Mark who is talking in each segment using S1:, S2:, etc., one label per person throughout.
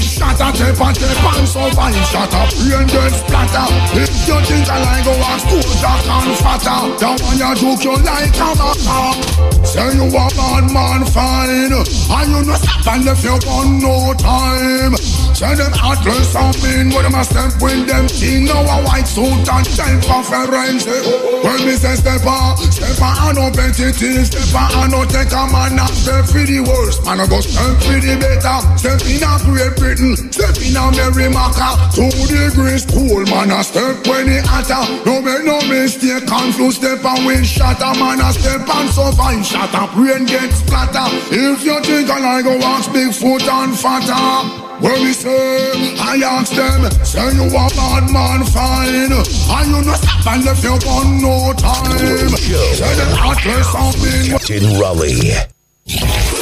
S1: Shatter, shot a tip and tip and survive Shot rain dead splatter If you think I like go out school, jack and fatter Don't wanna joke you like a matter Say you a bad man fine And you no stop and if you one no time Say them atlas some mean With them a step with them king Now a white suit and type of reference When me say step on, step on I no petty Step on I no take a man and step for the worst Man I go step for the better Step in a great Britain. Step in a Merrimaca, two degrees cool, man. I step when it hotter. No make no mistake, confused step and win shatter, man. I step and survive, shut up, rain get splatter. If you think I like go big foot and fatter. When we say, I ask them, say you a bad man fine. And you no stop and left you one no time. Say the address of me.
S2: Captain Raleigh.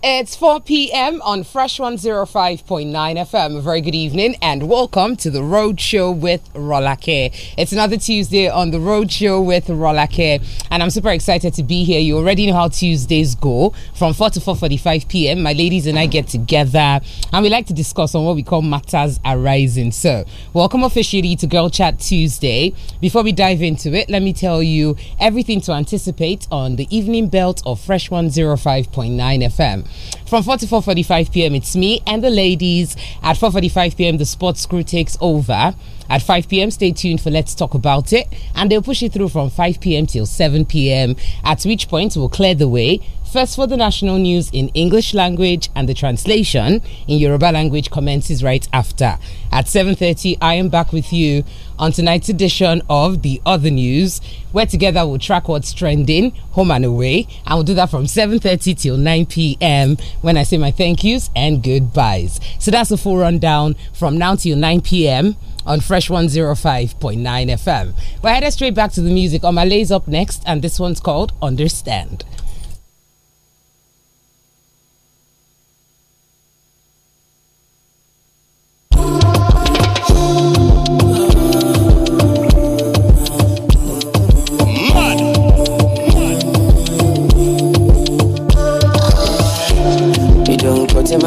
S3: It's 4 p.m. on Fresh 105.9 FM. Very good evening and welcome to the Road Show with Rolake. It's another Tuesday on the Road Show with Rolake, and I'm super excited to be here. You already know how Tuesdays go. From 4 to 4:45 p.m., my ladies and I get together and we like to discuss on what we call matters arising. So, welcome officially to Girl Chat Tuesday. Before we dive into it, let me tell you everything to anticipate on the evening belt of Fresh 105.9 FM. From 4 to 4.45 p.m. it's me and the ladies. At 4.45 p.m. the sports crew takes over. At 5 p.m., stay tuned for Let's Talk About It, and they'll push it through from 5 p.m. till 7 p.m., at which point we'll clear the way First, for the national news in English language, and the translation in Yoruba language commences right after. At 7:30, I am back with you on tonight's edition of The Other News, where together we'll track what's trending home and away. And we'll do that from 7.30 till 9 p.m. when I say my thank yous and goodbyes. So that's the full rundown from now till 9 p.m. on Fresh 105.9 FM. We're headed straight back to the music. Omalay's up next, and this one's called Understand.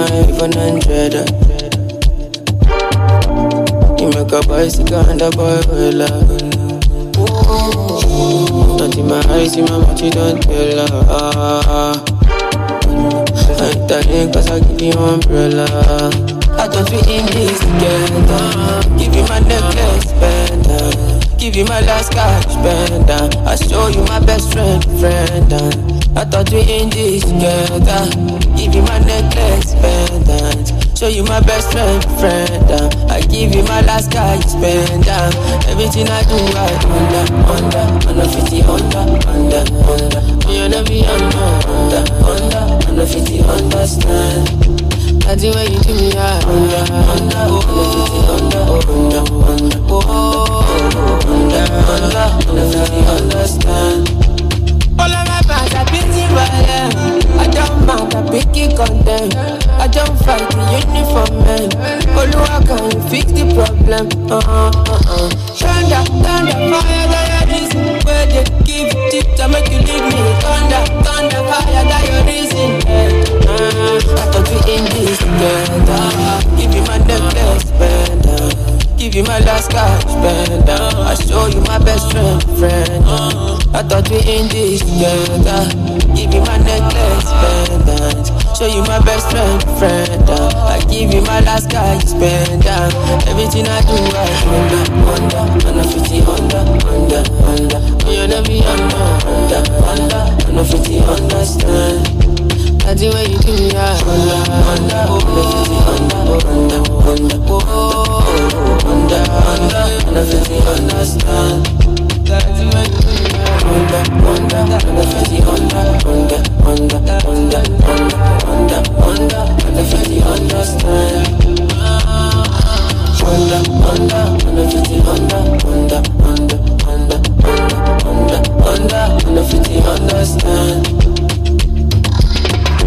S4: 100. You make a bicycle and a boy will love. Don't in my eyes, in my mouth, you don't tell her. I dying cause I give you umbrella. I don't feel in this together. Give you my necklace, bender. Give you my last cash, bender. I show you my best friend, friend. I thought we in this together. Give you my necklace, pendant. Show you my best friend, friend. Uh. I give you my last guy, spend uh. Everything I do, I under, under, under 50, under, under, under. You know me, under, under, under, under 50, understand. That's the way you do me, I under, under, under 50, under, under, under, under, under, under, under, under, under, under, all of my pants are pity by them. I don't mind, I picky condemn. I don't fight the uniform Only one can fix the problem? Uh-uh, uh-uh. Thunder, thunder, fire, that your reason. Where they give it tip to make you leave me. Thunder, thunder, fire, that your reason. Uh, I thought we in this together. Give me my the best, better give you my last cash, friend. I show you my best friend, friend. Uh. I thought we in this together. Give you my necklace, pendant. Show you my best friend, friend. Uh. I give you my last cash, spend Everything I do, I wonder, wonder. I'm a 50 under, under, under. you never be under, under, under. I'm understand. That's the way you do yeah. Under, under, under, under, under, under, under, Under, under, under, under, under, under, under, under, Under, under, under, under, under, under, under, under, understand.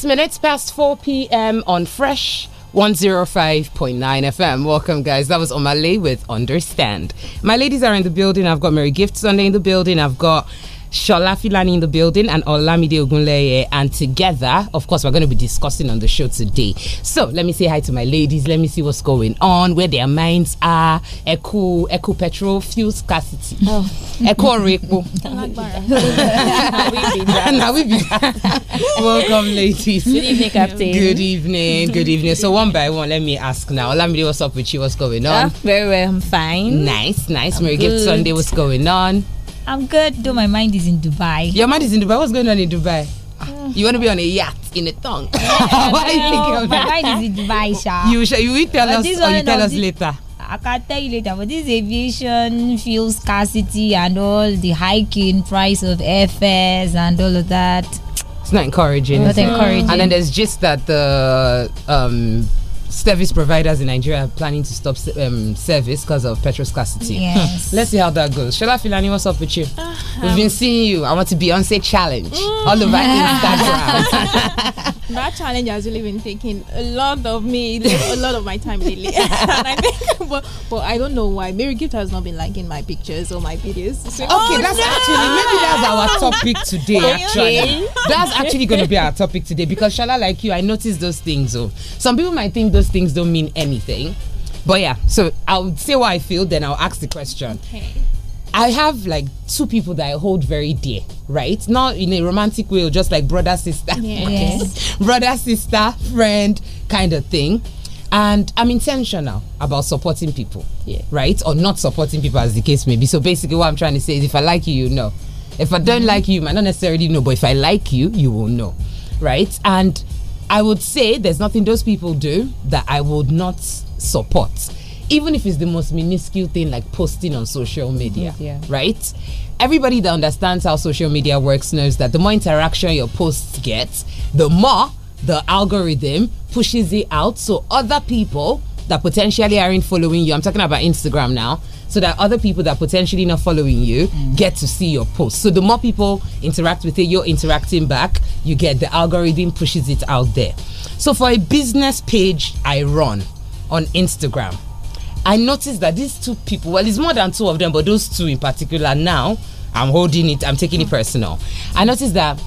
S3: Six minutes past 4 p.m. on Fresh. 105.9 FM. Welcome, guys. That was Omale with Understand. My ladies are in the building. I've got Mary Gift Sunday in the building. I've got Shola Filani in the building and Olamide Ogunleye. And together, of course, we're going to be discussing on the show today. So let me say hi to my ladies. Let me see what's going on, where their minds are. Eco, eco petrol, fuel scarcity. Oh. Eco repo.
S5: Now we be
S3: Welcome, ladies. Good evening, Captain. Good evening. Good evening. So one by one, let me ask now. Olamide, what's up with you? What's going on? Ah,
S6: very well. I'm fine. Nice, nice. I'm Merry Gift Sunday. What's
S3: going on?
S6: I'm good, though my mind is in Dubai. Your mind is in Dubai? What's going on in Dubai? you want to be on a yacht in a thong? Yeah, Why no, my mind is in Dubai, Sha. You, sh- you
S3: will tell but us or you tell us later.
S6: I can tell you later, but this aviation fuel scarcity and all the hiking price of airfares and all of that.
S3: It's not encouraging. Not encouraging. And then there's just that the uh, um, service providers in Nigeria are planning to stop um, service because of petrol scarcity. Yes. Let's see how that goes. Shola Filani, what's up with you? Uh, We've been um, seeing you. I want to Beyonce challenge mm. all over Instagram.
S7: that challenge has really been taking a lot of me, a lot of my time lately. and I think, but, but I don't know why. Mary Gift has not been liking my pictures or my videos. So okay, oh that's no. actually maybe that's our
S3: topic today. Okay. Actually, that's actually going to be our topic today because Shala, like you, I noticed those things. Oh, some people might think those those things don't mean anything. But yeah, so I'll say what I feel, then I'll ask the question. Okay. I have like two people that I hold very dear, right? Not in a romantic way, just like brother, sister, yes. brother, sister, friend kind of thing. And I'm intentional about supporting people, yeah. right? Or not supporting people, as the case may be. So basically, what I'm trying to say is if I like you, you know. If I don't mm -hmm. like you, you might not necessarily know, but if I like you, you will know, right? And I would say there's nothing those people do that I would not support, even if it's the most minuscule thing like posting on social mm-hmm. media, right? Everybody that understands how social media works knows that the more interaction your posts get, the more the algorithm pushes it out so other people that potentially aren't following you, I'm talking about Instagram now, so that other people that potentially not following you mm. get to see your post. So the more people interact with it, you're interacting back, you get the algorithm pushes it out there. So for a business page I run on Instagram, I noticed that these two people, well, it's more than two of them, but those two in particular now, I'm holding it, I'm taking it mm. personal. I noticed that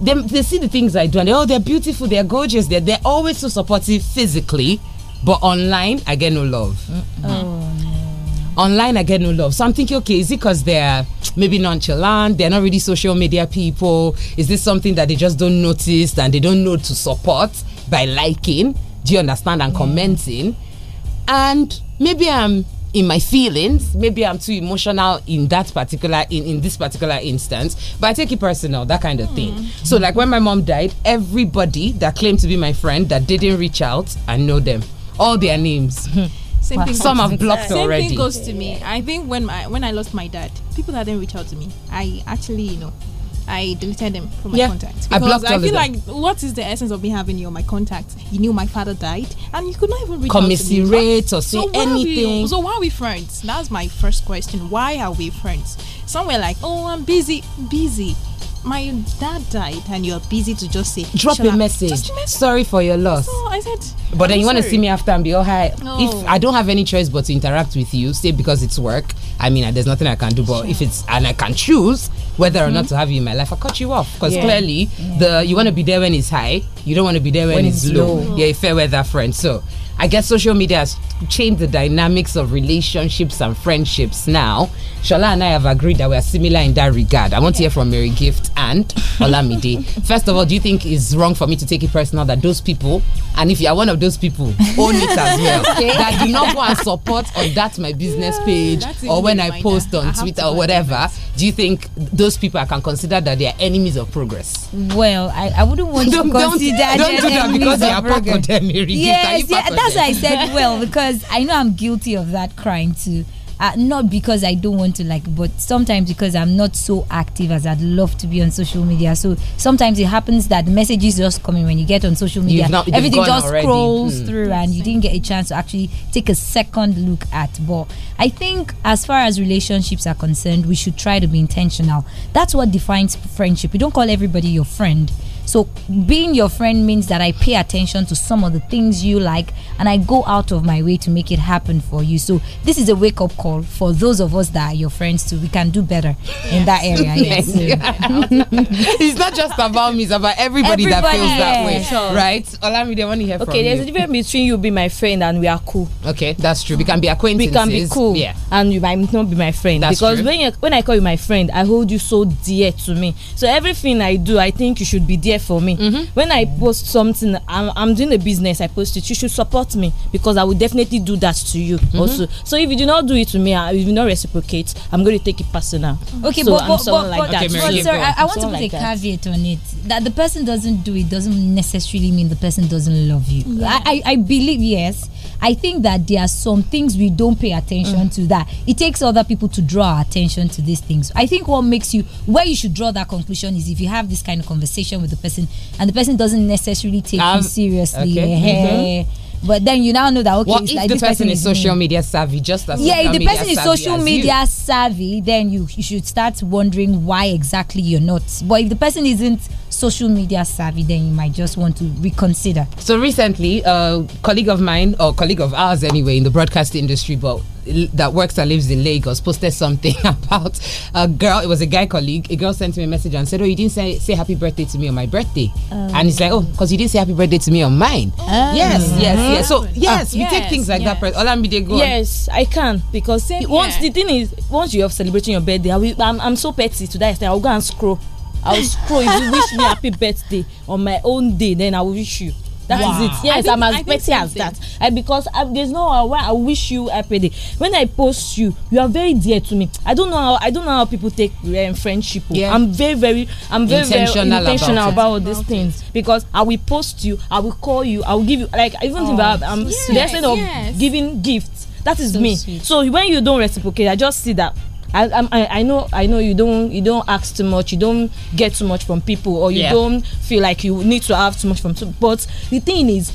S3: they, they see the things I do and they, oh, they're beautiful, they're gorgeous, they're, they're always so supportive physically but online, I get no love. Oh. Online, I get no love. So I'm thinking, okay, is it because they're maybe nonchalant? They're not really social media people? Is this something that they just don't notice and they don't know to support by liking? Do you understand? And mm. commenting. And maybe I'm in my feelings. Maybe I'm too emotional in that particular in, in this particular instance, but I take it personal, that kind of mm. thing. So like when my mom died, everybody that claimed to be my friend that didn't reach out, I know them all their names. Same Wow. some have blocked same already. Same thing goes to
S7: me. I think when my when I lost my dad, people that didn't reach out to me, I actually you know, I deleted them from my yeah, contacts because I, blocked I feel like what is the essence of me having you on my contacts? You knew my father died, and you could not even reach commiserate
S3: or say so anything. We, so
S7: why are we friends? That's my first question. Why are we friends? Somewhere like, oh, I'm busy, busy my dad died and you're busy to just say drop a message.
S3: sorry for your loss
S7: so i said but then you want to see me after
S3: and be all high if i don't have any choice but to interact with you say because it's work i mean there's nothing i can do but sure. if it's and i can choose whether mm -hmm. or not hmm? to have you in my life i cut you off because yeah. clearly yeah. the you want to be there when it's high you don't want to be there when, when it's, low. low. yeah fair weather friend so I guess social media has changed the dynamics of relationships and friendships now. Shola and I have agreed that we are similar in that regard. I want to hear from Mary Gift and Olamide. First of all, do you think it's wrong for me to take it personal that those people, and if you are one of those people, own it as well, okay. that do not go and support on that my business yeah, page or when I post on I Twitter or whatever, do you think those people I can consider that they are enemies of progress?
S6: Well, I, I wouldn't want don't, to consider don't, don't do that because they are part of them,
S5: Mary yes, Gift. Are you part yeah, that's why I said well
S6: because I know I'm guilty of that crime too. Uh, not because I don't want to like, but sometimes because I'm not so active as I'd love to be on social media. So sometimes it happens that messages just come in when you get on social media. Not, Everything just already. scrolls mm. through, and you didn't get a chance to actually take a second look at. But I think as far as relationships are concerned, we should try to be intentional. That's what defines friendship. You don't call everybody your friend so being your friend means that I pay attention to some of the things you like and I go out of my way to make it happen for you. So this is a wake up call for those of us that are your friends too. We can do better yes. in that area. Yes.
S3: it's not just about me, it's about everybody, everybody. that feels that way. Sure. Right? Olamide, I want to Okay, there's you. a difference between you being my
S8: friend and we are cool. Okay, that's true. We can be acquaintances. We can be cool. Yeah. And you might not be my friend. That's because true. when when I call you my friend, I hold you so dear to me. So everything I do, I think you should be dear for me. Mm -hmm. When I post something, I'm, I'm, doing a business, I post it, you should support me because I will definitely do that to you mm -hmm. also. So if you do not do it to me, I, if you do not reciprocate, I'm going to take it personal. Mm-hmm. Okay, so but, but, but, like but, okay, but sir, I, I want to put like a that.
S6: caveat on it that the person doesn't do it doesn't necessarily mean the person doesn't love you. Yeah. I, I, I believe, yes. I think that there are some things we don't pay attention mm. to that it takes other people to draw attention to these things. I think what makes you where you should draw that conclusion is if you have this kind of conversation with the person and the person doesn't necessarily take um, you seriously. Okay. Mm -hmm. But then you now know that okay, well, if like the person, person is, is social
S3: media savvy, just as yeah, if the person is social media you.
S6: savvy, then you, you should start wondering why exactly you're not. But if the person isn't social media savvy, then you might just want to reconsider.
S3: So recently, a colleague of mine, or colleague of ours anyway, in the broadcast industry, but that works and lives in Lagos posted something about a girl. It was a guy colleague. A girl sent me a message and said, "Oh, you didn't say, say happy birthday to me on my birthday." Um, and he's like, "Oh, because you didn't say happy birthday to me on mine."
S5: Um, yes, yes, yes. So ah.
S3: yes, uh, we yes, take things like yes. that. Olamide, go. Yes,
S8: I can because once yeah. the thing is, once you have celebrating your birthday, I will, I'm, I'm so petty to that extent. I'll go and scroll I will scroll. if you wish me happy birthday on my own day, then I will wish you. That wow. is it. Yes, think, I'm as petty as that. And because I, uh, there's no uh, why I wish you happy day. When I post you, you are very dear to me. I don't know how I don't know how people take uh, friendship. Yeah. I'm very very I'm very intentional very intentional about, about, about these about things it. because I will post you, I will call you, I will give you like even oh, if I, am yes, instead of yes. giving gifts. That is so me. Sweet. So when you don't reciprocate, I just see that I, I, I know I know you don't you don't ask too much you don't get too much from people or you yeah. don't feel like you need to have too much from but the thing is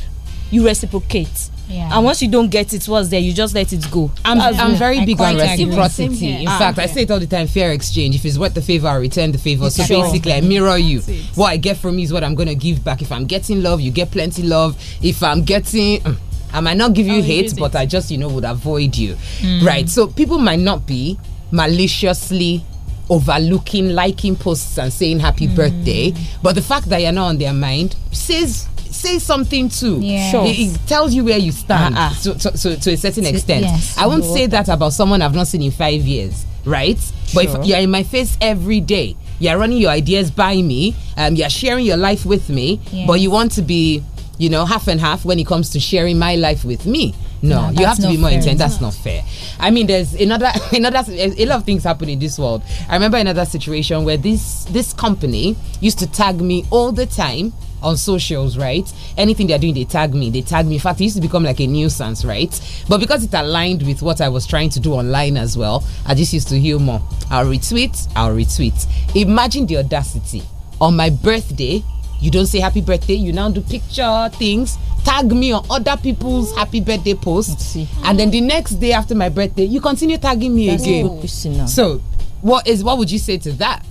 S8: you reciprocate yeah. And once
S3: you don't get it, what's there? You just let it go. I'm, I'm very I big on reciprocity. In ah, fact, I say it all the time fair exchange. If it's worth the favor, I return the favor. so sure. basically, I mirror you. What I get from you is what I'm going to give back. If I'm getting love, you get plenty love. If I'm getting. Mm, I might not give you hate, but I just, you know, would avoid you. Mm. Right. So people might not be maliciously overlooking, liking posts and saying happy mm. birthday. But the fact that you're not on their mind says say something too. Yes. Sure. It, it, tells you where you stand uh -uh. To, to, to, a certain extent. Yes, I won't say that about someone I've not seen in five years, right? Sure. But if you're in my face every day, you're running your ideas by me, um, you're sharing your life with me, yes. but you want to be, you know, half and half when it comes to sharing my life with me.
S5: No, you have to be more fair. intense. That's not
S3: fair. I mean, there's another another a lot of things happen in this world. I remember another situation where this this company used to tag me all the time on socials, right? Anything they're doing, they tag me. They tag me. In fact, it used to become like a nuisance, right? But because it aligned with what I was trying to do online as well, I just used to hear more. I'll retweet, I'll retweet. Imagine the audacity. On my birthday, you don't say happy birthday, you now do picture things tag me on other people's happy birthday posts and then the next day after my birthday you continue tagging me That's again so what is what would you say to that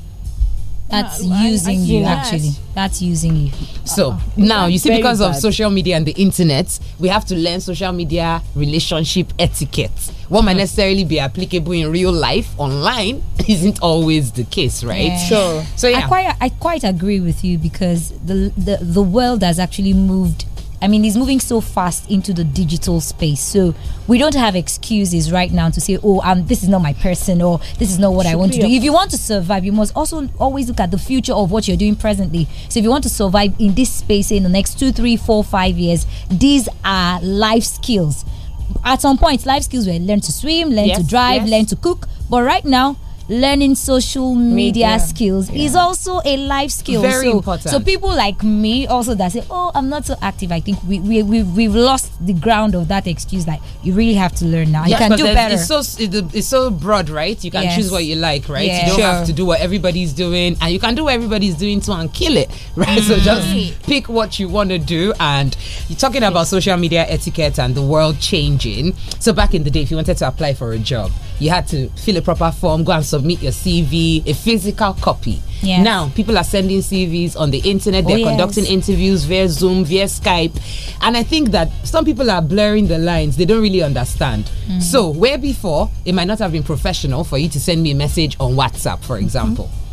S3: that's
S6: no, uh, using I, I you that. actually that's using you so uh,
S3: now you see because bad. of social media and the internet we have to learn social media relationship etiquette what might mm. necessarily be applicable in real life online isn't always the case right yeah. sure so yeah. I quite
S6: I quite agree with you because the, the the world has actually moved I mean, he's moving so fast into the digital space. So we don't have excuses right now to say, oh, um, this is not my person or this is not what I want to do. If you want to survive, you must also always look at the future of what you're doing presently. So if you want to survive in this space in the next two, three, four, five years, these are life skills. At some point, life skills were learn to swim, learn yes, to drive, yes. learn to cook. But right now, learning social media, media. skills yeah. is also a life skill. Very so, important. So people like me also that say, oh, I'm not so active. I think we we, we we've lost the ground of that excuse. Like you really have to learn now. Yes, you can do better. It's
S3: so it's so broad, right? You can yes. choose what you like, right? Yes. You don't sure. have to do what everybody's doing, and you can do what everybody's doing too and kill it, right? Mm. So just pick what you want to do. And you're talking about social media etiquette and the world changing. So back in the day, if you wanted to apply for a job you had to fill a proper form, go and submit your CV, a physical copy. Yes. Now, people are sending CVs on the internet, oh, they're oh, yes. conducting interviews via Zoom, via Skype. And I think that some people are blurring the lines, they don't really understand. Mm. So, where before it might not have been professional for you to send me a message on WhatsApp, for example. Mm -hmm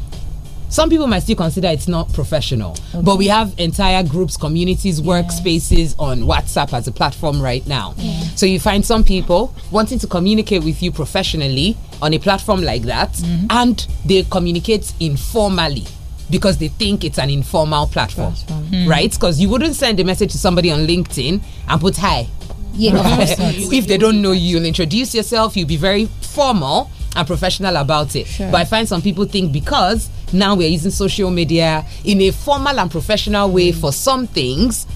S3: some people might still consider it's not professional okay. but we have entire groups communities workspaces on whatsapp as a platform right now yeah. so you find some people wanting to communicate with you professionally on a platform like that mm -hmm. and they communicate informally because they think it's an informal platform, hmm. right because you wouldn't send a message to somebody on linkedin and put hi yeah, right? if they don't know you you'll introduce yourself you'll be very formal and professional about it sure. but i find some people think because now we're using social media in a formal and professional way mm. for some things.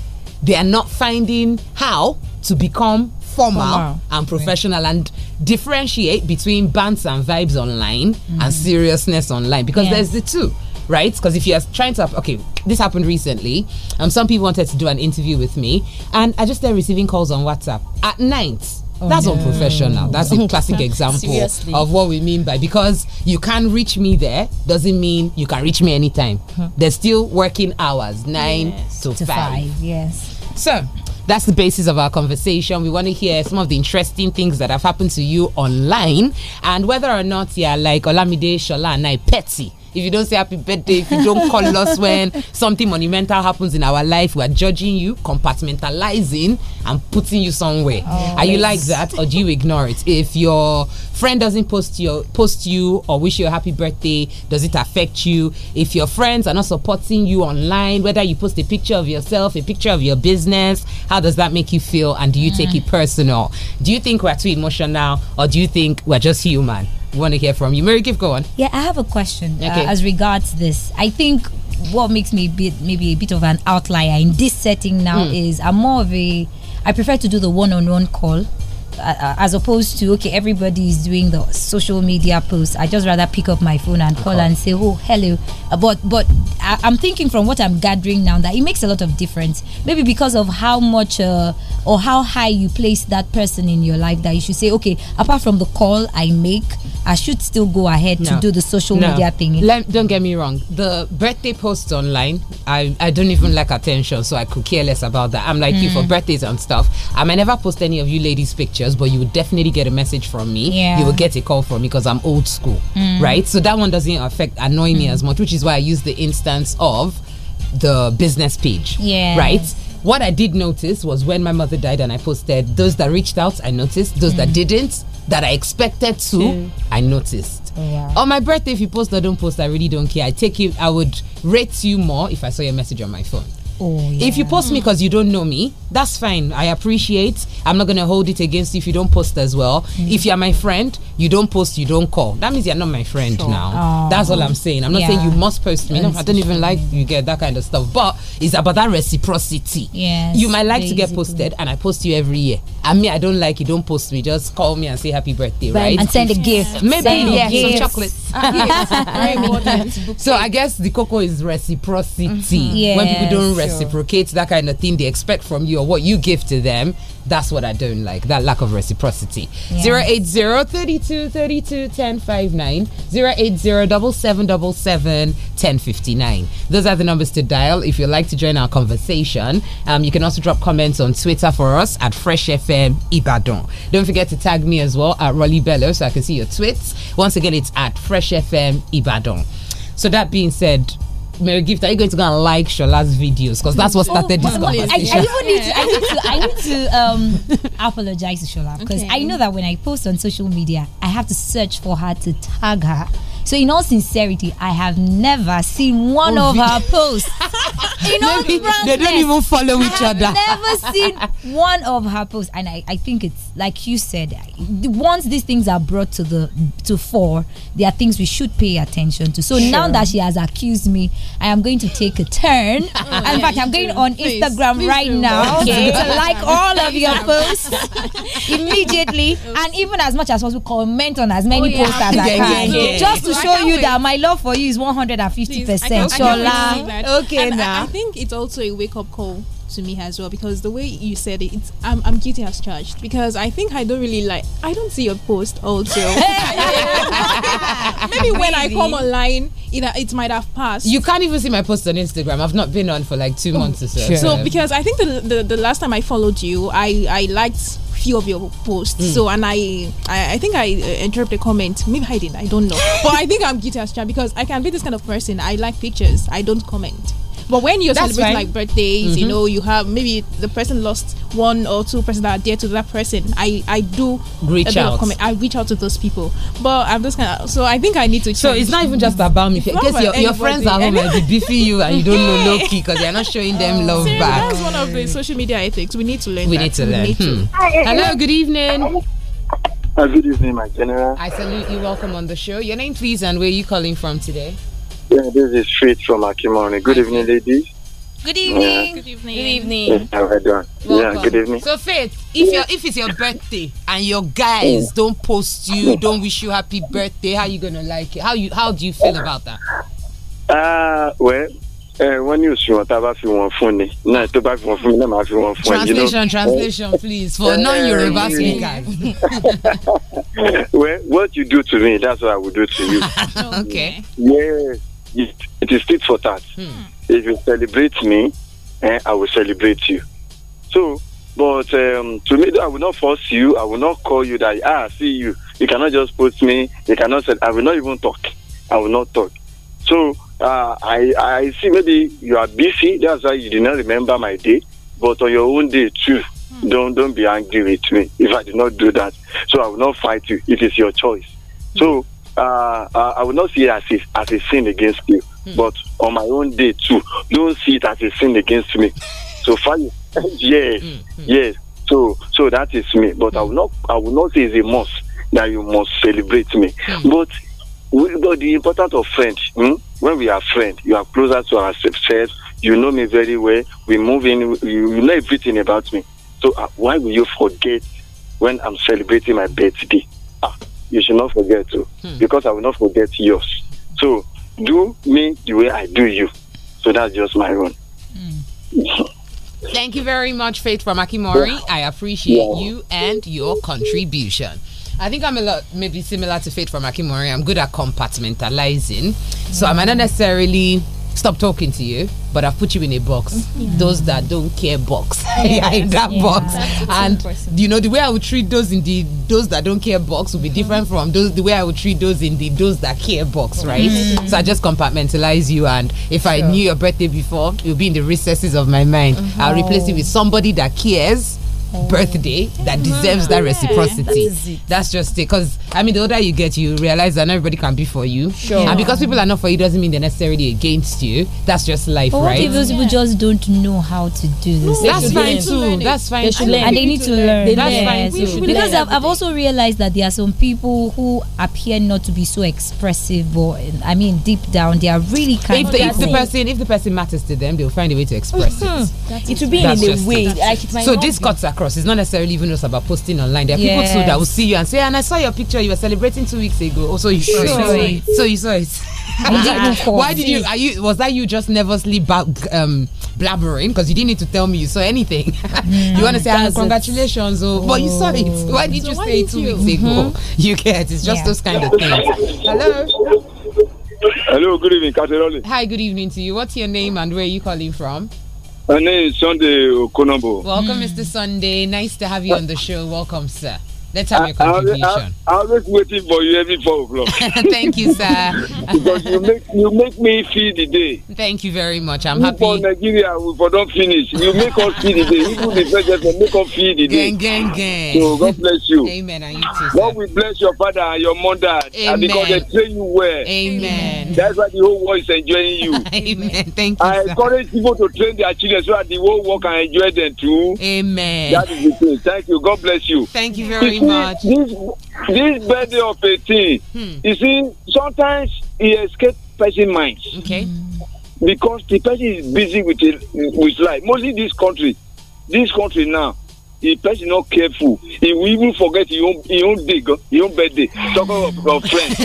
S3: They are not finding how to become formal, formal. and professional and differentiate between bands and vibes online mm. and mm-hmm. seriousness online because there's the two right? Because if you're trying to, okay, this happened recently. Um, some people wanted to do an interview with me, and I just started receiving calls on WhatsApp at night. Oh, That's unprofessional. That's a classic example of what we mean by because you can reach me there doesn't mean you can reach me anytime. Huh. There's still working hours, nine yes. to, to five. five. Yes. So that's the basis of our conversation. We want to hear some of the interesting things that have happened to you online and whether or not you're like Olamide Shola and I petty if you don't say happy birthday, if you don't call us when something monumental happens in our life, we are judging you, compartmentalizing, and putting you somewhere. Oh, are you like that, or do you ignore it? If your friend doesn't post your post you or wish you a happy birthday, does it affect you? If your friends are not supporting you online, whether you post a picture of yourself, a picture of your business, how does that make you feel? And do you mm. take it personal? Do you think we're too emotional, or do you think we're just human? we want to hear from you. Mary, give
S6: go on. Yeah, I have a question uh, okay. uh, as regards this. I think what makes me bit maybe a bit of an outlier in this setting now mm. is I'm more of a I prefer to do the one-on-one call uh, uh, as opposed to okay everybody is doing the social media posts i just rather pick up my phone and call and say oh hello uh, but but I, am thinking from what i'm gathering now that it makes a lot of difference maybe because of how much uh, or how high you place that person in your life that you should say okay apart from the call i make I should still go ahead no. to do the social no. media thing. Let, don't get me wrong.
S3: The birthday posts online, I, I don't even like attention, so I could care less about that. I'm like mm. you for mm. birthdays and stuff. I may never post any of you ladies' pictures, but you will definitely get a message from me. Yeah. You will get a call from me because I'm old school, mm. right? So that one doesn't affect annoy me mm. as much, which is why I use the instance of the business page. Yeah. Right? What I did notice was when my mother died and I posted those that reached out, I noticed those that mm. didn't, that I expected to, mm. I noticed. Yeah. On my birthday, if you post or don't post, I really don't care. I take it, I would rate you more if I saw your message on my phone yeah. Oh, if you post me because you don't know me, that's fine. I appreciate. I'm not gonna hold it against you if you don't post as well. Mm. If you're my friend, you don't post, you don't call. That means you're not my friend sure. now. Oh. That's all I'm saying. I'm not yeah. saying you must post me. No, I don't even like you get that kind of stuff. But it's about that reciprocity.
S6: Yes, you might like to get
S3: posted, and I post you every year. I mean, I don't like you. Don't post me. Just call me and say happy birthday, right? And send a gift. Maybe send yeah, some chocolates. yes. so I guess the cocoa is reciprocity. Mm -hmm. When people don't reciprocate that kind of thing they expect from you or what you give to them. That's what I don't like. That lack of reciprocity. Yeah. 080 32 32 1059 Those are the numbers to dial if you'd like to join our conversation. Um, you can also drop comments on Twitter for us at Fresh FM Ibadan. Don't forget to tag me as well at Rolly Bello so I can see your tweets. Once again, it's at Fresh FM Ibadan. So that being said, Mary Gift, are you going to go and like Shola's
S6: videos? Because that's what oh started this conversation. I, I, need to, I need to, I need to um, apologize to Shola because okay. I know that when I post on social media, I have to search for her to tag her so, in all sincerity, I have never seen one oh, of her posts. in all Maybe they don't even follow each other. I've never seen one of her posts, and I, I think it's like you said. Once these things are brought to the to fore, there are things we should pay attention to. So sure. now that she has accused me, I am going to take a turn. Oh, yeah, in fact, I'm going do. on please, Instagram please right do. now okay. to like all of your posts immediately, and even as much as possible, comment on as many oh, yeah. posts as yeah, I can, just to show you wait. that my love for you is 150 percent Shola. okay now I, I think
S7: it's also a wake-up call to me as well because the way you said it, it's, I'm, I'm guilty as charged because I think I don't really like, I don't see your post also. Maybe when I come online, it, uh, it might have passed. You
S3: can't even see my post on Instagram. I've not been on for like two oh, months or so. Sure. So, because
S7: I think the, the, the last time I followed you, I, I liked few of your posts. Mm. So, and I, I, I think I uh, interrupted a comment. Maybe I didn't. I don't know. but I think I'm guilty as because I can be this kind of person. I like pictures. I don't comment. But when you're That's celebrating like birthdays, mm-hmm. you know, you have maybe the person lost one or two person that are dear to that person. I I do reach out. I reach out to those people. But I'm just kind of so I think I need to. Change. So it's not even just about me. Because guess your, your friends are home might be
S3: beefing you and you don't know low key because you're not showing them um, love seriously, back. That's one of
S7: the social media ethics. We need to learn. We that. need to we learn. Need hmm. to. Hello.
S3: Good evening.
S9: Uh, good evening, my general. I salute
S3: you. Welcome on the show. Your name, please, and where are you calling from today?
S9: Yeah, this is Faith from Akimoni. Good evening, ladies.
S3: Good evening. Yeah. Good evening. Good evening.
S5: How are you Yeah, good evening.
S3: So Faith, if if it's your birthday and your guys oh. don't post you, don't wish you happy birthday, how you gonna like it? How you how do you feel about that?
S9: Uh well, wọ́n ní òṣùwọ̀n tá a bá fi wọ́n fún ni náà tó bá fi wọ́n náà máa fi won I mi naa translation
S3: translation eh? please for eh, non-Yoruba eh.
S5: speakers.
S9: well what you do to me that's what I will do to you.
S5: okay.
S9: yes it, it is tit for tat. Hmm. If you celebrate me, eh, I will celebrate you. So, but um, to me, I will not force you. I will not call you that, ah, see you. You cannot just post me. You cannot say, I will not even talk. I will not talk. So, uh, I, I see maybe you are busy. That's why you did not remember my day. But on your own day, too, hmm. don't, don't be angry with me if I did not do that. So, I will not fight you. It is your choice. So, uh, uh, I will not see it as a, as a sin against you, mm. but on my own day too, don't see it as a sin against me. So far, yes, mm. Hmm. yes. So, so that is me. But I will not, I will not say it's a must that you must celebrate me. Hmm. But, we, but the importance of friend. Hmm? When we are friends, you are closer to our success. You know me very well. We move in. You know everything about me. So uh, why will you forget when I'm celebrating my birthday? Ah, you should not forget to, hmm. because I will not forget yours. So do me the way I do you. So that's just my own. Hmm.
S3: Thank you very much, Faith from Akimori. I appreciate you and your contribution. I think I'm a lot, maybe similar to Faith from Akimori. I'm good at compartmentalizing. So I might not necessarily stop talking to you, but I've put you in a box. Mm-hmm. Yeah. Those that don't care box. Yeah, in that yeah, box. And you know, the way I would treat those in the those that don't care box would be mm -hmm. different mm-hmm. from those the way I would treat those in the those that care box, mm-hmm. right? Mm -hmm. So I just compartmentalize you and if sure. I knew your birthday before, it would be in the recesses of my mind. Mm -hmm. I'll replace it with somebody that cares birthday that deserves that reciprocity. that That's just it. Because I mean, the older you get, you realize that everybody can be for you. Sure. And because people are not for you, doesn't mean they're necessarily against you. That's just life, but right? if those
S6: people just don't know how to do this? No, that's fine too. That's fine. They should learn. And they need to learn. that's fine too. because I've, I've also realized that there are some people who appear not to be so expressive, but I mean, deep down, they are really kind. If, the, if the person,
S3: if the person matters to them, they'll find a way to express it.
S6: Hmm. It will be in a way. so this
S3: cuts across across. It's not necessarily even just about posting online. There are yes. people too that will see you and say, "And I saw your picture. You were celebrating two weeks ago. Also, oh, you sure. saw it. So you saw it." why did you? Are you? Was that you just nervously back, um, blabbering because you didn't need to tell me you saw anything? Mm, you want to say oh, congratulations, oh, but you saw it. Why did so you say two you? weeks ago? Mm -hmm.
S10: You get it's just yeah. those kind of
S3: things. Hello.
S10: Hello. Good evening, Catherine.
S3: Hi. Good evening to you. What's your name and where are you calling from?
S10: My name is Sunday Okonombo.
S3: Welcome, mm. Mr. Sunday. Nice to have you on the show. Welcome, sir. Let's have I, your contribution. I,
S10: I, I was waiting for you every four o'clock.
S3: Thank you, sir.
S10: because you make you make me feel the day. Thank you very much. I'm you happy. For Nigeria, we for don't finish. You make us feel the day. Even the president make us feel the day. Gang, gang, gang. So God bless you. Amen. And you too, God will bless your father and your mother. Amen. because they train you well. Amen. That's why the whole world is enjoying you. Amen. Thank you. I sir. encourage people to train their children so that the whole world can enjoy them too. Amen. That is the thing. Thank you. God bless you.
S5: Thank you very much much. This,
S10: this birthday of 18, hmm. you see, sometimes he escapes person minds. Okay. Because the person is busy with, it, with life. Mostly this country, this country now, the person not careful he will even forget his own his own day his own birthday talking of, of friends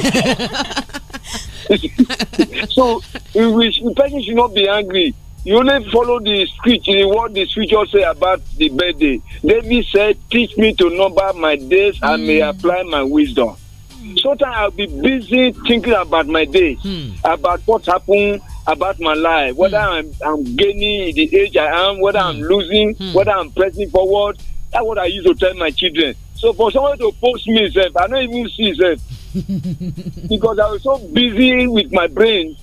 S10: so we, the person should not be angry you only follow the speech what the scripture say about the birthday david said teach me to number my days mm. and may hmm. apply my wisdom mm. sometimes i'll be busy thinking about my days mm. about what happened about my life whether hmm. I'm, I'm gaining the age i am whether i'm hmm. losing whether i'm pressing forward that's what i used to tell my children so for someone to post me sef i no even see sef because i was so busy with my brain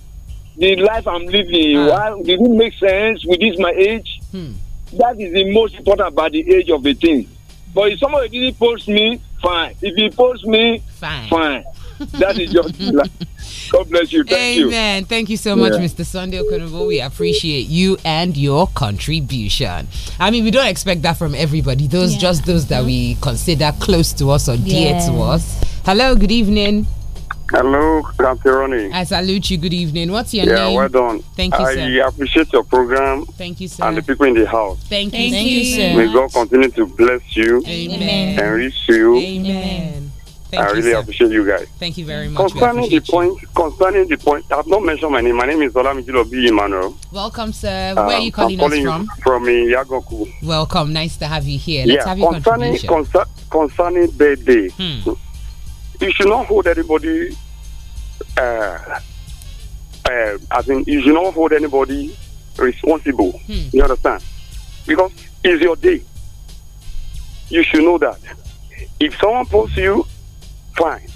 S10: the life I'm living. Ah. Why did it make sense with this my age? Hmm. That is the most important about the age of a thing. But if somebody didn't post me, fine. If he posts me, fine. fine. that is just like, God bless you. Thank Amen.
S3: You. Thank you so much, yeah. Mr. Sunday Okonobo. We appreciate you and your contribution. I mean, we don't expect that from everybody. Those yeah. just those that we consider close to us or dear yes. to us. Hello. Good evening.
S11: Hello, Captain
S3: I salute you. Good evening. What's your yeah, name? Yeah, well done. Thank you, I sir.
S11: I appreciate your program. Thank you, sir. And the people in the house.
S3: Thank you, Thank you sir. May
S11: God continue to bless you.
S3: Amen.
S11: And reach you.
S3: Amen.
S11: Thank I you, really sir. appreciate you guys. Thank you very much. Concerning the point, you. concerning the point, I've not mentioned my name. My name is Olamide Obi Emmanuel.
S3: Welcome, sir. Where um, are you calling, um, calling us
S11: from? From Yagoku.
S3: Welcome. Nice to have you here. Let's yeah, have your concerning,
S11: concerning birthday. Hmm you should not hold anybody uh, uh, I think you should not hold anybody responsible. Hmm. You understand? Because it's your day. You should know that. If someone posts you, fine.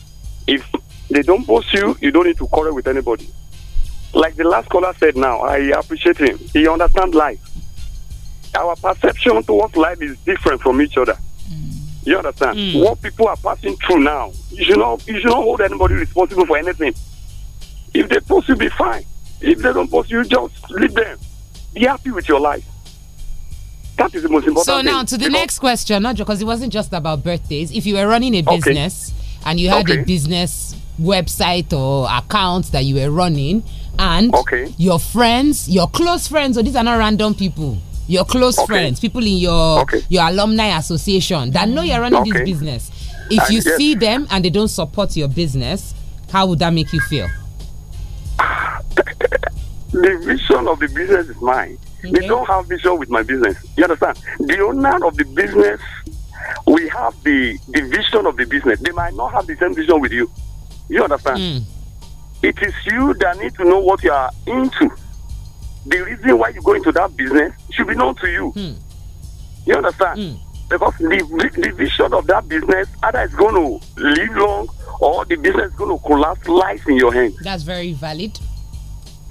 S11: If they don't post you, you don't need to quarrel with anybody. Like the last caller said now, I appreciate him. He understands life. Our perception towards life is different from each other. You understand? Mm. What people are passing through now, you should not you should not hold anybody responsible for anything. If they post you, be fine. If they don't post you, just leave them. Be happy with your life.
S3: That is the most important. So now to the next question, not because it wasn't just about birthdays. If you were running a business okay. and you had okay. a business website or account that you were running, and okay. your friends, your close friends, or these are not random people your close okay. friends, people in your okay. your alumni association that know you're running okay. this business. If you yes. see them and they don't support your business, how would that make you feel?
S11: the vision of the business is mine. They don't have vision with my business. You understand? The owner of the business, we have the, the vision of the business. They might not have the same vision with you. You understand? Mm. It is you that need to know what you are into the reason why you go into that business should be known to you. Mm. You understand? Mm. Because the, the vision of that business either it's going to live long or the business is going to collapse. Life in your hand.
S3: That's very valid.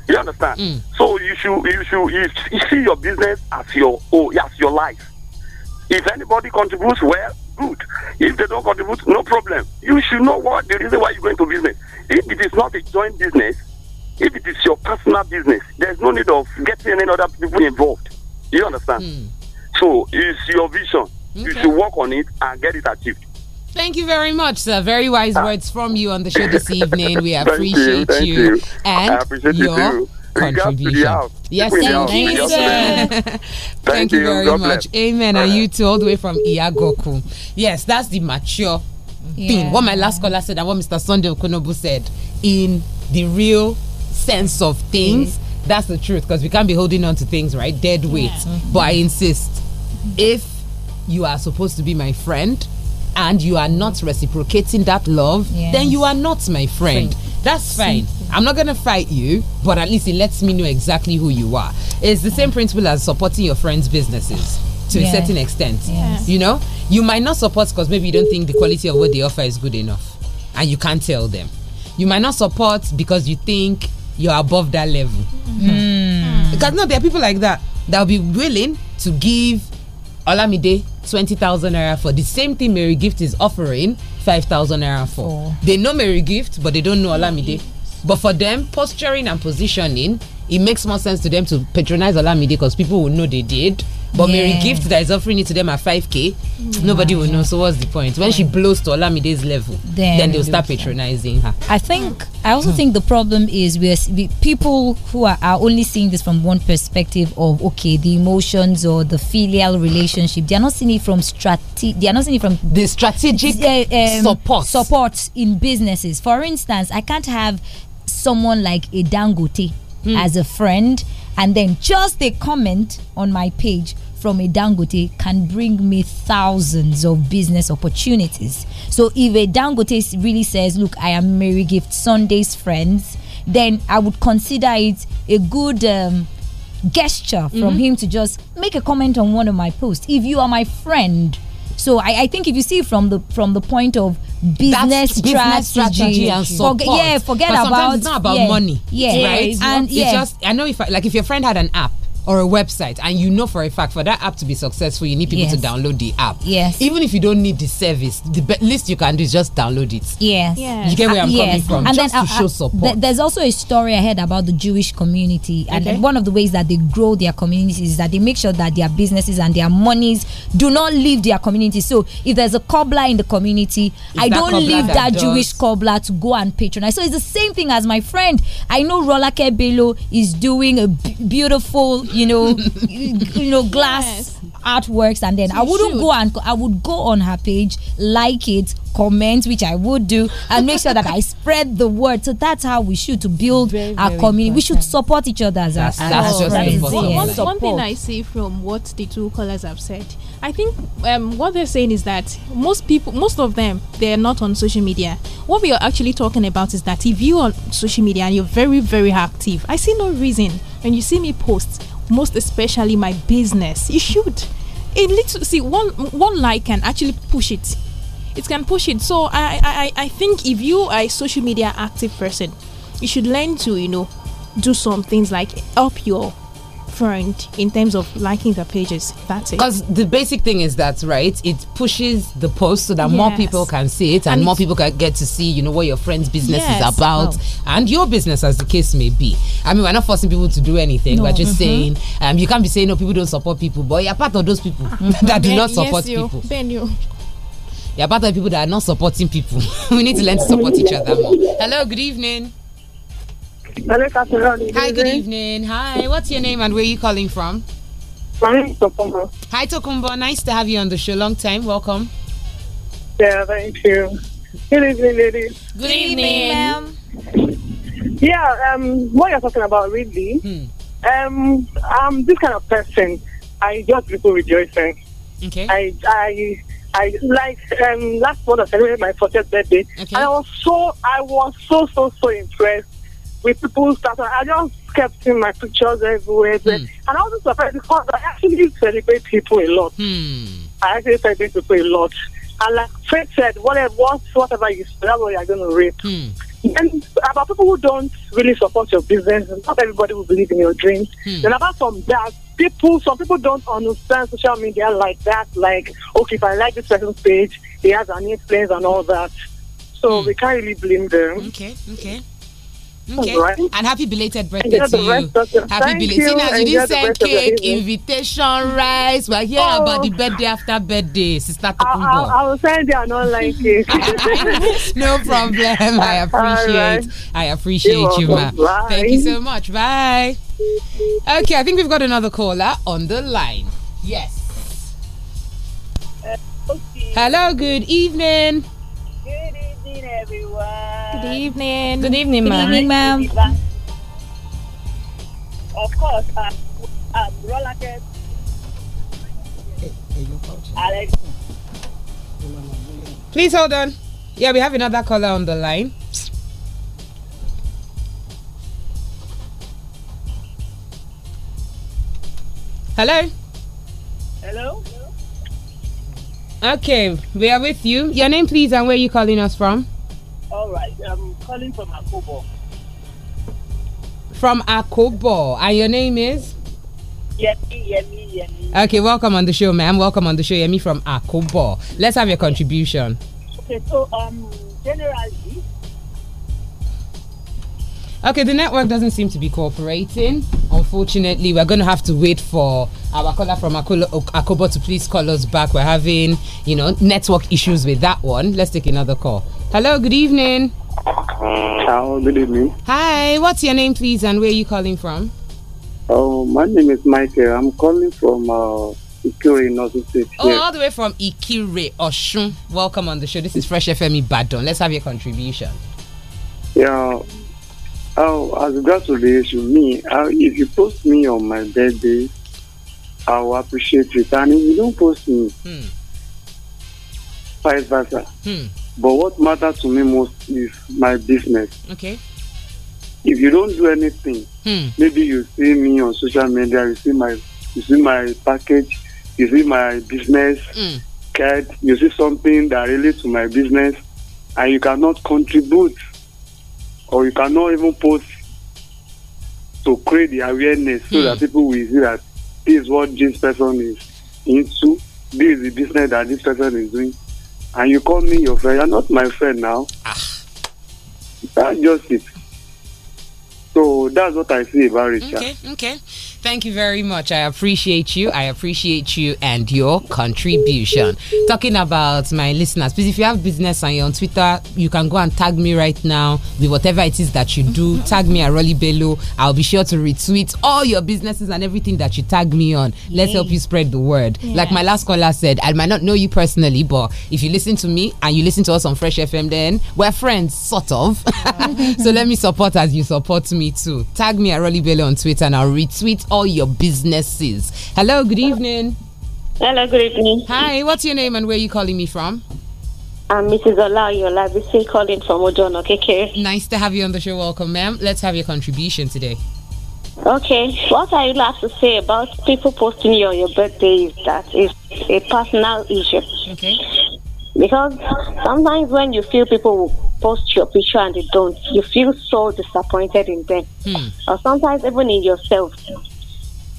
S11: You understand? Mm. So you should you should you see your business as your oh as your life. If anybody contributes, well, good. If they don't contribute, no problem. You should know what the reason why you go into business. If it is not a joint business, if it is your personal business, there's no need of getting any other people involved. You understand? Mm. So it's your vision. Okay. You should work on it and get it achieved.
S3: Thank you very much, sir. Very wise ah. words from you on the show this evening. We appreciate
S5: you, you, you, and appreciate your you contribution. Yes, thank you,
S3: sir.
S5: thank, you very God much. Bless. Amen. Are you
S3: two all the way from Iagoku. Yes, that's the mature yeah. thing. What my last caller said and what Mr. Sunday Okonobu said in the real sense of things, mm. that's the truth because we can't be holding on to things, right? Dead weight. Yeah. Mm -hmm. But I insist if you are supposed to be my friend and you are not reciprocating that love, yes. then you are not my friend. friend. That's fine. I'm not going to fight you, but at least it lets me know exactly who you are. It's the same principle as supporting your friends' businesses to yes. a certain extent. Yes. You know, you might not support because maybe you don't think the quality of what they offer is good enough and you can't tell them. You might not support because you think you're above that level.
S5: Mm.
S3: Because no, there are people like that that will be willing to give Olamide 20,000 naira for the same thing Mary Gift is offering 5,000 naira for. Oh. They know Mary Gift, but they don't know Olamide. But for them, posturing and positioning, it makes more sense to them to patronize Olamide because people will know they did but yeah. Mary Gift that is offering it to them at 5k, yeah. Mm. nobody will know. So what's the point? When she blows to Olamide's level, then, then they'll start patronizing her.
S6: I think I also think the problem is we are we, people who are, are only seeing this from one perspective of okay, the emotions or the filial relationship. They are not seeing it from strategic, They are not seeing it from the strategic uh, um, support support in businesses. For instance, I can't have someone like a Dangote mm. as a friend and then just a comment on my page from a Dangote can bring me thousands of business opportunities. So if a Dangote really says, Look, I am Mary Gift Sunday's friends, then I would consider it a good um, gesture from mm-hmm. him to just make a comment on one of my posts. If you are my friend, so I, I, think if you see from the from the point of business, business strategy, and support, forget, yeah, forget about it's not about yeah, money, yeah, right? and yeah. just
S3: I know if I, like if your friend had an app or a website and you know for a fact for that app to be successful you need people yes. to download the app yes even if you don't need the service the least you can do is just download it yes,
S6: yes. you get where i'm uh, coming from and just then, to uh, show uh, support th there's also a story ahead about the jewish community and okay. one of the ways that they grow their communities is that they make sure that their businesses and their monies do not leave their community so if there's a cobbler in the community i don't leave that, that jewish cobbler to go and patronize so it's the same thing as my friend i know Roller bello is doing a beautiful you know, you know, glass yes. artworks, and then I wouldn't go and I would go on her page, like it, comment, which I would do, and make sure that I spread the word. So that's how we should to build very, our very community. Important. We should support each other as that's, that's just one, thing I
S7: see from what the two callers have said, I think um, what they're saying is that most people, most of them, they're not on social media. What we are actually talking about is that if you are on social media and you're very, very active, I see no reason when you see me post most especially my business. You should. A little see one one like can actually push it. It can push it. So I I, I think if you are a social media active person, you should learn to, you know, do some things like up your in terms of liking the pages. That's it.
S3: Because the basic thing is that, right? It pushes the post so that yes. more people can see it and, and more people can get to see, you know, what your friend's business yes. is about oh. and your business, as the case may be. I mean, we're not forcing people to do anything. No. We're just mm -hmm. saying, um, you can't be saying, no, people don't support people, but you're part of those people that do ben, not support yes, you. people. Ben, you. You're part of people that are not supporting people. we need to learn to support each other more. Hello, good evening. Hello, Catherine. Hi, good evening. Hi, what's your name and where are you calling from? My name is Tokumbo. Hi, Tokumbo. Nice to have you on the show. Long time. Welcome.
S12: Yeah, thank you. Good evening, ladies. Good, evening, ma'am. Yeah, um, what you're talking about, really, hmm. um, I'm this kind of person. I just people rejoicing. Okay. I, I, I like um, last month I celebrated my 40th birthday, okay. and I was so, I was so, so, so impressed with people that I just kept seeing my pictures everywhere. Mm. And I was surprised because I actually celebrate people a lot.
S5: Mm.
S12: I actually celebrate people a lot. And like Fred said, whatever, whatever you say, that's what you're going to reap. Mm. And about people who don't really support your business, not everybody will believe in your dreams. Mm. And about some that people, some people don't understand social media like that. Like, okay, if I like this person's page, he has an influence and all that.
S3: So hmm. we can't really blame them. Okay, okay. Okay. Right. And happy belated birthday to you. Happy Thank belated. See now you didn't send cake, invitation, rice. We're here oh. about the birthday after birthday, Sister I, I, I will send you an online cake. no problem. I appreciate. Right. I appreciate you, you ma. Thank you so much. Bye. Okay, I think we've got another caller on the line.
S12: Yes.
S3: Uh, okay. Hello. Good evening.
S12: Good evening evening, everyone. Good evening. Good evening, ma'am. Good evening, ma'am. of course, I'm, i Alex.
S3: Please hold on. Yeah, we have another caller on the line. Hello. Hello. Okay, we are with you. Your name, please, and where are you calling us from?
S13: All right, I'm calling from Akobo.
S3: From Akobo, and your name is? Yemi,
S12: Yemi, Yemi.
S3: Okay, welcome on the show, ma'am. Welcome on the show, Yemi from Akobo. Let's have your contribution.
S12: Okay, so um, generally,
S3: Okay, the network doesn't seem to be cooperating. Unfortunately, we're going to have to wait for our caller from Akobo to please call us back. We're having, you know, network issues with that one. Let's take another call. Hello, good evening.
S11: Hello, good evening.
S3: Hi, what's your name, please, and where are you calling from?
S11: Oh, my name is Michael. I'm calling from uh, Ikire, Northern State.
S9: Oh, all
S3: the way from Ikire, Oshun. Welcome on the show. This is Fresh FM Badon. Let's have your contribution.
S11: Yeah Oh, as regards to the issue, me, if you post me on my birthday, I will appreciate it. And if you don't post me, hmm. vice versa. Hmm. But what matters to me most is my business. Okay. If you don't do anything, hmm. maybe you see me on social media, you see my, you see my package, you see my business hmm. card, you see something that relates to my business, and you cannot contribute or you cannot even post to create the awareness mm. so that hmm. people will see that this is what this person is into, this is the business that this person is doing, and you call me your friend. You're not my friend now. Ah. That's just it. So that's what I see about it. Okay,
S3: okay. Thank you very much. I appreciate you. I appreciate you and your contribution. Talking about my listeners, please, if you have business and you're on Twitter, you can go and tag me right now with whatever it is that you do. Tag me at Rolly Bello. I'll be sure to retweet all your businesses and everything that you tag me on. Let's Yay. help you spread the word. Like my last caller said, I might not know you personally, but if you listen to me and you listen to us on Fresh FM, then we're friends, sort of. so let me support as you support me too. Tag me at Rolly Bello on Twitter and I'll retweet all your businesses. Hello, good evening. Hello, good evening. Hi, what's your name and where are you calling me from?
S12: I'm Mrs. Olayola still calling from Ojono, KK.
S3: Nice to have you on the show. Welcome, ma'am. Let's have your contribution today.
S12: Okay, what I would like to say about people posting you on your birthday is that it's a personal issue. Okay. Because sometimes when you feel people post your picture and they don't, you feel so disappointed in them. Hmm. Or sometimes even in yourself.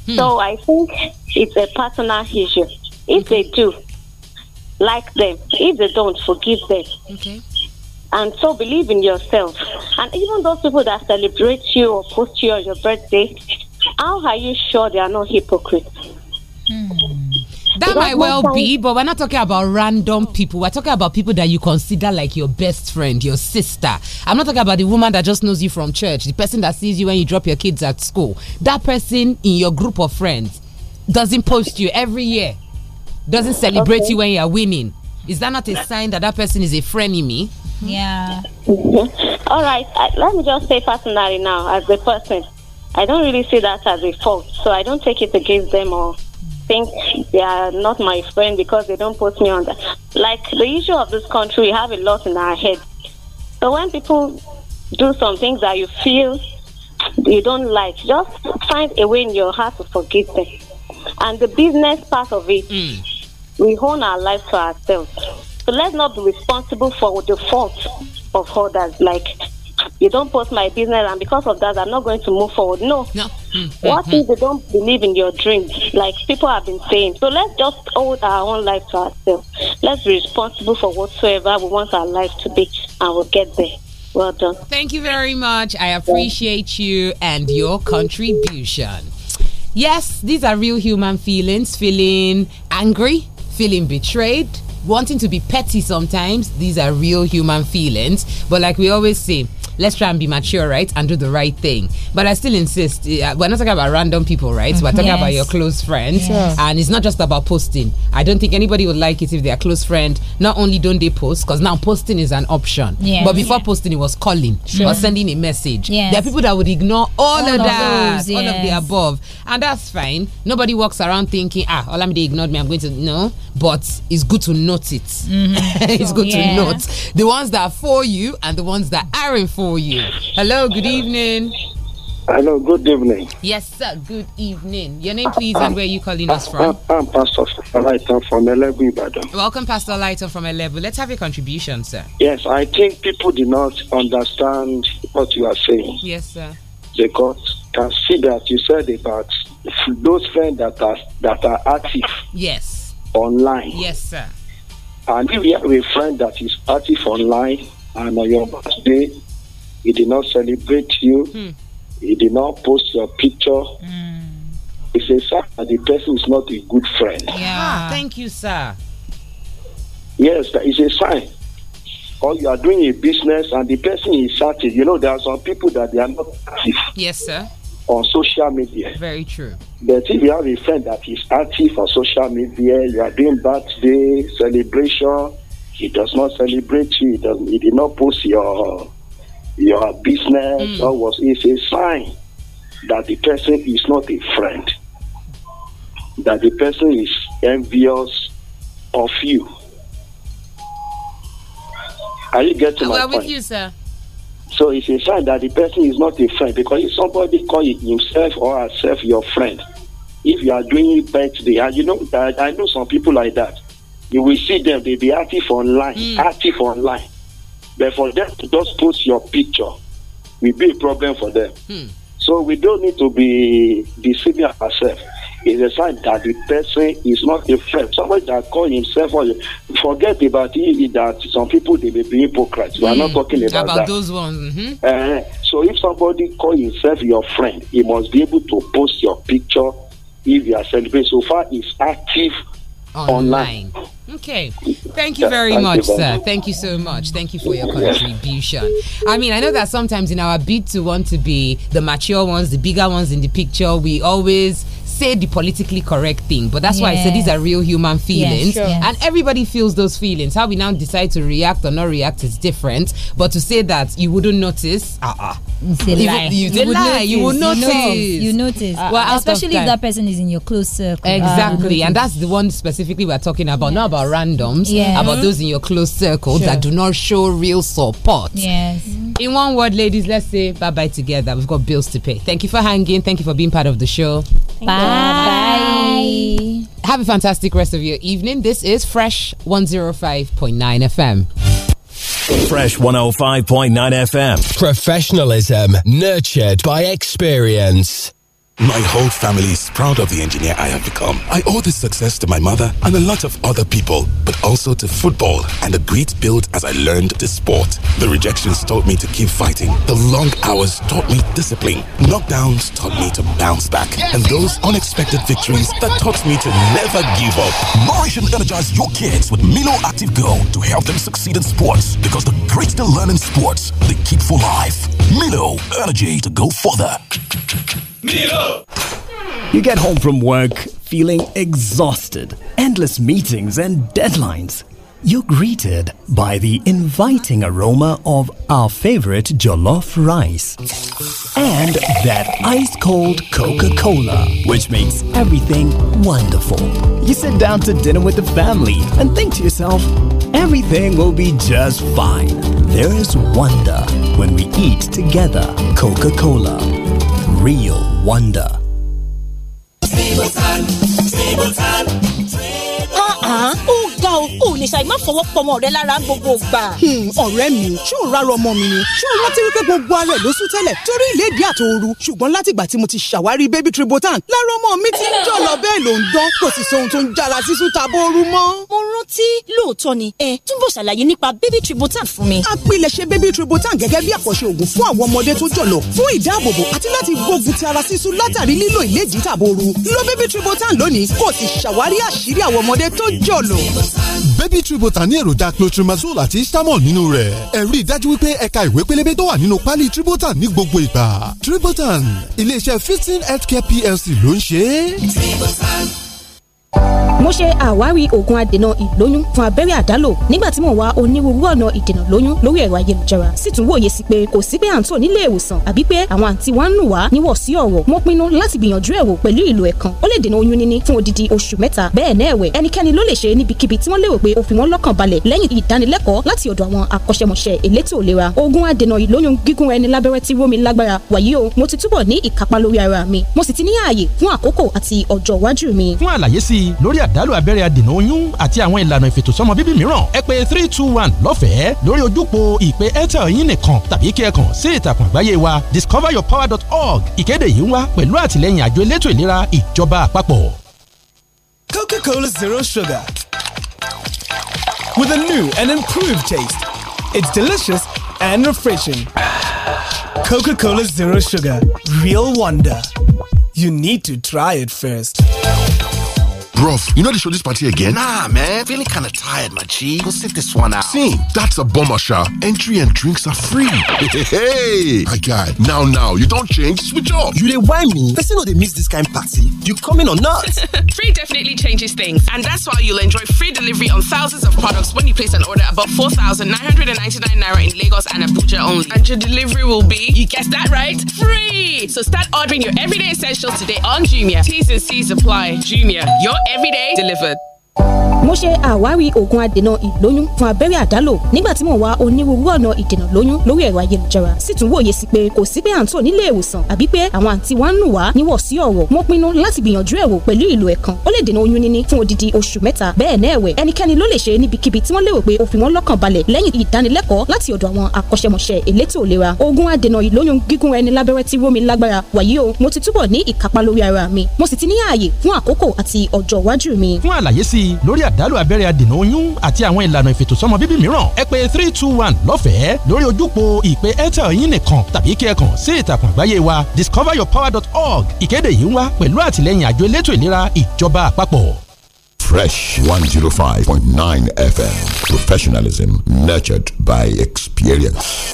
S12: Hmm. So I think it's a personal issue. If okay. they do, like them. If they don't, forgive them. Okay. And so believe in yourself. And even those people that celebrate you or post you on your birthday, how are you sure they are not hypocrites? Hmm
S3: that might well be, but we're not talking about random people. We're talking about people that you consider like your best friend, your sister. I'm not talking about the woman that just knows you from church, the person that sees you when you drop your kids at school. That person in your group of friends doesn't post you every year, doesn't celebrate okay. you when you're winning. Is that not a sign that that person is a frenemy?
S12: Yeah. All right. I, let me just say personally now, as a person, I don't really see that as a fault, so I don't take it against them or think they are not my friend because they don't put me on that. Like the issue of this country, we have a lot in our head. So when people do some things that you feel you don't like, just find a way in your heart to forgive them. And the business part of it, mm. we own our life to ourselves. So let's not be responsible for the fault of others. Like you don't post my business, and because of that, I'm not going to move forward. No. no. Mm-hmm. What mm, if mm. they don't believe in your dreams, like people have been saying? So let's just hold our own life to ourselves. Let's be responsible for whatsoever we want our life to be, and we'll get there. Well done. Thank
S3: you very much. I appreciate you and your contribution. Yes, these are real human feelings feeling angry, feeling betrayed, wanting to be petty sometimes. These are real human feelings. But like we always say, let's try and be mature, right, and do the right thing. But I still insist eh, uh, we're not talking about random people, right? We're talking yes. about your close friends, yes. and it's not just about posting. I don't think anybody would like it if their close friend not only don't they post because now posting is an option, yes. but before posting it was calling sure. or sending a message. There are people that would ignore all, all of, that, those, all of the above, and that's fine. Nobody walks around thinking, ah, Olamide ignored me. I'm going to no, but it's good to note it. Mm -hmm. it's good yeah. to note the ones that are for you and the ones that aren't for for you. Hello, good evening. Hello, good evening. Yes, sir, good evening. Your name, please, and where are you calling us from?
S9: I'm, Pastor Lighton from Elebu, Ibadan.
S3: Welcome, Pastor Lighton from Elebu. Let's have your contribution,
S14: sir.
S9: Yes, I think people do not understand what you are saying. Yes, sir. Because can see that you said about those friends that are that are active. Yes. Online. Yes, sir. And if you have a friend that is active online and on your birthday he did not celebrate you. Hmm. He did not post your picture. It's a sign that the person is not a good friend.
S3: Yeah. Thank you, sir.
S9: Yes, that is a sign. Or you are doing a business and the person is active. You know, there are some people that they are not active. Yes, sir. On social media. Very true. But if you have a friend that is active on social media, you are doing birthday celebration, he does not celebrate you, he, does, he did not post your your business, mm. or was it's a sign that the person is not a friend, that the person is envious of you. Are you getting well, my point? with you, sir. So it's a sign that the person is not a friend because if somebody call himself or herself your friend, if you are doing birthday, and you know that I know some people like that, you will see them they be active online, mm. active online. But for them to just post your picture will be a problem for them. Hmm. So we don't need to be deceiving ourselves. It's a sign that the person is not a friend. Somebody that call himself or forget about it that some people they may be hypocrites. We are mm, not hmm. talking about, about those ones. Mm -hmm. uh, so if somebody call himself your friend, he must be able to post your picture if you are celebrating.
S3: So far, it's active online. Okay. Thank you very Thank much, you, sir. Thank you so much. Thank you for your contribution. I mean, I know that sometimes in our bid to want to be the mature ones, the bigger ones in the picture, we always say the politically correct thing, but that's yeah. why I said these are real human feelings, yeah, sure. and everybody feels those feelings. How we now decide to react or not react is different, but to say that you wouldn't notice, uh uh
S6: it's a lie. You, you, you would lie. Notice. You would notice. You notice. You notice. Uh, well, especially if that person is in your close circle. Exactly, uh, and
S3: that's the one specifically we're talking about, yes. not about randoms, yeah. about those in your close circle sure. that do not show real support. Yes. In one word, ladies, let's say bye bye together. We've got bills to pay. Thank you for hanging. Thank you for being part of the show. Thank bye. Bye. Bye. Have a fantastic rest of your evening. This is Fresh 105.9 FM.
S2: Fresh 105.9 FM. Professionalism nurtured by experience. My whole family is proud of the engineer I have become. I owe this success to my mother and a lot of other people, but also to football and the great build as I learned the sport. The rejections taught me to keep fighting. The long hours taught me discipline. Knockdowns taught me to bounce back. And those unexpected victories that taught me to never give up. Nourish and energize your kids with Milo Active Go to help them succeed in sports because the great they learn in sports, they keep for life. Milo, energy
S13: to go further. Milo! You get home from work feeling exhausted, endless meetings and deadlines. You're greeted by the inviting aroma of our favorite jollof rice and that ice cold Coca Cola, which makes everything wonderful. You sit down to dinner with the family and think to yourself, everything will be just fine. There is wonder when we eat together Coca Cola real wonder.
S15: Uh-uh. o kò lè ṣàì má fọwọ́ pọmọ rẹ lára gbogbo
S13: gbà. Hmm, ọ̀rẹ́ mi ṣé ò rárọ ọmọ mi ni ṣé o rántí wípé gbogbo ara ló sún tẹ́lẹ̀ torí ìlédìí àtòoru ṣùgbọ́n látìgbà tí mo ti ṣàwárí baby tribotan lára ọmọ mi ti ń jọ̀lọ̀ bẹ́ẹ̀ ló ń dán kò sì sóhun tó ń jala sísun tabooru mọ́. mo rántí lóòótọ́ ni ẹ túbọ̀ ṣàlàyé nípa baby tribotan fún mi. apilẹ̀ṣẹ̀ baby tribotan gẹ́gẹ́ bí àkọ́ṣe òògùn fún àwọn ọmọdé tó jọ̀lọ̀ fún ìdáàbòbò àti láti gbógun ti ara sísun látàrí lílo ìlédìí tàbooru lo baby tribotan lónìí kò sì ṣàwárí àṣírí àwọn ọmọdé tó jọ̀lọ̀
S16: baby tributan ní èròjà clotrimazole àti istamol nínú rẹ̀ ẹ rí i dájú wípé ẹ̀ka ìwé pélébé tó wà nínú pálí tributan ní gbogbo ìgbà tributan iléeṣẹ́ fifteen healthcare plc ló ń ṣe é. tributan
S15: mo ṣe àwárí oògùn adènà ìlóyún fún abẹ́rẹ́ àdálò nígbà tí mo wá onírúurú ọ̀nà ìdènà lóyún lórí ẹ̀rọ ayélujára sì tún wòye sí pé kò sí pé à ń tò nílé ìwòsàn àbí pé àwọn àǹtí wa ń nù wá níwọ̀ sí ọ̀rọ̀ mo pinnu láti gbìyànjú ẹ̀rọ pẹ̀lú ìlò ẹ̀kan ó lè dènà oyún níní fún odidi oṣù mẹ́ta bẹ́ẹ̀ náà ẹ̀wẹ̀ ẹnikẹ́ni ló lè ṣe níbikíbi tí wọ́n lérò pé ó fi wọ́n lọ́kàn balẹ̀ lẹ́yìn ìdánilẹ́kọ̀ọ́ mi mo sì ti ní ààyè fún àkókò àti ọjọ́ iwájú
S16: mi. fún àlàyé àdálù abẹ́rẹ́ adènà oyún àti àwọn ìlànà ìfètòsọ́mọ bíbí mìíràn ẹ pè three two one lọ́fẹ̀ẹ́ lórí ojúpo ìpè airtel yín nìkan tàbí kí ẹ kàn sí ìtàkùn àgbáyé wa discoveryourpower.org ìkéde yìí ń wá pẹ̀lú àtìlẹ́yìn àjọ elétò ìlera ìjọba àpapọ̀.
S13: Coca-Cola Zero Sugar
S16: with a new and improved
S13: taste. It's delicious and refreshing. Coca-Cola Zero Sugar, real wonder. You need to try it first.
S16: Bruv, you know they show this party again?
S13: Nah, man. Feeling kind of tired, my G. Go sit this one out. See, that's a bomber show. Entry and drinks are free. Hey, hey, guy, now, now, you don't change, switch off. You didn't whine me? Person know they miss this kind of party. You coming or not?
S5: free
S3: definitely changes things. And that's why you'll enjoy free delivery on thousands of products when you place an order above 4,999 Naira in Lagos and Abuja only. And your delivery will be, you guessed that right, free. So start ordering your everyday essentials today on Jumia. T's and C's apply. Jumia, your every day delivered.
S15: mo ṣe àwárí oògùn adènà ìlóyún fún abẹ́rẹ́ àdálò nígbà tí mo wá onírúurú ọ̀nà ìdènà lóyún lórí ẹ̀rọ ayélujára sì tún wòye sí pé kò sí pé à ń tò nílé ìwòsàn àbí pé àwọn àǹtí wa ń nù wá níwọ̀ sí ọ̀rọ̀ mo pinnu láti gbìyànjú ẹ̀rọ pẹ̀lú ìlò ẹ̀kan ó lè dènà oyún níní fún odidi oṣù mẹ́ta bẹ́ẹ̀ náà ẹ̀wẹ̀ ẹnikẹ́ni ló lè ṣe níbikíbi tí wọ́n lérò pé ó fi wọ́n lọ́kàn balẹ̀ lẹ́yìn ìdánilẹ́kọ̀ọ́ láti ọ̀dọ̀ àwọn akọ́ṣẹ́mọṣẹ́ elétò ìlera oògùn adènà ìlóyún gígún ẹni lábẹ́rẹ́ tí rómi lágbára wàyí o mo ti túbọ̀ ní ìkápá lórí ara mi mo sì ti ní ààyè fún àkókò àti
S16: ọjọ́ iwájú mi. fún àlàyé lórí àdálù abẹ́rẹ́ adènà oyún àti àwọn ìlànà ìfètòsọ́mọ bíbí mìíràn ẹ pè three two one lọ́fẹ̀ẹ́ lórí ojúpo ìpè airtel yín nìkan tàbí kí ẹ kàn sí ìtàkùn àgbáyé wa discoveryourpower.org ìkéde yìí ń wá pẹ̀lú àtìlẹ́yìn àjọ elétò ìlera ìjọba àpapọ̀.
S2: Fresh 105.9 FM. Professionalism nurtured by experience.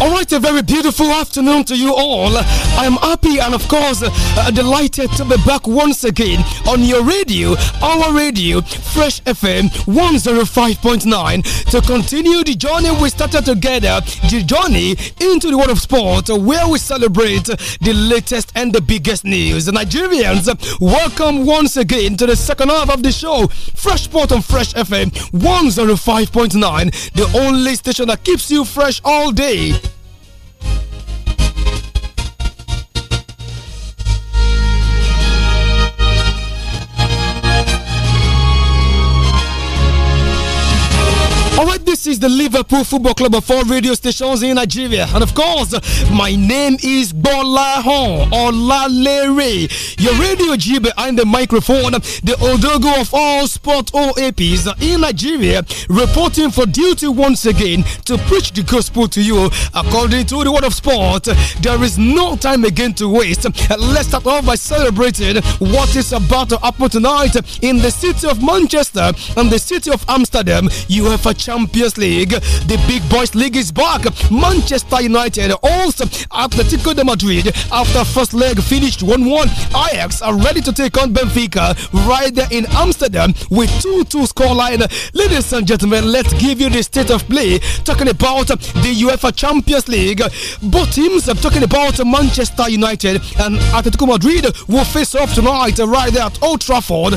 S17: All right, a very beautiful afternoon to you all. I am happy and, of course, uh, delighted to be back once again on your radio, our radio, Fresh FM 105.9, to continue the journey we started together, the journey into the world of sport, where we celebrate the latest and the biggest news. Nigerians, welcome once again to the second half of the show, Fresh Sport on Fresh FM 105.9, the only station that keeps you fresh all day. This is the Liverpool Football Club of four radio stations in Nigeria. And of course, my name is Bola Hon Olalere. Your radio G behind the microphone, the Odogo of all sport OAPs in Nigeria, reporting for duty once again to preach the gospel to you. According to the word of sport, there is no time again to waste. Let's start off by celebrating what is about to happen tonight in the city of Manchester and the city of Amsterdam. You have a champion Champions League. The Big Boys League is back. Manchester United owns Atletico de Madrid after first leg finished 1 1. Ajax are ready to take on Benfica right there in Amsterdam with 2 2 scoreline. Ladies and gentlemen, let's give you the state of play talking about the UEFA Champions League. Both teams are talking about Manchester United and Atletico Madrid will face off tonight right there at Old Trafford.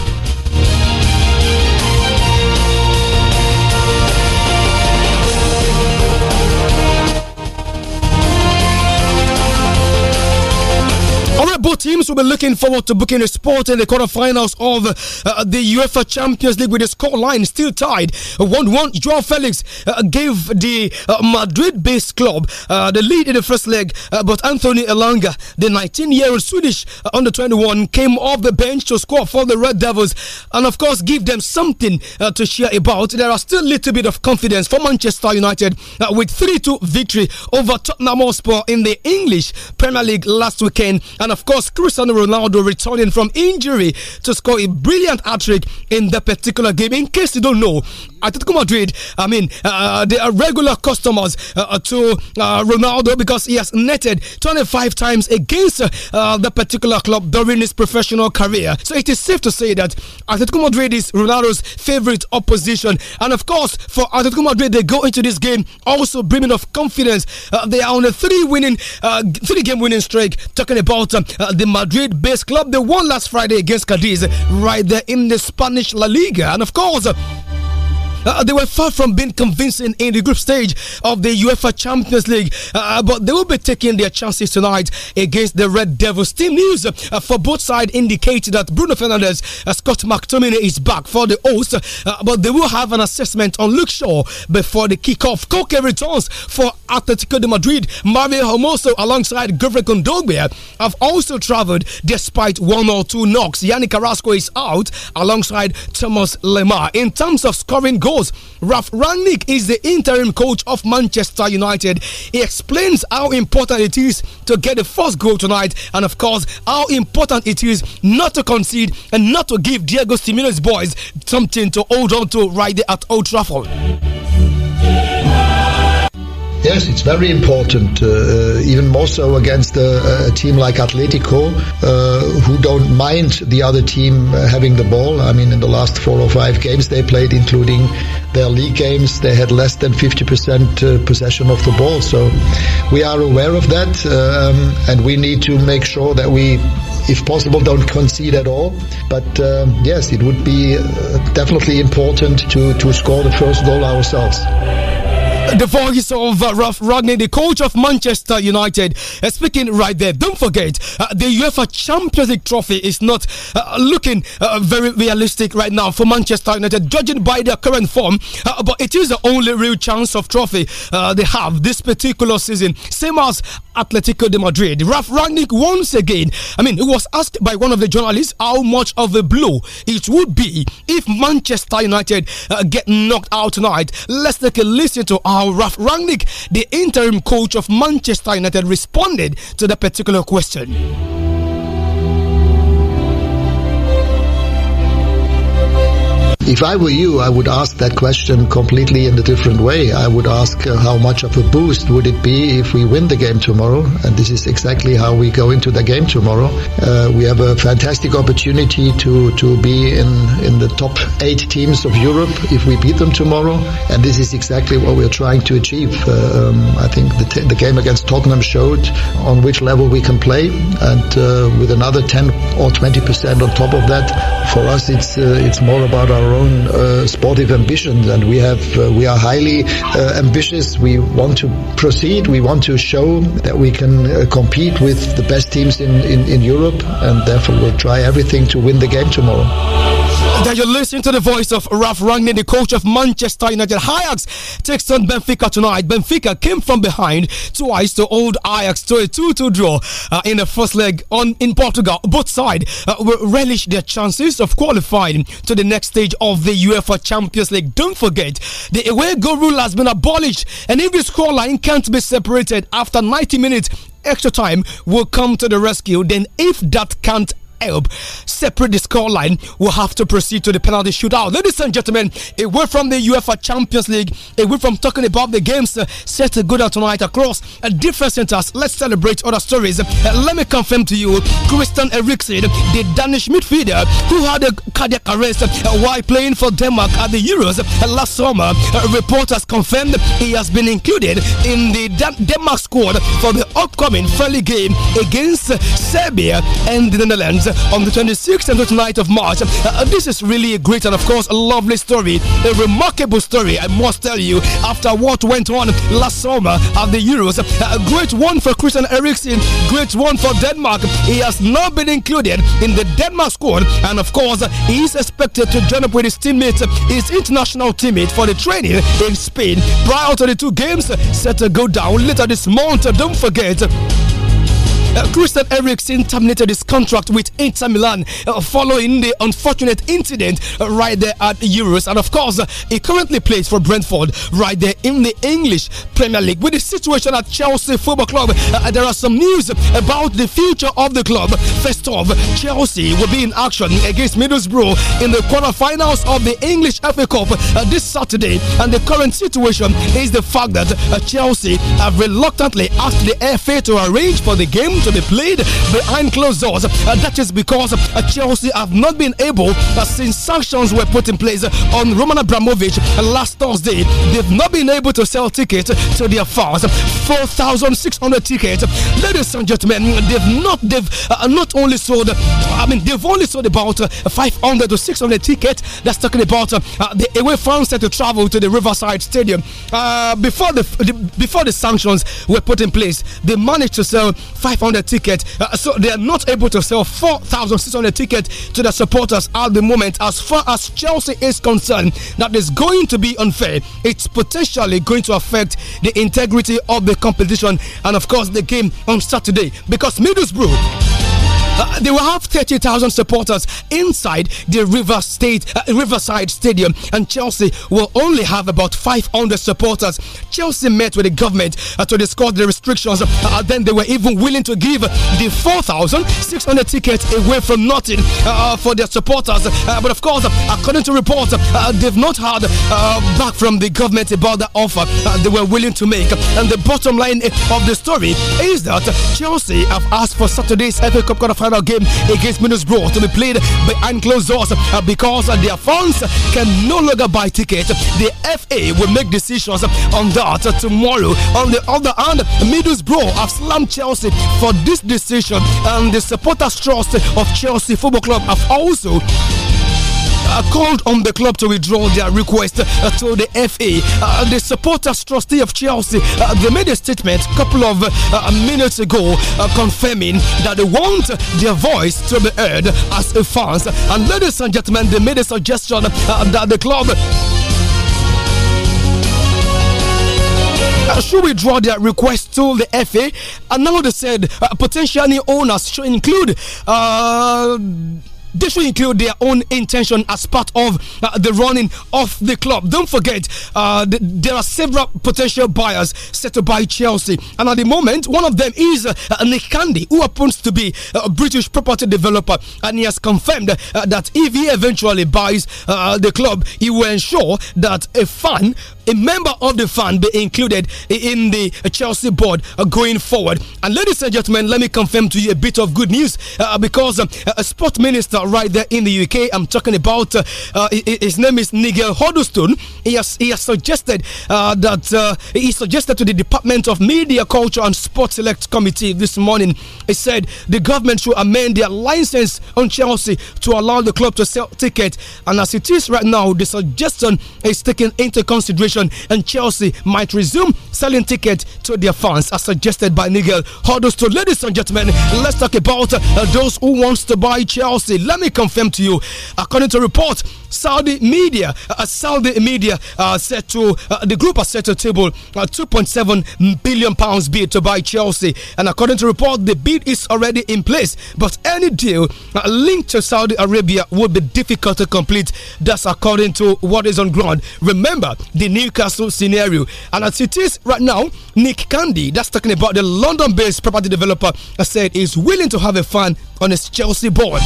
S17: both teams will be looking forward to booking a spot in the quarterfinals of uh, the UEFA Champions League with the scoreline still tied 1 1. Joao Felix uh, gave the uh, Madrid based club uh, the lead in the first leg, uh, but Anthony Elanga, the 19 year old Swedish uh, under 21, came off the bench to score for the Red Devils and, of course, give them something to cheer about. There are still a little bit of confidence for Manchester United with 3 2 victory over Tottenham Hotspur in the English Premier League last weekend, and, of course, course, Cristiano Ronaldo returning from injury to score a brilliant hat trick in that particular game. In case you don't know, Atletico Madrid, I mean, uh, uh, they are regular customers uh, to Ronaldo because he has netted 25 times against the particular club during his professional career. So it is safe to say that Atletico Madrid is Ronaldo's favorite opposition. And of course, for Atletico Madrid, they go into this game also brimming of confidence. Uh, they are on a three winning, uh, three game winning streak. Talking about um, uh, the Madrid based club, they won last Friday against Cadiz right there in the Spanish La Liga. And of course, uh, they were far from being convincing in the group stage of the UEFA Champions League, uh, uh, but they will be taking their chances tonight against the Red Devils. Team news uh, for both sides indicate that Bruno Fernandez, uh, Scott McTominay is back for the host, uh, but they will have an assessment on Luke Shaw before the kickoff. Koke returns for Atletico de Madrid. Mario Hermoso alongside Govre Kondogbia have also travelled despite one or two knocks. Yannick Carrasco is out alongside Thomas Lemar. In terms of scoring goals, Raf Ralph Rangnick is the interim coach of Manchester United. He explains how important it is to get the first goal tonight, and of course, how important it is not to concede and not to give Diego Simeone's boys something to hold on to right there at Old Trafford. Yes, it's
S18: very important, uh, uh even more so against a, uh, a team like Atletico, uh, who don't mind the other team uh, having the ball. I mean, in the last four or five games they played, including their league games, they had less than 50% uh, possession of the ball. So we are aware of that, um, and we need to make sure that we, if possible, don't concede at all. But um, yes, it would be definitely important to, to score the first goal ourselves.
S17: The voice of uh, Ralph Ragney, the coach of Manchester United, uh, speaking right there. Don't forget, uh, the UEFA Champions League trophy is not uh, looking uh, very realistic right now for Manchester United, judging by their current form. Uh, but it is the only real chance of trophy they have this particular season. Same as Atletico de Madrid. Ralph Rangnick once again, I mean, he was asked by one of the journalists how much of a blow it would be if Manchester United get knocked out tonight. Let's take a listen to. How Al Rangnick, the interim coach of Manchester United, responded to the particular question.
S18: If I were you, I would ask that question completely in a different way. I would ask uh, how much of a boost would it be if we win the game tomorrow? And this is exactly how we go into the game tomorrow. Uh, we have a fantastic opportunity to, to be in, in the top eight teams of Europe if we beat them tomorrow. And this is exactly what we're trying to achieve. Uh, um, I think the, t- the, game against Tottenham showed on which level we can play. And uh, with another 10 or 20% on top of that, for us, it's, uh, it's more about our own uh, sportive ambitions, and we have uh, we are highly uh, ambitious. We want to proceed. We want to show that we can uh, compete with the best teams in, in, in Europe, and therefore we'll try everything to win the game tomorrow.
S17: That you listen to the voice of Ralph Rangnick, the coach of Manchester United. Ajax takes on Benfica tonight. Benfica came from behind twice to old Ajax to a 2-2 draw uh, in the first leg on in Portugal. Both sides uh, will relish their chances of qualifying to the next stage of the UEFA Champions League. Don't forget, the away goal rule has been abolished, and if the scoreline can't be separated after 90 minutes, extra time will come to the rescue. Then, if that can't help separate the scoreline, we'll have to proceed to the penalty shootout. Ladies and gentlemen, away from the UEFA Champions League, away from talking about the games uh, set to go down tonight across uh, different centers, let's celebrate other stories. Uh, let me confirm to you, Christian Eriksen, the Danish midfielder who had a cardiac arrest uh, while playing for Denmark at the Euros uh, last summer, uh, reporters confirmed he has been included in the Dan Denmark squad for the upcoming friendly game against Serbia and the Netherlands on the 26th and 29th of March. Uh, uh, this is really a great and, of course, a lovely story, a remarkable story, I must tell you, after what went on last summer at the Euros. Uh, a great one for Christian Eriksen, great one for Denmark. He has now been included in the Denmark squad, and, of course, he is expected to join up with his teammates, his international teammate, for the training in Spain prior to the two games set to go down later this month. Don't forget. Uh, Christian Eriksen terminated his contract with Inter Milan uh, following the unfortunate incident uh, right there at Euros. And of course, uh, he currently plays for Brentford right there in the English Premier League. With the situation at Chelsea Football Club, uh, there are some news about the future of the club. First off, Chelsea will be in action against Middlesbrough in the quarterfinals of the English FA Cup uh, this Saturday. And the current situation is the fact that Chelsea have reluctantly asked the FA to arrange for the game to be played behind closed doors. Uh, that is because uh, Chelsea have not been able, uh, since sanctions were put in place on Roman Abramovich last Thursday, they've not been able to sell tickets to their fans. 4,600 tickets. Ladies and gentlemen, they've not they've not only sold, I mean, they've only sold about 500 to 600 tickets. That's talking about the away fans had to travel to the Riverside Stadium before the, the before the sanctions were put in place. They managed to sell 500 4,600 tickets. Uh, so they are not able to sell 4,600 tickets to the supporters at the moment. As far as Chelsea is concerned, that is going to be unfair. It's potentially going to affect the integrity of the competition and, of course, the game on Saturday because Middlesbrough uh, they will have 30,000 supporters inside the River State, uh, Riverside Stadium, and Chelsea will only have about 500 supporters. Chelsea met with the government uh, to discuss the restrictions. Uh, then they were even willing to give the 4,600 tickets away from nothing uh, uh, for their supporters. but of course, according to reports, they've not heard back from the government about the offer they were willing to make. And the bottom line of the story is that Chelsea have asked for Saturday's FA Cup quarterfinal final game against Middlesbrough to be played behind closed doors uh, because uh, their fans can no longer buy tickets. The FA will make decisions on that tomorrow. On the other hand, Middlesbrough have slammed Chelsea for this decision, and the supporters' trust of Chelsea Football Club have also uh, called on the club to withdraw their request uh, to the FA. Uh, the supporters trustee of Chelsea, they made a statement a couple of minutes ago confirming that they want their voice to be heard as a fans. And ladies and gentlemen, they made a suggestion that the club Uh, should withdraw their request to the FA? And now they said uh, potential owners should include. Uh they should include their own intention as part of uh, the running of the club. Don't forget, uh, th there are several potential buyers set to buy Chelsea, and at the moment, one of them is uh, uh Nick Candy, who happens to be uh, a British property developer, and he has confirmed uh, that if he eventually buys the club, he will ensure that a fan a member of the fan be included in the Chelsea board uh, going forward. And ladies and gentlemen, let me confirm to you a bit of good news uh, because um, a sport minister right there in the UK, I'm talking about, uh, uh, his name is Nigel Huddlestone. He has, he has suggested uh, that he suggested to the Department of Media, Culture and Sport Select Committee this morning. He said the government should amend their license on Chelsea to allow the club to sell tickets. And as it is right now, the suggestion is taken into consideration situation, and Chelsea might resume selling tickets to their fans, as suggested by Nigel Huddleston. Ladies and gentlemen, let's talk about uh, those who wants to buy Chelsea. Let me confirm to you, according to reports Saudi media, uh, uh, Saudi media uh, set to uh, the group has set a table uh, 2.7 billion pounds bid to buy Chelsea, and according to report, the bid is already in place. But any deal uh, linked to Saudi Arabia would be difficult to complete. That's according to what is on ground. Remember the Newcastle scenario, and as it is right now, Nick Candy, that's talking about the London-based property developer, said is willing to have a fan on his Chelsea board.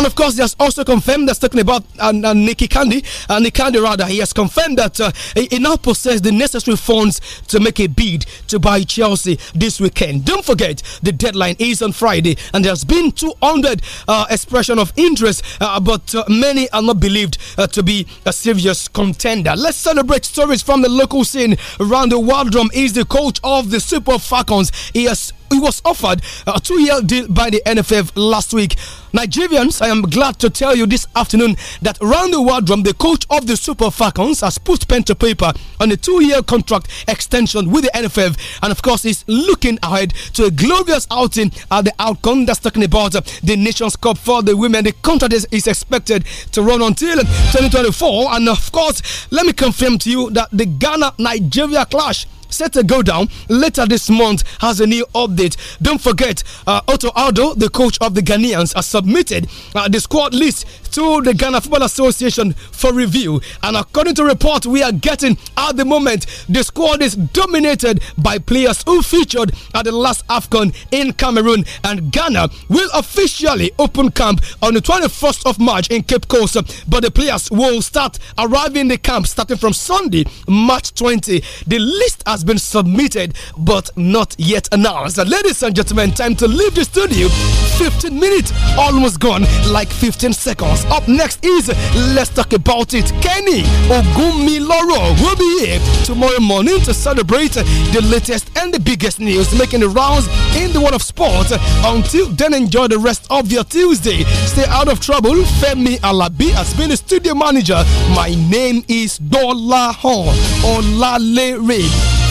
S17: And of course, he has also confirmed that's talking about uh, uh, Nikki Candy, uh, Nikki Candy rather. He has confirmed that uh, he, he now possesses the necessary funds to make a bid to buy Chelsea this weekend. Don't forget, the deadline is on Friday, and there's been 200 uh, expression of interest, uh, but uh, many are not believed uh, to be a serious contender. Let's celebrate stories from the local scene around the world. Drum is the coach of the Super Falcons. He has he was offered a two-year deal by the NFF last week. Nigerians, I am glad to tell you this afternoon that Randy Wardrum, the coach of the Super Falcons, has put pen to paper on a two-year contract extension with the NFF, and of course, is looking ahead to a glorious outing at the outcome that's talking about the Nations Cup for the women. The contract is, is expected to run until 2024, and of course, let me confirm to you that the Ghana-Nigeria clash set to go down later this month has a new update. Don't forget, uh, Otto Aldo, the coach of the Ghanaians, has submitted uh, the squad list to the Ghana Football Association for review. And according to reports we are getting at the moment, the squad is dominated by players who featured at the last AFCON in Cameroon. And Ghana will officially open camp on the 21st of March in Cape Coast. But the players will start arriving in the camp starting from Sunday, March 20. The list has has been submitted but not yet announced. Ladies and gentlemen, time to leave the studio. 15 minutes almost gone, like 15 seconds. Up next is Let's Talk About It. Kenny Ogumiloro will be here tomorrow morning to celebrate the latest and the biggest news making the rounds in the world of sport. Until then, enjoy the rest of your Tuesday. Stay out of trouble. Femi Alabi has been the studio manager. My name is Dola Hon Olalere.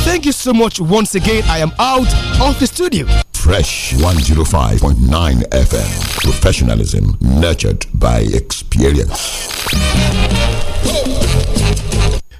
S17: Thank you so much once again. I am out of the studio.
S2: Fresh 105.9 FM. Professionalism nurtured by experience.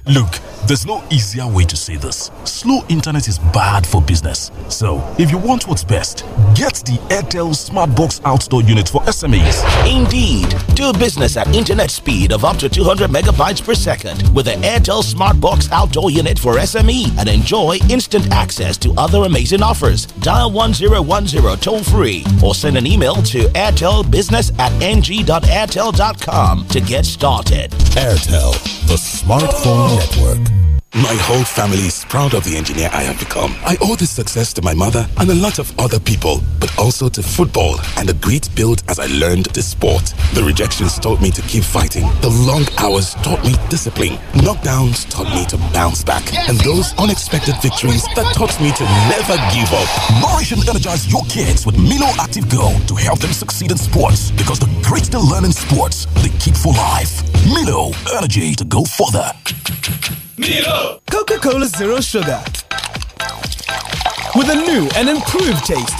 S2: Look. There's no easier way to say this. Slow internet is bad for business. So, if you want what's best, get the Airtel Smartbox outdoor unit for SMEs. Indeed, do business at internet speed of up to 200 megabytes per second with the Airtel Smartbox outdoor unit for SME and enjoy instant access to other amazing offers. Dial 1010 toll free or send an email to airtelbusiness at ng.airtel.com to get started. Airtel, the smartphone network. My whole family is proud of the engineer I have become. I owe this success to my mother and a lot of other people, but also to football and the great build as I learned the sport. The rejections taught me to keep fighting. The long hours taught me discipline. Knockdowns taught me to bounce back. And those unexpected victories that taught me to never give up. Nourish and energize your kids with Milo Active Go to help them succeed in sports. Because the great they learn in sports, they keep for life. Milo, energy to go further.
S13: Milo!
S17: Coca Cola Zero Sugar. With a new and improved taste.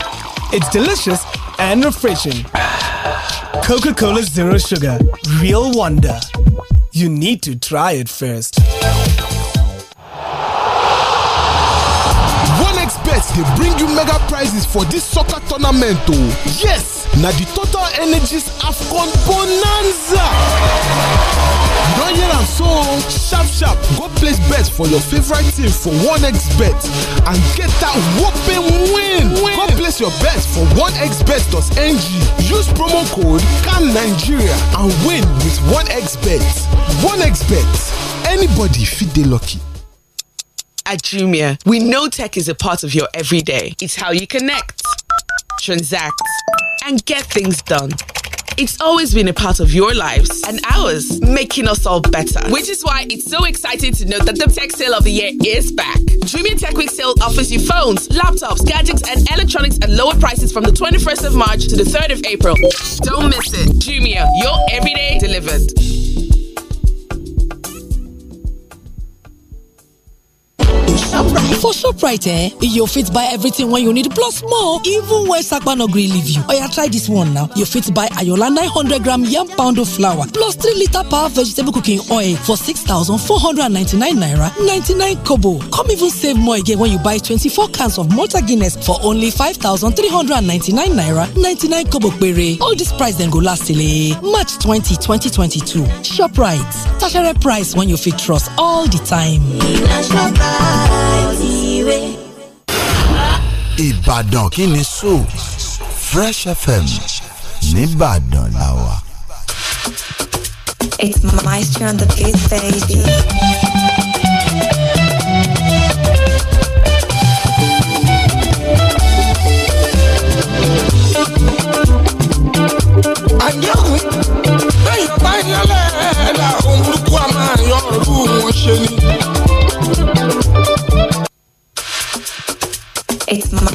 S17: It's delicious and refreshing.
S13: Coca Cola Zero Sugar. Real wonder. You
S16: need to try it first. onexbet bring you mega prizes for this soccer tournament oh. yes Now the total energies afcon bonanza don hear am so sharp sharp go place bets for your favourite team for 1xbet and get that whooping win go place your bets for 1xbet.ng use promo code nigeria and win with 1xbet 1xbet anybody fit the lucky At Jumia, we know
S3: tech is a part of your everyday. It's how you connect, transact, and get things done. It's always been a part of your lives and ours, making us all better. Which is why it's so exciting to note that the tech sale of the year is back. Dreamy Tech Week sale offers you phones, laptops, gadgets, and electronics at lower prices from the 21st of March to the 3rd of April. Don't miss it. Jumia, your everyday delivered.
S19: Shoprite. For Shoprite, eh, you fit buy everything when you need plus more, even when Sakpano agree leave you. Oh yeah, try this one now. You fit buy Ayola 900 gram yam pound of flour plus 3 liter power vegetable cooking oil for 6,499 naira 99 kobo. Come even save more again when you buy 24 cans of Malta Guinness for only 5,399 naira 99 kobo pere. All this price then go last till eh, March 20, 2022. Shoprite. Tashere price when you fit trust all the time. Ìbàdàn kí ni so Fresh FM
S2: nìbàdàn la wà.
S12: It's my turn to beat, baby.
S5: bẹ́ẹ̀ yọba yẹn lẹ́ẹ̀la òun burúkú
S14: àmọ́
S12: àyọ̀ wọn ṣe ni.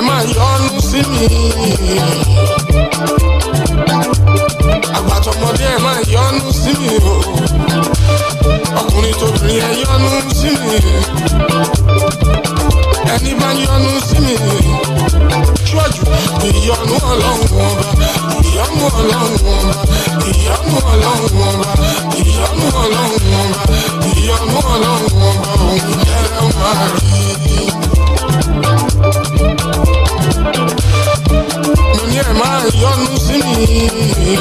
S14: ẹ máa yọnu sí mi. àgbàtọ̀mọdé ẹ máa yọnu sí mi o. ọkùnrin tóbìnrin ẹ yọnu sí mi. ẹni bá yọnu sí mi. ṣọ́ọ̀jù ìyọnu ọlọ́run ọba ìyọnu ọlọ́run ọba
S5: ìyọnu ọlọ́run ọba ìyọnu ọlọ́run ọba ìyọnu ọlọ́run ọba òun jẹ́ máa rí i.
S14: ọkùnrin ẹ̀ máa yọnu sí mi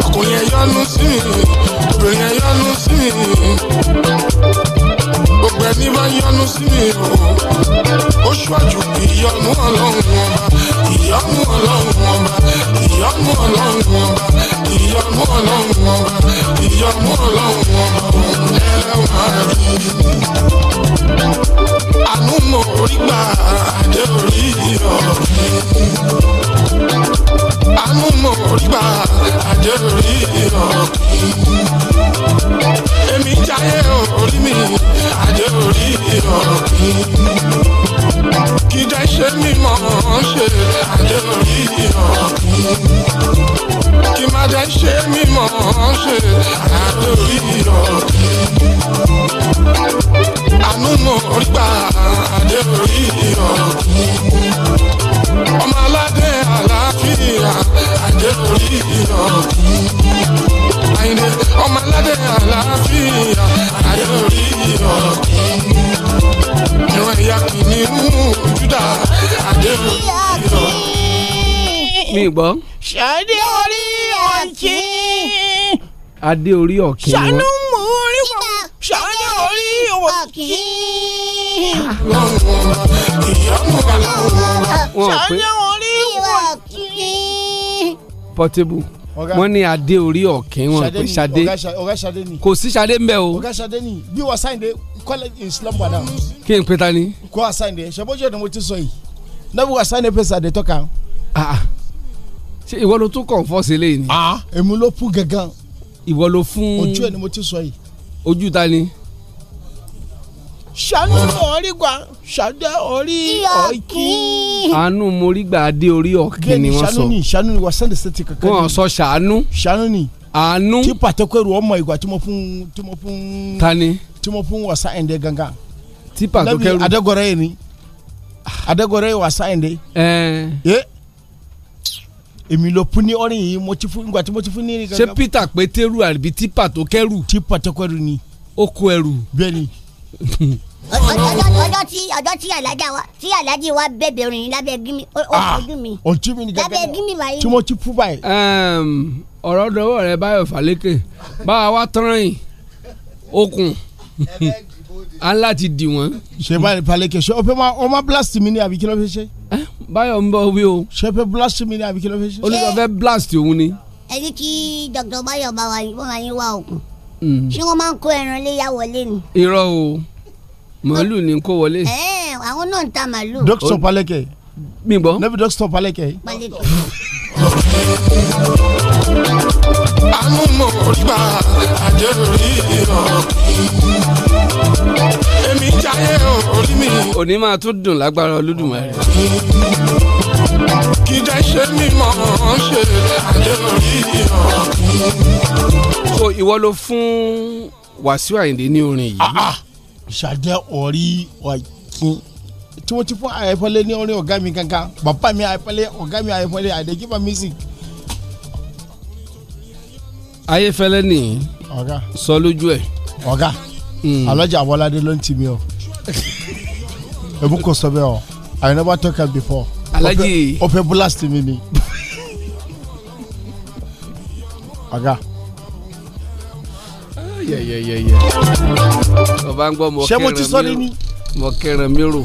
S14: ọkùnrin ẹ̀ yọnu sí mi obìnrin ẹ̀ yọnu sí mi ẹni bá yọnu sí mi o ó ṣáájú kí ìyọnu ọlọ́run ọba ìyọnu ọlọ́run ọba ìyọnu ọlọ́run ọba ìyọnu ọlọ́run ọba ìyọnu ọlọ́run ọba òun ẹlẹ́wọ̀n àárín àánú mo rí gbà
S5: àdé orí ọ̀rẹ́
S14: àánú mo rí gbà àjẹ́ orí ọ̀kì. èmi jáyé orí mi àjẹ orí ọ̀gbìn. Kí dá ṣe ṣe àjẹ orí ọ̀gbìn kí má dẹ́ ṣe mímọ̀ ṣe àdórí ìrọ̀rí. àánú gbà àdórí ìrọ̀rí. ọmọ àlàáfíà àdórí ìrọ̀rí. àyìnlé ọmọ àlàáfíà àdórí ìrọ̀rí. ìran ìyá kìnìún
S4: Júdà àdórí ìrọ̀rí. mi gbọ́.
S14: ṣáde orí ọ̀kín.
S20: adé orí ọ̀kín wọn. ṣàánú
S14: mọ orí wọn ṣàánú
S5: orí ọ̀kín. ṣàánú orí ọ̀kín.
S20: Portable wọ́n ní adé orí ọ̀kín wọn pé ṣadé kò sí ṣadé ń bẹ o. ọ̀gá ṣadé ni bí wọ́n sáyìn dé kọ́lẹ̀ islam wà náà. kí n pè ta ni. kó a sáyìn dé ṣàbọ̀jọ́ ni mo ti sọ yìí náà bí wọ́n sáyìn dé pèsè àdètọ́ka ṣé ìwọ ló tún kọ̀ǹfọ́sì lé ni. Ah. èmi ló fún gangan. ìwọ ló fún. ojú ẹ ni mo ti sọ yìí. ojú ta ni.
S16: ṣàánú orí gbà ṣàdé orí ọ̀kí.
S20: àánú mo rí gbà orí ọ̀kí ni wọ́n sọ. ṣàánú ni ṣàánú ni wà sẹ́ndẹ̀ sẹ́tì kankan. wọ́n sọ ṣàánú. ṣàánú ni. àánú. tí pàtẹ́kọ̀rù ọmọ ìgbà tí mo fún tí mo fún. ta ni. tí mo fún wàsá ẹ̀ǹdẹ̀ gangan. tí pàtẹ́kọ̀rù. lẹ́bi adẹ́gọ̀rẹ́ yẹn ni adẹ́gọ̀rẹ́ wàsá ẹ̀ǹdẹ̀. ẹ̀ẹ́ èmi ló fún ní ọ̀rìn yìí mo ti fún ìgbà tí
S21: mo ti fún ní. ṣé
S20: peter pétérù àbí tipa tó kẹrù. tipa tó kẹrù ni. ó kó ẹrù. bẹ́ẹ̀ni
S21: ọjọ́ tí ọjọ́ tí alájà wa tí alájì wa bẹ̀bẹ̀ orin lábẹ́ gímì ah, ojú mi
S20: ojú mi nìkan lábẹ́ gímì báyìí tí mo ti fún báyìí. ọ̀rọ̀ dọwọ́ rẹ báyọ̀ fàlékè báwa wá tán yìí okùn ala ti di wọn. ṣe báyìí palẹ̀kẹ̀ ṣe ọ̀pẹ̀ máa ọmọ blast mi ni àbí kí ló fẹ́ ṣe. báyọ̀ ń bọ̀ wí o. ṣe blast mi ni àbí kí ló fẹ́ ṣe. olùkọ́ fẹ́ blast òun ni.
S21: ẹ ní kí dr báyọ̀ bá wa wọ́n máa yín wá òkun. Hmm. ṣé wọ́n máa ń kó ẹran léyà wọlé ni.
S20: irọ́ o màálù ni kó wọlé.
S21: ẹ àwọn náà ń ta màálù. dókítà
S20: palẹ̀kẹ̀. mi gbọ́. nẹ́bí dókítà palẹ̀kẹ̀. palẹ̀kẹ̀
S14: amúmọ̀ rí bá àjẹrò rí ìrọ̀ jayé orí mi.
S20: òní máa tún dùn lágbára olódùmarè.
S14: kí dẹ́ ṣe mímọ́ ṣe àjẹ́ orí hàn. so ìwọ ló fún
S20: Wàsíù Àyìndé ní orin yìí. Ah, ah, ṣàjẹ́ orí ọ̀kín tí wọ́n ti fún àyẹ̀fọ́lé ní orin ọ̀gá mi kankan bàbá mi àyẹ̀fọ́lé ọ̀gá mi àyẹ̀fọ́lé àdèjìbá music. ayéfẹ́lẹ́ ni sọ lójú ẹ̀. ọ̀gá hmm. alájà àwọládé ló ń tì mí o ebu kò sọbẹ i never talk am before. alaji ọpẹ blast mi ni. ọ̀gá. ọba ń gbọ́ mọ kẹrin mi mọ kẹrin mi rò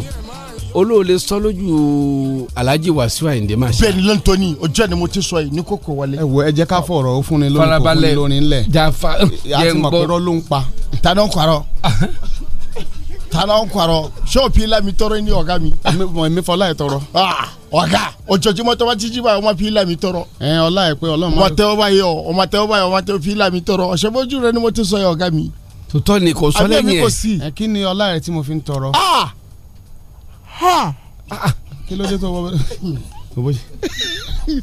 S20: olóòlè sọ lójú alhaji wasiu ayinde ma ṣe. bẹ́ẹ̀ni lantoni ọjọ́ ni mo ti sọ yìí ní kókó wálé. ẹ wo ẹ jẹ ká fọ̀rọ̀ o fún ni lórí kò fún ni lórí ńlẹ. farabalẹ̀ jafa yẹn gbọ́ àti mọ̀kúrọ́ ló ń pa. tani ó ń àrọ. tana ń kwarọ ṣọ́ọ̀pì la mi tọrọ ni ọ̀gá mi. mọ èmi fọlá yẹ tọrọ. Ah, ọ̀gá ojoojúmọ́ tó bá ti jí báyìí ọmọ fi la mi tọrọ. ẹ ọlá yẹ pé ọlọ́mọ. ọmọ tẹ́wọ́ báyìí ọ ọmọ tẹ́wọ́ báyìí ọmọ tẹ́wọ́ fi la mi tọrọ ọ̀sẹ̀ bójú rẹ ni mo ti sọ yẹ ọ̀gá mi. tòótọ́ ni kò sọ lẹ́yìn ẹ̀. ẹ kí ni ọlá rẹ tí mo fi ń tọrọ. Ah! kí ló dé tó wọ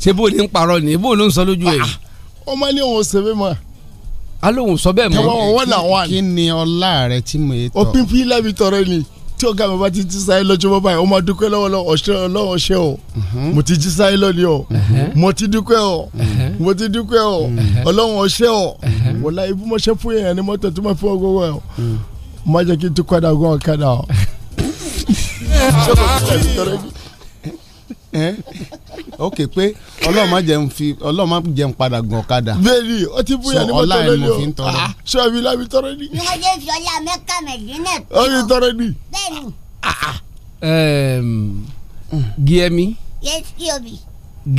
S20: ṣe bó ni ń parọ́ ni bó ló ń sọ lójú ẹ̀. Ah! ọmọ ní òun ò alóhùn sọ bẹ́ẹ̀ mọ́. tẹwọ́ wọn náà wà ní. kí ni ọlá rẹ tí mo yé tọ. òpin fi lábì tọrọ ni tí ọ̀gá mi bá ti jí sáyé lọ́jọ́ báyìí ó máa dúpẹ́ lọ́wọ́ ọ̀ṣẹ́ ọlọ́run ṣe o mhm. mo ti jí sáyé lọ́ni o mhm. mo ti dúpẹ́ o mhm. mo ti dúpẹ́ o ọlọ́run ọ̀ṣẹ́ o wọ́lá ibú mo ṣe fún yẹn ni mọ́tò tó máa fi ọgọ́ wẹ̀ o má jẹ́ kí n tún padà gún ọ̀kadà o. ok pé ọlọ́run má jẹun fi ọlọ́run má jẹun padà gùn ọ̀kadà. bẹ́ẹ̀ni o ti bóyá ni mo tọrọ ni o
S21: sọ mi la mi tọrọ ni. ní ọjọ́ ìfi ọlá mẹ́ka mẹ́dínlẹ̀ ó mi tọrọ ni. bẹ́ẹ̀ni. Ah,
S20: ah. gíẹ́mí.
S21: yes yobi.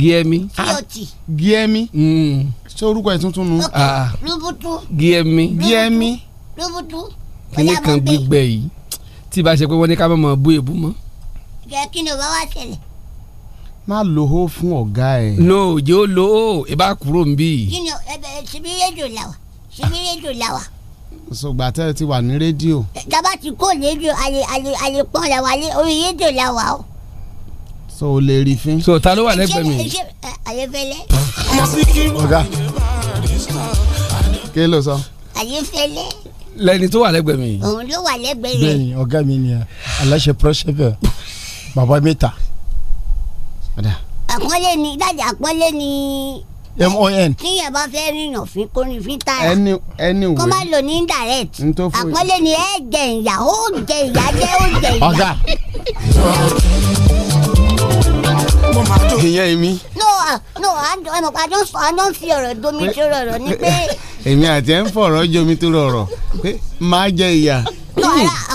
S20: gíẹ́mí. yóòtì. gíẹ́mí. Hmm. Hmm. ṣé orúkọ ẹ̀ tuntun nu. ok ah. rubutu. gíẹ́mí. gíẹ́mí.
S21: rubutu. kíní
S20: kan gbígbẹ yìí tí ì bá ṣe pé wọ́n ní ká má mọ̀ bú èbú mọ́.
S21: jẹ́ kí ni o bá wá ṣẹlẹ̀
S20: má lo ó fún ọ̀gá ẹ̀. no jẹ́ ó lo ó ẹ bá kúrò ń bì. kí
S21: ni ẹbẹ ṣebí rédíò la wà rédíò la
S20: sọgbà tẹ́ ẹ ti wà ní rédíò.
S21: dábà ti kó rédíò àlè àlè àlè pọ́n la wà orí rédíò la o.
S20: so o lè rí fín. so ta ló wà lẹ́gbẹ̀ẹ́ mi. àyẹ̀fẹ́lẹ́. ọ̀gá kí ló sọ.
S21: àyẹ̀fẹ́lẹ́.
S20: lẹni tó wà lẹ́gbẹ̀ẹ́ mi. òun
S21: ló wà lẹ́gbẹ̀ẹ́ rẹ̀. bẹ́ẹ̀ni
S20: ọ̀gá mi ni aláṣẹ pírọsẹfẹ bàbá mẹ́ta
S21: àpọ́nlé ni ìdájà àpọ́nlé ni mon. tí yẹn bá fẹ́ rìnyàn fín kó ní fín tààrà. ẹni
S20: ẹni wo. kó má lò
S21: ní indirect. n tó fún yìí. àpọ́nlé ni ẹ jẹ ìyà ó jẹ ìyà jẹ ó jẹ ìyà. ọ̀gá. ìyẹn mi. no uh, no àjọ àjọ ń fi ọ̀rọ̀ domi tó rọrọ̀ ni pé.
S20: èmi àti ẹ̀ ń fọ̀rọ̀ jomi tó rọrọ̀ pé máa jẹ ìyà.
S21: no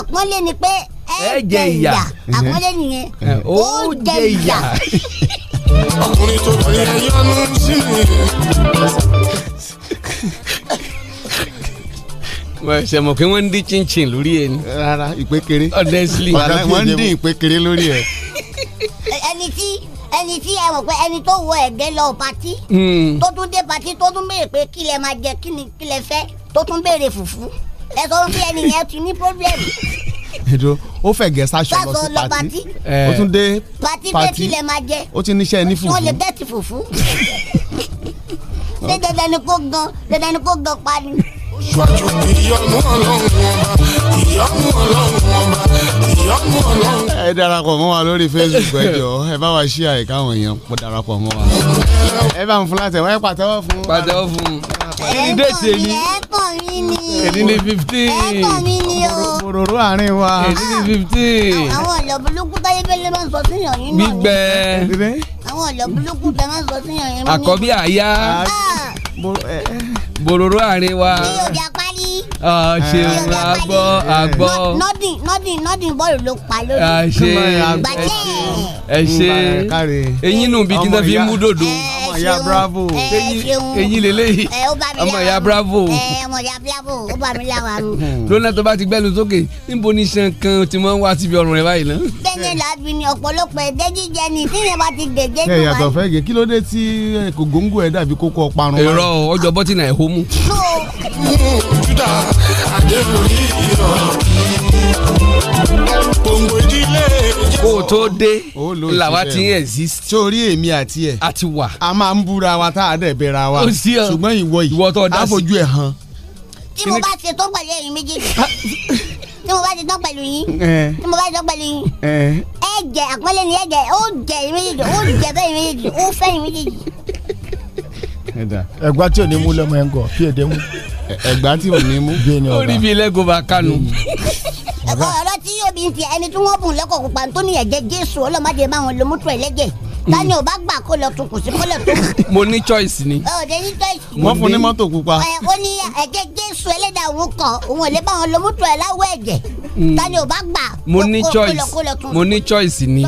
S21: àpọ́nlé ni pé ẹ jẹ ìyà àkọlé nìyẹn ó jẹ ìyà. ọkùnrin tó fi ẹyọnu sí mi.
S20: ṣe mọ̀ pé ń dín chinchin lórí ẹ ni. rárá ìpékeré honestly wọ́n ń dín ìpékeré lórí ẹ.
S21: ẹni tí ẹni tí ẹ mọ̀ pé ẹni tó wọ ẹ̀gẹ́ lọ pati hmm. tó tún dé pati tó tún béèrè pé kí lẹ máa jẹ kí lẹ fẹ́ tó tún béèrè fùfú ẹ sọ fún ẹni yẹn ti ní pọ́blẹ́mù
S20: ẹdúró ó fẹ̀gẹ́ sáṣọ lọ sí pati ó tún dé pati pati lè máa jẹ ó ti níṣẹ́ ní fùfú. wọ́n lè
S21: gẹ́tì fùfú ṣé dandan ni kò gan dandan ni kò gan pani. ṣáájú ìyọnu ọlọ́run ọba ìyọnu ọlọ́run ọba ìyọnu
S20: ọlọ́run. ẹ darapọ̀ mọ́ wa lórí Facebook ẹ jọ̀ọ́ ẹ bá wa ṣí àyíká àwọn darapọ̀ mọ́ wa ẹ bá ń fún láti ẹ wáyé pàtẹ́wọ́ fún. pàtẹ́wọ́ fún kíni déètì èyí
S21: èyí ni fifteen bòròrò
S22: àárín wa èyí ni fifteen.
S21: àwọn ọ̀lọ́ burúkú táyé fẹ́lẹ́ máa ń sọ síyàn yín náà
S22: gbígbẹ́
S21: àwọn ọ̀lọ́ burúkú táyé máa ń sọ síyàn yín náà. àkọ́bí àyà
S22: ah.
S20: bòròrò eh, eh. àárín wa. mi ò dá parí ṣeun agbọ́ agbọ́.
S21: nọ́dìn nọ́dìn nọ́dìn bọ́ọ̀lù ló pa lórí. ṣe gbàjẹ́.
S20: ẹ ṣe eyín nù bí kí n tẹ́ fi mú dòdò. ọmọ ìyá bravo eyín lélẹ́yìí ọmọ ìyá bravo. ọmọ
S21: ìyá bravo ó bá mi láwa nù.
S20: lónà tó bá ti gbẹ́lu sókè níbo ni iṣan kan ti máa ń wá síbi ọrùn rẹ báyìí náà.
S21: bẹ́ẹ̀ni làbí ni ọ̀pọ̀lọpọ̀ ẹ̀dẹ́ jíjẹ ni tí yẹn bá ti gègé jù wá. ẹ̀yàtọ̀
S20: fẹ́ gé kí ló dé tí eh, kògóńgò ẹ̀ dàbí kókó ọparun. èrò ọjọ́ bọ́tìnà ẹ̀ hómù
S21: àdéhùn yíyọ.
S20: gbòǹgbò ìdílé. kó o tó dé làwa ti ń exist. sórí èmi àti ẹ. a ti wà. a máa ń búra wa tá a dẹ̀ bẹ̀ra wa. o sí ọ ṣùgbọ́n ìwọ yìí a fojú ẹ̀ hàn. tí mo bá
S21: ṣe tó pẹ̀lú ẹ̀yin méjèèjì tí mo bá ti dán pẹ̀lú yín tí mo bá ti dán pẹ̀lú yín ẹ jẹ àpọ́nlé ni ẹ jẹ ó jẹ ìméjèèjì ó jẹ bẹ́ẹ̀ ìméjèèjì ó fẹ́ ìméjèèjì
S20: ẹ̀gbá tí ò ní mú lọ́mọ ẹ̀ ń èdè mú. ẹ̀gbá tí ò ní mú. orí mi lẹ́gùn bá kánu.
S21: ẹ̀kọ́ hmm. ọ̀rọ̀ tí yóò bí ti ẹni tí wọ́n bùn lẹ́kọ̀ọ́ pupa tó ẹ̀jẹ̀ Jésù ọlọ́mọdé máa ń lo mútu ẹlẹ́jẹ̀ Hmm. tani o bá gbà kó lọ tó kù sí kó lọ tó
S20: kù. mo ní choice ni.
S21: ọ de ní choice. wọ́n fún ní mọ́tò pupa. ẹ eh, ó ní ẹ̀jẹ̀ eh, jésù ẹlẹ́dàá òun kan òun ò lè bá wọn lo mọ́tò ẹ̀ láwọ̀ ẹ̀jẹ̀ hmm. tani o bá gbà. mo ní choice mo ní choice ni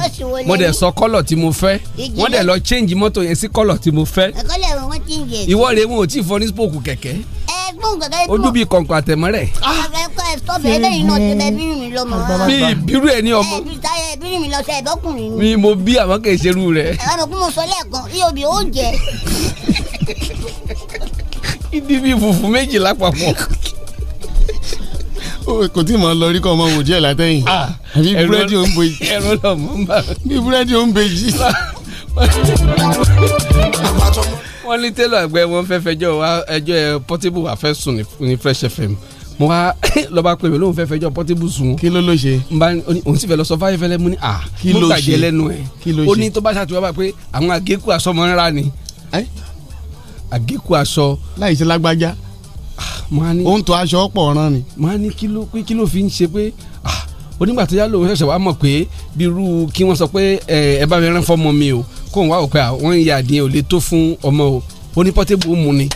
S21: mo dẹ̀ sọ kọ́lọ̀
S20: tí mo fẹ́ wọ́n dẹ̀ lọ change mọ́tò yẹn sí kọ́lọ̀ tí mo fẹ́.
S21: ẹ̀kọ́lẹ̀ eh, wọn ti ń
S20: yẹ. ìwọ ojú bíi kọ̀ǹkọ̀ àtẹ̀mọ́ rẹ̀.
S21: Ah, bí
S20: ìbírú ẹ ní ọmọ. mi mo bí àmọ́ kì í ṣerú rẹ̀.
S21: ẹ̀rọ mi kún mo sọ lẹ́ẹ̀kan iye obì ó jẹ.
S20: ìdí bíi fùfú méjì lápapọ̀ kò tí mò ń lọ rí kọ́ ọmọ wò díẹ̀ látẹ̀yìn ah, àbí búrẹ́dì lọ mọ́ bá bí búrẹ́dì ò ń bejì. wọ́n ní tẹ́lọ̀ àgbẹ̀ wọn fẹ́ fẹjọ́ wa ẹjọ́ ẹ Portable wà fẹ́ sùn ní Fresh FM mo wá lọ́ba pé mi lóun fẹ́ fẹjọ́ Portable sùn. kí ló ló ṣe. n bá òun sì fẹ́ lọ sọ fáyé fẹ́lẹ́ mú ní à mú tàjẹ́ lẹ́nu ẹ̀ ó ní tó bá ṣàtúwọ́ bá pé àwọn àgékù aṣọ mọ́ ńlá ni àgékù aṣọ. láì ṣe lágbájá ah, ó ń tọ́ aṣọ ọ̀pọ̀ ọ̀ràn ni. màá ní kí ló fi ń ṣe pé ah onígbà tó ṣẹ̀ṣẹ̀ wá mọ̀ pé bírú kí wọ́n sọ pé ẹ bá mi rán fọmọ mi o kóun wá òpè àwọn ìyá àdìyẹ ò lè tó fún ọmọ o ó ní pọ́tébù mu ni.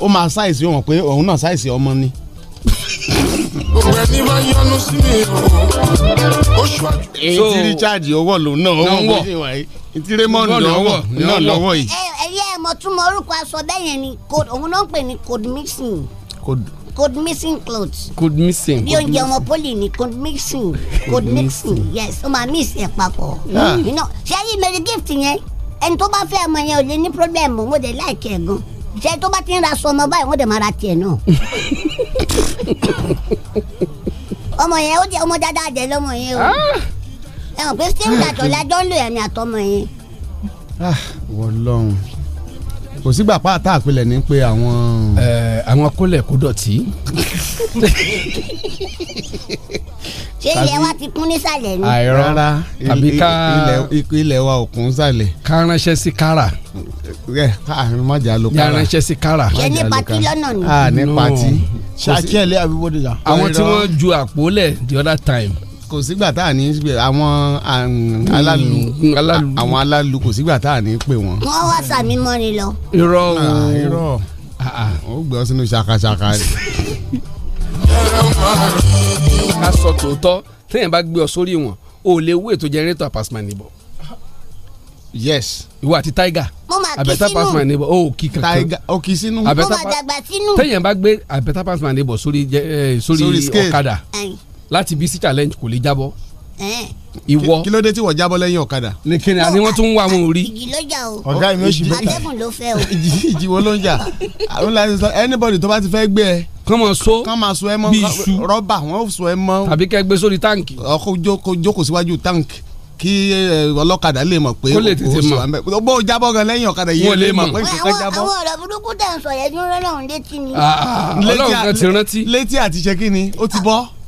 S20: ó máa ṣàìsí wọn pé òun náà ṣàìsí ọmọ ni.
S14: òwe ní bá yọnu
S21: sí mi o oṣù àjò.
S20: èyí tí Richard ọwọ́ lòun náà ó wọ̀ ètí lọ́wọ́ náà lọ́wọ́ yìí.
S21: ẹ ẹ ẹ mọ̀ tún mọ orúkọ aṣọ bẹ́ẹ̀ yẹn ni òun náà ń pè ní code mixing. code code missing clothes.
S20: code missing. bí oúnjẹ ọmọ
S21: poli ni code missing. code mixing yes ó máa mix ẹ̀ papọ̀. Ah. ṣé yí Merry Gift yẹn ẹni tó bá fẹ́ ọmọ yẹn ò lè ní problem mo dẹ̀ láìkẹ́ gan ṣé tó bá ti ń ra aṣọ ọmọ báyìí wọ́n dẹ̀ máa ra tiẹ̀ náà. ọmọ yẹn ó jẹ ọmọ dáadáa jẹ lọmọ yẹn o ah. ẹ̀wọ̀n pé sínú àtọ̀lájọ́ ń lò ẹ̀mí àtọmọ yẹn.
S20: Ah, wọ́n lọ́run kò sígbà pàtà àpilẹ̀ ní pé àwọn. ẹ àwọn kólẹ̀ kó dọ̀tí.
S21: ṣé ilẹ̀ wa ti kún nísàlẹ̀ ni. àìrọ́ra
S20: tàbí ká ilẹ̀ wa ò kún nísàlẹ̀. ká ránṣẹ́ sí kára. ẹ àrùn májà ló kára. ká ránṣẹ́ sí kára. ṣé ní patí lọ́nà ni. a ní patí. ṣàkíyèlé àbí wọ́n dìjà. àwọn tí wọ́n ju àpò lẹ̀ the other time kò sígbà tá à ní pé àwọn um, alálu mm, àwọn alálu kò sígbà tá à ní pé wọn. wọ́n
S21: wá sàmì mọ́ni lọ.
S20: irọ́ o ah, irọ́ o ah, ah, gbé ọ sínú ṣakaṣaka rẹ. ká sọ tòótọ́ téèyàn bá gbé ọ sórí wọn o lè wé ètò jẹnrétọ̀ àpàsímà níbọ̀ yes. ìwọ àti tiger. mo ma kí sínú abẹ́tà pasman níbọ̀ ó kí kankan. tiger ó kí sínú. mo ma dàgbà sínú. téèyàn bá gbé abẹ́tà pasman níbọ̀ sórí sórí ọ̀kadà láti bí sí challenge kò lè jábọ́ ìwọ kí ló dé tí wọ́n jábọ́ lẹ́yìn ọ̀kadà. ní kíni àní wọ́n tún ń wá wọn orí.
S21: ìjì ló jà o ọ̀gá mi ò sì bẹ́ẹ̀ atẹ́gùn ló fẹ́ o.
S20: ìjì wo ló ń jà àwọn láti anybody tó bá ti fẹ́ gbé ẹ. kán máa so kán máa so ẹ mọ́ bí iṣu rọ́bà wọ́n so ẹ mọ́. tàbí kẹ́ gbé sórí táǹkì. ọkọ jókòó síwájú táǹkì kí eh, ọlọ́kadà lè mọ̀ pé kó lè tètè
S22: mọ̀ bó o jábọ́ gan lẹ́yìn ọ̀kadà
S20: yìí lè mọ̀ pé nǹkan jábọ́.
S21: àwọn ọ̀rọ̀ burúkú tẹ̀ ń sọ̀rọ̀ ẹ̀dúnrún náà létí ni. Ah, ah, ah. ọlọ́run kan ti
S22: rántí. létí àti ṣe kí ni ó ti bọ́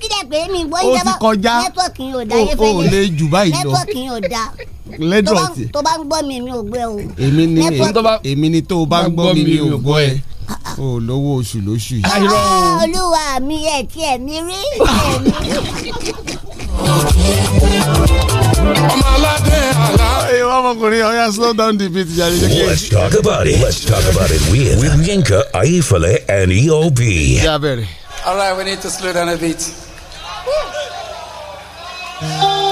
S21: kílẹ̀ pé mi gbọ́ yín dábàá yóò da yé fẹ́ lé nẹ́tíwọ̀kì yóò da lẹ́dọ̀ tí tó bá ń gbọ́ mi mi ò gbẹ o.
S20: èmi ni èmi ni tó bá ń gbọ́ mi mi ò gbọ́ ẹ o lówó oṣù lóṣù yìí. Ah,
S21: ah, olúwa mi ẹ̀ tiẹ̀ mi mi rí
S2: ọmọ
S14: aládé àlá. ẹ wá ọmọkùnrin ọyá slow down the beat jàre. let's
S2: talk about it let's talk about it with, with Yinka Ayefele and EOB. jábẹ̀rẹ̀.
S20: all right we need to slow down a bit. Uh!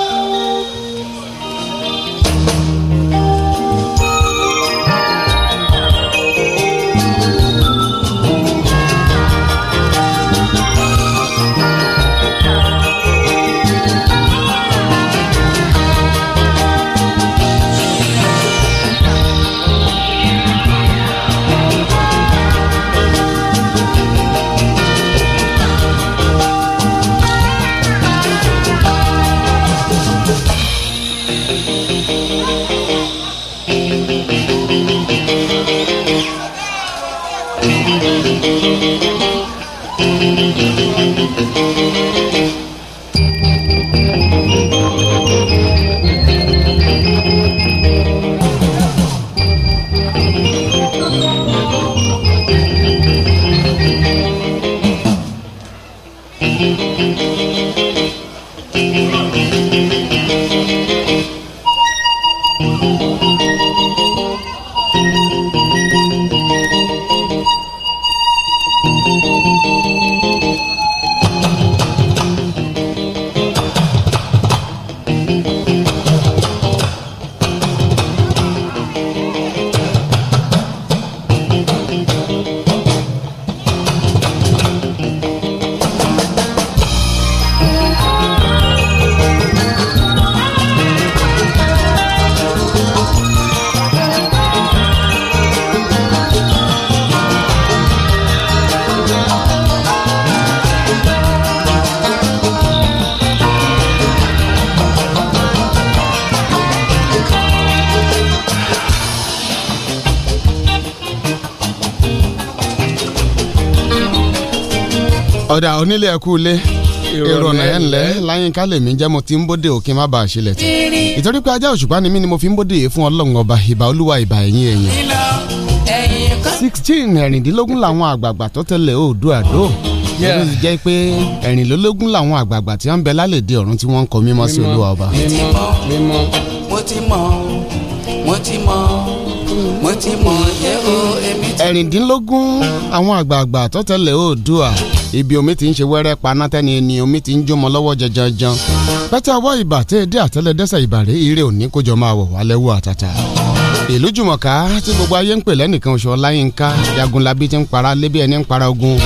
S20: Thank you. ọ̀dà onílé ẹ̀kú ilé èrò ọ̀nà ẹ̀ ńlẹ́ láyínká lèmi jẹ́ mo ti ń bóde òkè má bàa ṣe lẹ̀tì ìtorí pé ajá òṣùpá ni mí ni mo fi ń bóde yìí fún ọlọ́run ọba ìbà olúwa ìbà ẹ̀yìn ẹ̀yìn sixteen ẹ̀rìndínlógún làwọn àgbààgbà tó tẹ̀lé òdu àdó èyí ti jẹ́ pé ẹ̀rìnlélógún làwọn àgbààgbà tí ń bẹ lálẹ́dẹ̀ ọ̀run tí wọ́n ń o èmi àwọn àgbààgbà tó tẹ̀lé ibi omi ti ń ṣe wẹ́rẹ́ paná tẹ́ni ẹni omi ti ń jómọ lọ́wọ́ jẹjẹrẹjan pẹ́tẹ́ ọwọ́ ìbà tẹ́ ẹ dé àtẹlẹdẹ́sẹ̀ ìbàrẹ́ ire òní kójọ máa wọ̀ wálẹ́ wọ àtàtà ìlú jùmọ̀ká tí gbogbo ayé ń pè lẹ́nìkan oṣù ọláyínká jagunlabi ti ń para lébi ẹni ń para ogun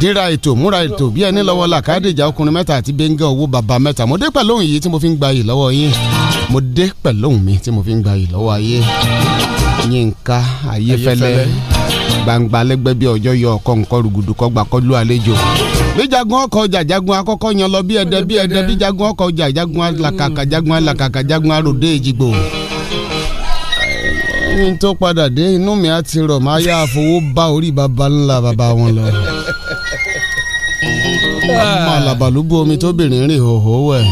S20: dira ètò múra ètò bí ẹni lọ́wọ́ la káàdìjà ọkùnrin mẹ́ta àti bẹ́ńgá owó bàbá mẹ́ta mo dé pẹ̀lú òun yìí tí mo fi ń gba yìí lọ́wọ́ yín mo dé pẹ̀lú òun mi tí mo fi ń gba yìí lọ́wọ́ ayé yínká ayéfẹ́lẹ́ gbangba lẹ́gbẹ́ bí ọjọ́ yọ ọkọ nǹkan rúgudu kọgbà kọlu àlejò bí jagun ọkọ ọjà jagun akọkọ yan lọ bí ẹdẹ bí ẹdẹ bí jagun ọkọ ọjà jagun alakaka jagun alakaka jagun aròde èjìgbò ẹni tó padà dé inú mi á ti rọ̀ máa yá àfowó bá orí baba ńlá baba wọn lọ ọmọ àlàbà ló bú omi rìn hòhò wẹ̀.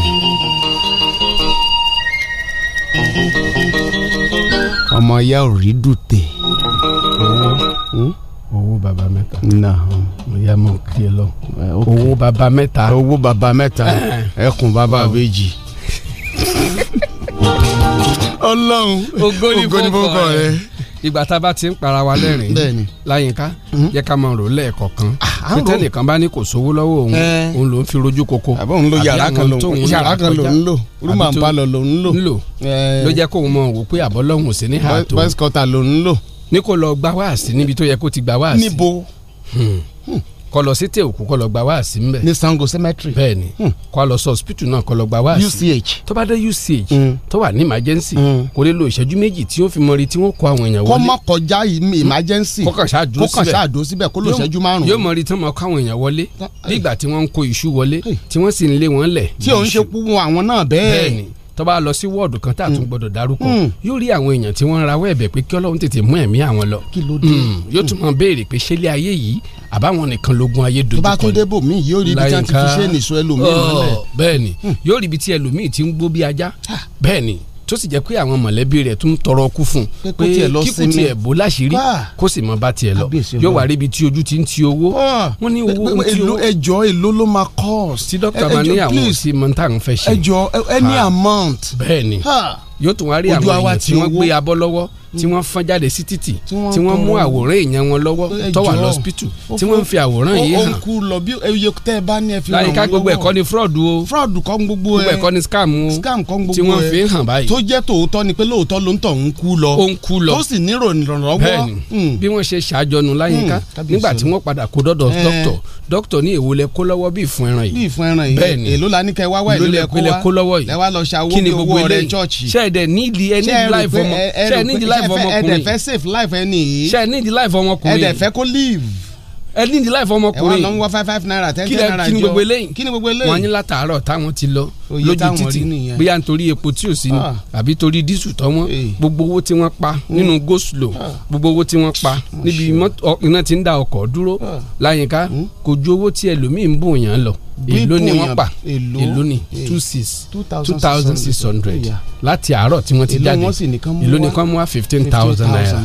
S20: ọmọ ya ò rí dùtẹ̀. Hmm? owó baba na naam ìyá mọ kí ẹ lọ. Eh, owó baba mẹ́ta. owó baba mẹ́ta eh. ẹkùn baba àbèjì.
S14: ọlọ́run ògo ni fọkọ rẹ.
S20: ìgbà tá a bá ti ń para wa lẹ́rìn-ín láyínká yẹ hmm? ká máa rò lẹ́ẹ̀kọ̀kan pété ah, nìkan bá ní kò sówó lọ́wọ́ òun eh. òun ló ń fi rojú koko àbí òun ló yàrá kan ló ń yàrá kan ló ń lò rúmà ń bá lọ ló ń lò ló jẹ́ kó òun mọ̀ wò pé àbọ̀lọ́hùn sí ní hàtó bọ́sì kọ́tà ló ń lò ní kó lọ gba wáàsí níbi tó yẹ kó ti gba wáàsí. níbo. Hmm. kó lọ sí tẹ òkú kó lọ gba wáàsí ńbẹ. ní Sango cemetery. bẹ́ẹ̀ni hmm. kó lọ sọ hospital náà kó lọ gba wáàsí. UCH. tó bá dé UCH hmm. tó wà ní emergency kò lè lo ìṣẹ́jú méjì tí ó fi mọ̀rí tí wọ́n kó àwọn èèyàn wọlé. kó má kọjá emergency kó kàn ṣáà dúró síbẹ̀ kó lo ìṣẹ́jú márùn-ún. yóò mọ̀rí tí wọ́n kó àwọn èèyàn wọlé nígbà tí wọ́n ń kó iṣu wọlé tí wọ́n sì ń lé wọn lẹ̀ tó bá lọ sí wọ́ọ̀dù kan tá a tún hmm. gbọ́dọ̀ dárúkọ hmm. yóò rí àwọn èèyàn tí wọ́n ń rawọ́ ẹ̀bẹ̀ pé kí ọlọ́run tètè mú ẹ̀mí àwọn lọ hmm. yóò tún máa béèrè pé ṣé ilé ayé yìí àbáwọn nìkan lógun ayé dojú kọ ni. tó bá tún débò míì yóò rí tí a ti fi ṣé nìṣó ẹlòmíì mọ́lẹ̀. Oh, bẹ́ẹ̀ ni yóò rí tí ẹlòmíì ti ń gbó bí ajá ah. bẹ́ẹ̀ ni tó sì jẹ́ pé àwọn mọ̀lẹ́bí rẹ̀ tún tọrọ kú fún un pé kíkú tiẹ̀ bó láṣìírí ah. kó sì mọ bá tiẹ̀ lọ yóò wá ríbi tí ojú ti ń ti owó ah. wọ́n ní owó ń ti owó. ẹjọ́ èlò ló máa cost. tí dókítà bá ní àwọn òsì mọ́tà ń fẹ́ ṣe. ẹjọ́ any ah.
S22: amount. bẹ́ẹ̀
S20: ni yóò tún wá rí àwọn èèyàn tí wọ́n gbé abọ́ lọ́wọ́ tí wọ́n fọ́n jáde sí títì tí wọ́n mú àwòrán èèyàn wọn lọ́wọ́ tó wà lọ́sípítù tí wọ́n ń fi àwòrán yìí hàn. òǹkù lọ bí eye tẹ́ ẹ bá ní ẹ fi ràn wọ́n lọ́wọ́ láyìíká gbogbo ẹ̀kọ́ ni fraud o fraud kọ́ ń gbogbo ẹ gbogbo ẹ̀kọ́ ni scam o scam kọ́ ń gbogbo ẹ tí wọ́n fi hàn báyìí. tó jẹ́ tòótọ́ ni pé lóòótọ́ ló ń tọ̀ ń kú lọ ó ń kú lọ tó sì ní ìrànlọ́wọ́. bẹ́ẹ̀ni hmm. bí wọ́n ṣe ṣàjọnu láyìíká hmm. nígbà life ọmọkùnrin. ẹ̀dẹ̀ fẹ́ save life ẹni yìí. ṣe need life ọmọkùnrin. ẹ̀dẹ̀ fẹ́ kó live ẹ ní ìdílé àìfọmọkùnrin ẹ wọn lọ ń wọ five five naira ten ten naira jọ kí ni gbogbo eléyìí kí ni gbogbo eléyìí wọn ní látàárọ̀ táwọn ti lọ lójú títì bóyá nítorí epo tí ò sí ni ah. àbí torí dísù tọ wọn gbogbo owó tí wọn pa hmm. nínú go ah. gbogbo owó tí wọn pa níbi iná ti ń da ọkọ̀ dúró ah. láyìnká hmm. kò ju owó tí ẹlòmíì ń bùn yàn lọ èló ni wọ́n pa èló ni two six two thousand six hundred láti àárọ̀ tí wọ́n ti jáde èló ni kàn mú wa fifteen thousand naira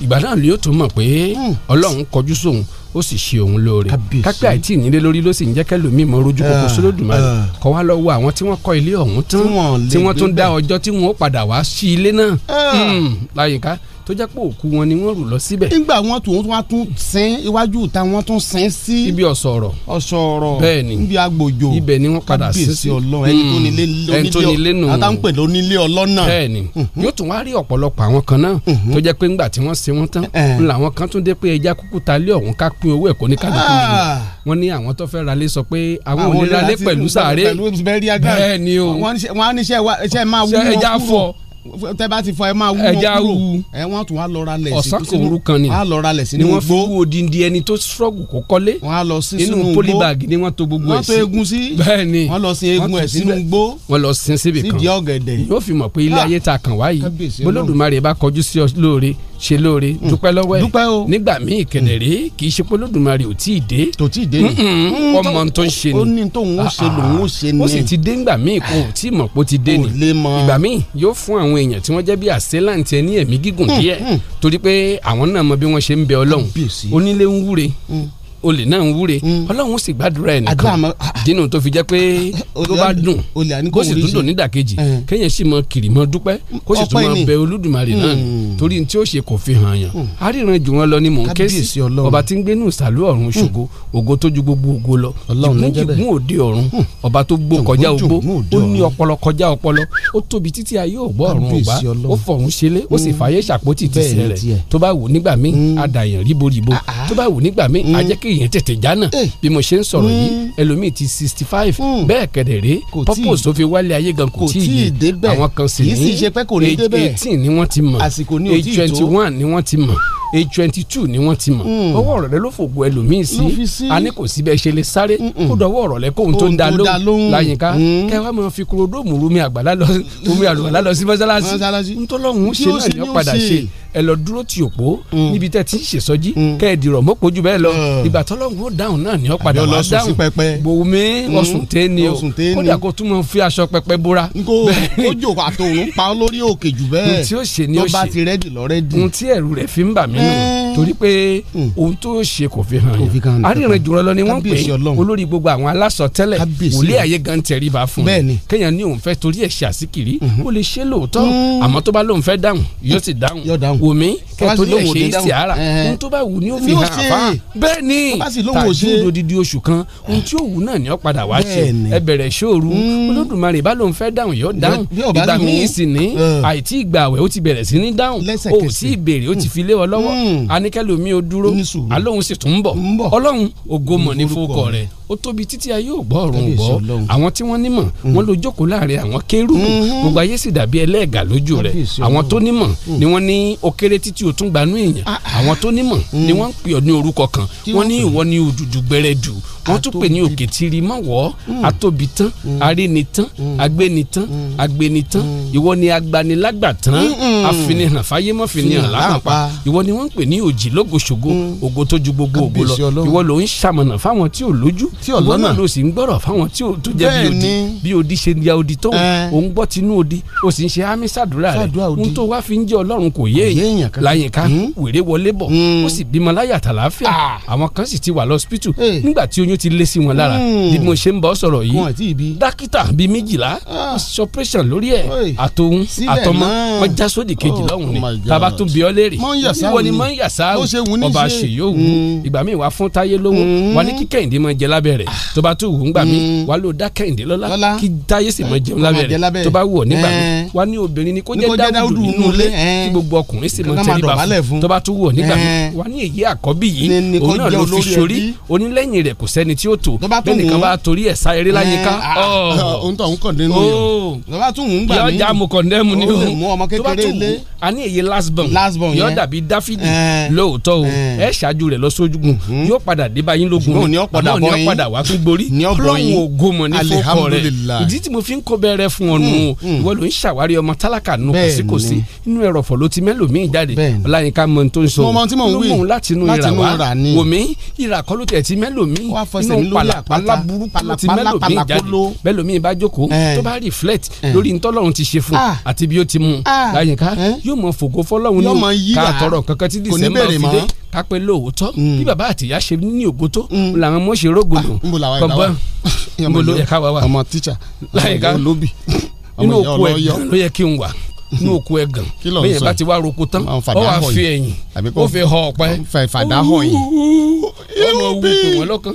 S20: ìgbà náà ni yóò tó mọ̀ pé hmm. ọlọ́run kọjú sóun ó sì ṣe òun lóore kápẹ́ àìtí ìnílé lórí ló sì ń jẹ́ kẹ́lòmíì mọ rojú kókó ah, sólódùmarè ah. kọ́ wá lọ́wọ́ àwọn tí wọ́n kọ́ ilé ọ̀hún tán tí wọ́n tún dá ọjọ́ tí wọ́n padà wá sí ilé náà ah. hmm, láyìíká tó jẹ́ pé òkú wọn ni wọ́n rù lọ síbẹ̀. nígbà wọn tún wọn tún sin iwájú ta wọn tún sin sí. ibi ọ̀sọ̀rọ̀ ọ̀sọ̀rọ̀ bẹ́ẹ̀ni ibi agbòjò ibẹ̀ ni wọ́n padà sí sí ọlọ́run ẹni tó nílé hmm. onílé àtàǹpẹ̀ lónílé ọlọ́nà. bẹ́ẹ̀ni hmm. yóò tún wá rí ọ̀pọ̀lọpọ̀ àwọn kan náà hmm. tó jẹ́ pé ńgbà tí wọ́n ṣe wọ́n tán eh. làwọn kan tún dé pé ẹja kúkú ta lé ọ̀hún ká pín owó ẹ̀kọ́ ní kálukú ah. o wọ́n á ní iṣẹ́ máa wúwo kúrò tẹ bá ti fọ ẹ máa wú wọn kúrò ẹ wọn tún wá lọ ra lẹ̀ sí ọ̀sán kò rú kan ni wọn á lọ ra lẹ̀ sí ní gbó ni wọn fi wú odindi ẹni tó struggle kó kọ́lé wọn á lọ sí sínú gbó inú polybag ni wọn to gbogbo ẹ sí wọn to egun sí bẹ́ẹ̀ ni wọn lọ sin egun ẹ sínú gbó wọn lọ sin síbi kan nídìí ọ̀gẹ̀dẹ̀ yóò fi mọ̀ pé ilé ah! ayé ta kàn wáyé bọ́lódùmarè bá kọjú sí ọ lóore ṣe lóore mm. dúpẹ́ lọ́wọ́ ẹ̀ dúpẹ́ o nígbà míì mm. kẹ̀dẹ̀rẹ́ kì í ṣe pé Olódùmarè ò tí ì dé tó tí ì dé ni ọmọ tó ń ṣe ni ó ní tóun ó ṣe lòun ó ṣe ni ó sì ti dé ńgbà míì kò tí ì mọ̀ pé ó ti dé ni ìgbà míì yóò fún àwọn èèyàn tí wọ́n jẹ́ bí àṣẹ́láǹtì ẹni ẹ̀mí gígùn mm, díẹ̀ torí pé àwọn náà mọ bí wọ́n ṣe ń bẹ Ọlọ́run onílé ń wúre olè náà ń wúre hmm. ọlọ́run ó sì gbàdúrà ẹ̀ nìkan dínú ah, ah. tó fi jẹ́ pé tó bá dùn kó sì tún dùn nídàkejì hmm. kéèyàn sì mọ kiri mọ dúpẹ́ kó sì tún mọ bẹ olódùmarè náà hmm. torí tí ó ṣe kò fi hàn yàn aríran jù wọn lọ ni mò ń ké sí ọba tí ń gbénú ìsàlú ọ̀run ṣògo ògo tó ju gbogbo ògo lọ jìgún jìgún òde ọ̀run ọba tó gbó kọjá ogbó ó ní ọpọlọ kọjá ọpọlọ ó tóbi títí ayé ògbó ọ̀run ọba ó fọ̀run ṣẹlẹ̀ ó sì fàyè ṣàpótì tìsí rẹ̀ tó bá wù nígbà míì adàyàn ríboríbo ah, tó bá wù nígbà míì ajẹ́kẹ́ èèyàn tètè jánà bí mo ṣe ń sọ̀rọ̀ yìí mm. ẹlòmíì ti sixty five mm. bẹ́ẹ̀ kẹ̀dẹ̀ rè purpose tó fi wálé ayé gan kò tí ì dé àwọn kan sì ní eighteen ni wọ́n ti mọ̀ age twenty one ni wọ́n ti mọ̀ age twenty two ni wọ́n ti mọ̀ hmm. ọwọ́ ọ̀rọ̀ rẹ ló fògo ẹlòmíì sí a ní kò sí bẹ́ẹ̀ ṣe lè sáré hmm, hmm. kó dọwọ́ ọ̀rọ̀ rẹ kóhun tó ń da lóhùn láyìnká kẹwàá máa fi kúròdóòmù rumi àgbàlá lọ rumi àlùbàlá lọ sí mọ́sálásí ntọ́lọ́hún ṣe náà ni ó padà ṣe ẹ lọ dúró ti òpó níbi tẹ ti ń ṣèsọjí kẹẹdì rọ mọ kojú bẹ́ẹ̀ lọ ìgbà tọlọ́run ó dáhùn náà ni ó padà wá dáhùn bòmí ọsùn tẹ ni o kódà kó tún mọ fi aṣọ pẹpẹ bóra. nko ó jò àtòrún pa lórí òkè jù bẹ́ẹ̀ tó bá ti rẹ́dì lọ rẹ́dì. n tí ẹ̀rù rẹ̀ fi ń bà mí nínú torí pé hmm. ohun tó ṣe kò fi hàn yín arìnrìn jùlọ lọ ni wọ́n pè olórí gbogbo àwọn aláṣọ tẹ́lẹ̀ wòlé ayé gan tẹríba fún un kéèyàn ní òun fẹ́ torí ẹ̀ ṣe àsìkiri mhm. ó lè ṣe lóòótọ́ hmm. àmọ́ tó bá lóun fẹ́ dáhùn yóò sì dáhùn wòmí kẹ́ torí ẹ̀ ṣe é sí ara ohun tó bá wù ni ó fi hàn àbá bẹ́ẹ̀ ni tàbí odidi oṣù kan ohun tí ó wù náà ni ó padà wá ṣe ẹ bẹ̀rẹ̀ ṣòru hmm. olódùmarè bá lóun fẹ́ dáhùn yóò dáhùn ìgbà míì sì ní àìtí ìgbà àwẹ̀ ó ti bẹ̀rẹ̀ sí ní dáhùn ó sì béèrè ó ti fi lé ọ lọ́wọ́ bọ̀ hmm. anikẹ́lòmí o dúró alóhun sì tún ń bọ̀ ọlọ́run ògo ní fowókọ rẹ̀ ó tóbi títí ayé ò gbọ́ ọ̀run àwọn tí wọ́n nímọ̀ hmm. wọ́n ló jókòó láàrin àwọn kérúbù hmm. gbogbo ayé sì dàbí ẹlẹ́ẹ̀gà lójú rẹ̀ àwọn tó nímọ̀ ni wọ́n ní ó kéré títí o tún gbanú èèyàn ah, ah. àwọn tó nímọ̀ ni wọ́n ń pè ọ́ ní orúkọ kan wọ́n ní ìwọ ní òdùdù gbẹrẹdù wọ́n tún pè ní òkè tìrì má wọ́ atóbi mm. tán mm. aríni tán mm. agbéni tán agbéni tán ìwọ ni agbanilágbà tán afinihàn fáyé finihàn lákàpá ìwọ ni wọ́n ń pè ní òjì lógoṣogo ògo tó ju gbogbo ògo lọ ìwọ ló ń ṣamọ̀nà fáwọn tí ò lójú ìwọ náà ló sì ń gbọ́rọ̀ fáwọn tí ò tó jẹ́ bí odi bí odi ṣe ya odi tó òun gbọ́ tinú odi o sì ń ṣe àmì sàdúrà rẹ̀ ohun tó wá fi ń jẹ́ ọlọ́run kò yé èèyàn láyìnká wèrè wọlé bọ̀ ti lé sí wọn lára hmm. bí mo ṣe ń bọ́ sọ̀rọ̀ yìí dókítà bíi méjìlá ah. operation lórí ẹ̀ àtòun àtọmọ wọn já sódì kejì oh lọ́hùn ni tàbá tún bí ọ léèrè wíwọ ni mọ̀ ń yàsá ọba ṣèyóòwù hmm. ìgbà míì wà fún táyé lówó hmm. wà ní kí kẹ́hìndé mọ̀ jẹ lábẹ́ ah. tó bá tún wù ú gbà wà ló dá kẹ́hìndé lọ́lá kí táyé sì mọ̀ jẹun lábẹ́ tó bá wù nígbà mí eh. wà ní obìnrin ni kó jẹ́ dáwùdù nínú ilé eh. kí gbogbo ọkùnrin sì mọ̀ tẹ́lifà fún tó bá tún wù nígbà mí eh. wà ní èyí àkọ́bí yìí òun náà ló fi ṣorí onílẹ́yìn rẹ̀ kò sẹ́ sẹ́ni tí ó tò lẹ́nìkan bá torí ẹ̀ sá eré láyé ká. Eh, ah, oh. ohun tó ń kàn dé nù yìí
S16: tó tún ń gbà mí yọjà mo kàn
S20: dẹ́mu ni o oh. tó bá tún
S16: a ní èyí last born yọ dàbí Dáfídì eh.
S20: lóòótọ́ o eh. ẹ ṣáájú rẹ̀ lọ sójúgun mm-hmm. yóò padà dé báyìí lógun o ní ọ̀padà bọ́ yín padà wá tún gborí ọlọ́run ògo mọ̀ ní fọ́kọ rẹ̀ ìdí tí mo fi ń kó bẹ̀rẹ̀ fún ọ nù o mm-hmm. ìwọ ló ń ṣàwárí ọmọ tálákà nù kòsíkòsí inú ẹ̀rọ̀fọ̀ ló ti mẹ́lòmíì jáde ọláyínká mọ tó ń sọ ló mọ̀ láti inú ìrà wá wòmí ìrà kọ́ ló tẹ̀ ti mẹ́lòmíì fẹsẹ̀ mi lórí àpáta ti mẹ́lòmíì jáde mẹ́lòmíì bá jókòó tó bá reflect lórí ntọ́lọ́run ti ṣe fún ah. àti bí ó ti mú ah. láyìnká yóò mọ fògo fọlọ́run ní ká tọrọ kankan tí december fi dé kápẹ́ lóòótọ́ mm. bí bàbá àtìyá ṣe ní ògo tó mm. làwọn mọ̀ ṣe rógòlò kọ̀ọ̀bọ̀n mo ló yẹ ká wá wa ọmọ tíṣà láyìnká
S12: nínú òkú ẹ̀ ló yẹ kí n wà
S20: ní òkú ẹ̀gàn bẹ́ẹ̀ bá ti wá roko tán ọ wà fi ẹ̀yìn ó fi họ ọ̀pẹ fàdá họ yìí ọmọ wu pé wọ́n lọ́kàn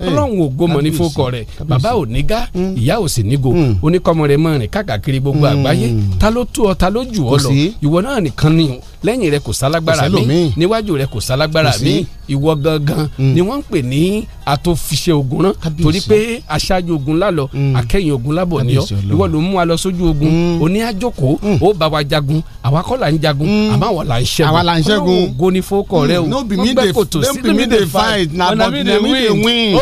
S20: ọlọ́run ògo eh, mọ̀ ní fókọ rẹ̀ bàbá ò ní gá hmm. ìyá ò sì nígo hmm. oníkọ́mọ rẹ̀ mọ̀ rìn káàkiri gbogbo hmm. àgbáyé ta ló tú ọ ta ló jù ọ lọ ìwọ náà nìkan ni lẹ́yìn rẹ̀ kò sálágbára mi níwájú rẹ̀ kò sálágbára mi ìwọ gangan ni wọ́n ń pè ní a tó fi ṣe ogun rán torí pé aṣáájú ogun lálọ mm. akẹ́yìn ogun lábọ̀ ni ọ ìwọ ló mú wa lọ sójú ogun òní mm. àjòkó mm. ó bá wa jagun àwa kọ́ la ń jagun àmọ́ àwa la ń ṣẹ́gun àwa la ń ṣẹ́gun ògo ni fowókọ̀ rẹ o oh. Oh. wọ́n gbẹ́ kòtò sílẹ̀ mi dey fight na win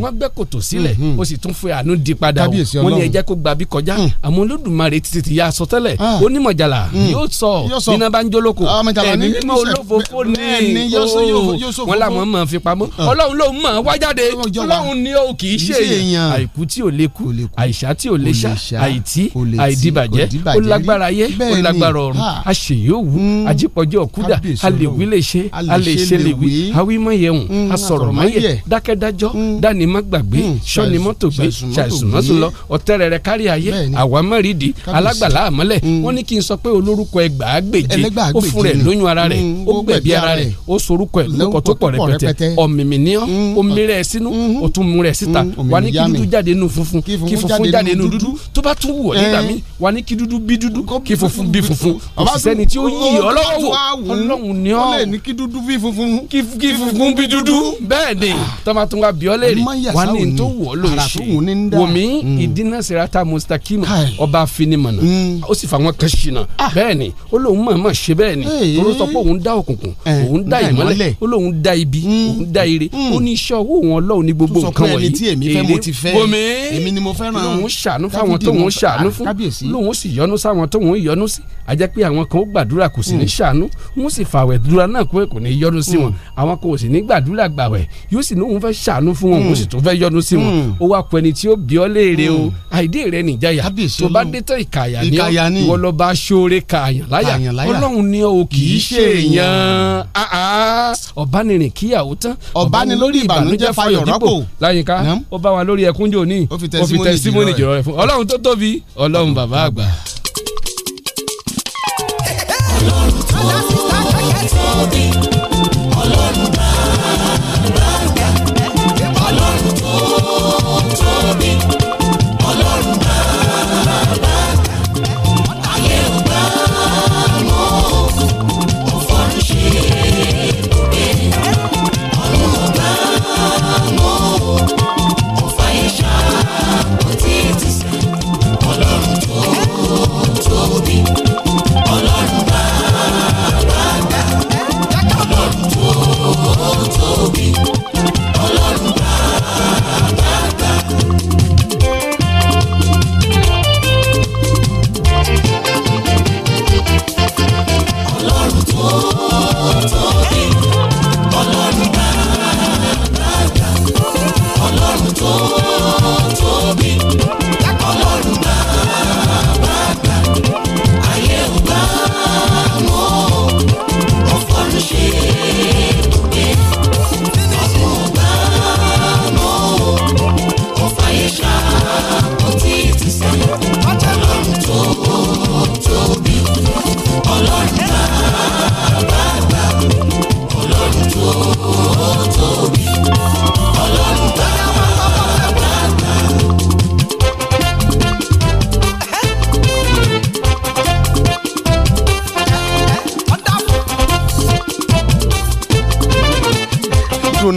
S20: wọ́n gbẹ́ kòtò sílẹ̀ o sì tún fẹ́ àánú di padà o wọ́n ní ẹjẹ́ kó gbabi kọjá àmọ́ olódùmarè títí ya sọ tẹ́lẹ̀ ah. onímọ̀jàlá yóò sọ nínú abánjólókò ah, ẹ̀mí mímọ́ olófòófó ní o oh. wọ́n làwọn máa fi pamọ́ ah. ọlọ́run ló máa èèyàn wá jáde ọlọ́run ni ó kì í ṣe èèyàn àìkú tí ò lè kú àìsá tí ò lè ṣá àìtí àìdìbàjẹ́ ó lágbára ayé ó lágbára ọ̀run àṣeyọ̀wù àjípọ̀jọ́ hmm. kúdà alèwí lè ṣe alèṣe lè wí awímọ̀yẹ̀hùn hmm. asọ̀rọ̀mọ̀yẹ̀ dákẹ́dájọ́ hmm. dánimọ̀ gbàgbé sọ́nimọ́tò gbé ṣàìsùnmọ́tò lọ ọ̀tẹ́rẹrẹ kárí ayé àwámọ̀rídì alágbàlá àmọ́lẹ̀ wọ́n ní kí n sọ pé olórúkọ ẹgbàágbèje ó fún rẹ̀ lóyún ara rẹ̀ ó gbẹ̀bí ara rẹ̀ ó sorúkọ ẹ̀ lóko tó pọ̀ rẹpẹtẹ ọ̀mìmìníyàn lérè ẹ sínú o mhm. rẹ síta mhm. wà ní kí dúdú jáde funfun kí funfun jáde nù dúdú tó bá tún wù ọ́ nígbà eh. mí wà ní kí dúdú bí kí funfun bí funfun kò tí ó yí ọlọ́wọ́ ọlọ́run ni ọ́ kí funfun kí funfun bẹ́ẹ̀ ni ah. tọ́ba wa bí ọ́ léèrè wà tó wù ọ́ ló ṣe wòmí mm. ìdínà sirata mustakim ọba afinimọ̀nà mm. ó sì fà wọn kan ṣìnà ah. bẹ́ẹ̀ ni ó lóun mọ̀ mọ̀ ṣe bẹ́ẹ̀ ni torí sọ pé òun dá òkùnkùn eh, òun dá ìmọ́lẹ̀ ó lóun dá ibi mm. òun dá ire ó ní iṣẹ́ ọwọ́ òun ọlọ́run ní gbogbo nǹkan wọ̀nyí. tó sọ pé ẹni tí èmi fẹ́ mo ti fẹ́ omi èmi ni mo fẹ́ràn lòun ṣàánú fáwọn tóun ṣàánú fún lòun sì yọ́nú sáwọn tóun yọ́nú sí a jẹ́ pé àwọn kan ó gbàdúrà kò sì ní mm. ṣàánú wọ́n sì fàwẹ̀ dúra náà pé kò ní yọ́nú sí wọn mm. àwọn kan ò sì ní gbàdúrà gbàwẹ̀ yóò sì ní òun fẹ́ ṣàánú fún wọn òun mm. sì tún fẹ́ yọ́nú sí wọn ó wá pẹ́ni tí ó bí ọ léèrè o àìdí rẹ nìjáyà tó bá dé tán ìkàyà ni wọ́n lọ bá ṣoore kààyàn láyà ọlọ́run ni o kì í ṣe èèyàn ah, ah. ọ̀bánirin kíyàwó tán ọ̀bánilórí ìbànújẹ́ ìbànújẹ́ fayọ̀ rọ́pò láyìíká ó bá wa lórí ẹkún jò ní ó fi tẹsímọ́nì jùlọ rẹ̀ fún ọlọ́run tó tóbi ọlọ́run bàbá àgbà. ọlọ́run tó tóbi.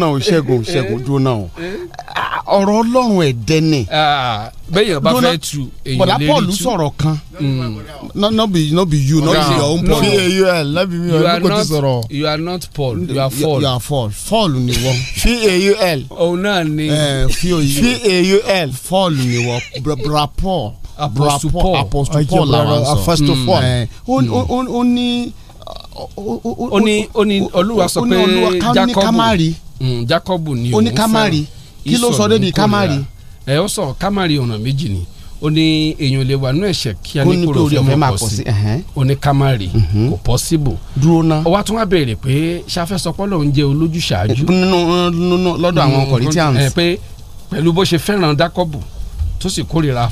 S20: náà o ṣẹ́gun ṣẹ́gun jóná o ọ̀rọ̀ ọlọ́run ẹ̀dẹ́ ni. Ah, bẹ́ẹ̀yàn bá fẹ́ tu èyàn lérí tu bọ̀dá paul sọ̀rọ̀ kan hmm. no be no be you no be your own paul. faul no be me o ní kò tí sọ̀rọ̀. you are not paul you are fall. you are fall fall ni wọ́n. faul. òun náà ni. faul. Eh, fall ni wọ́n bra paul. apostle paul apostle paul làwọn sọ. apostle paul. ó ní ó ní olúwa sọ pé jacob Mm, Jacob ni òun fẹ́ ó ní kámárì kí ló sọ débi kámárì. ẹ ó sọ kámárì ọ̀nà méjì ni ó ní èèyàn lè wà nú ẹ̀ṣẹ̀ kí a ní kúrò fẹ́ máa pọ̀ sí ó ní kámárì mm-hmm. kò pọ́síbù. dúró ná. ó wá tún wá béèrè pé ṣàfẹ́sọpọ́ lòun jẹ́ olójúṣàájú. lọ́dọ̀ àwọn Corinthians. ẹ pé pẹ̀lú bó ṣe fẹ́ràn Jacob tó sì kórìíra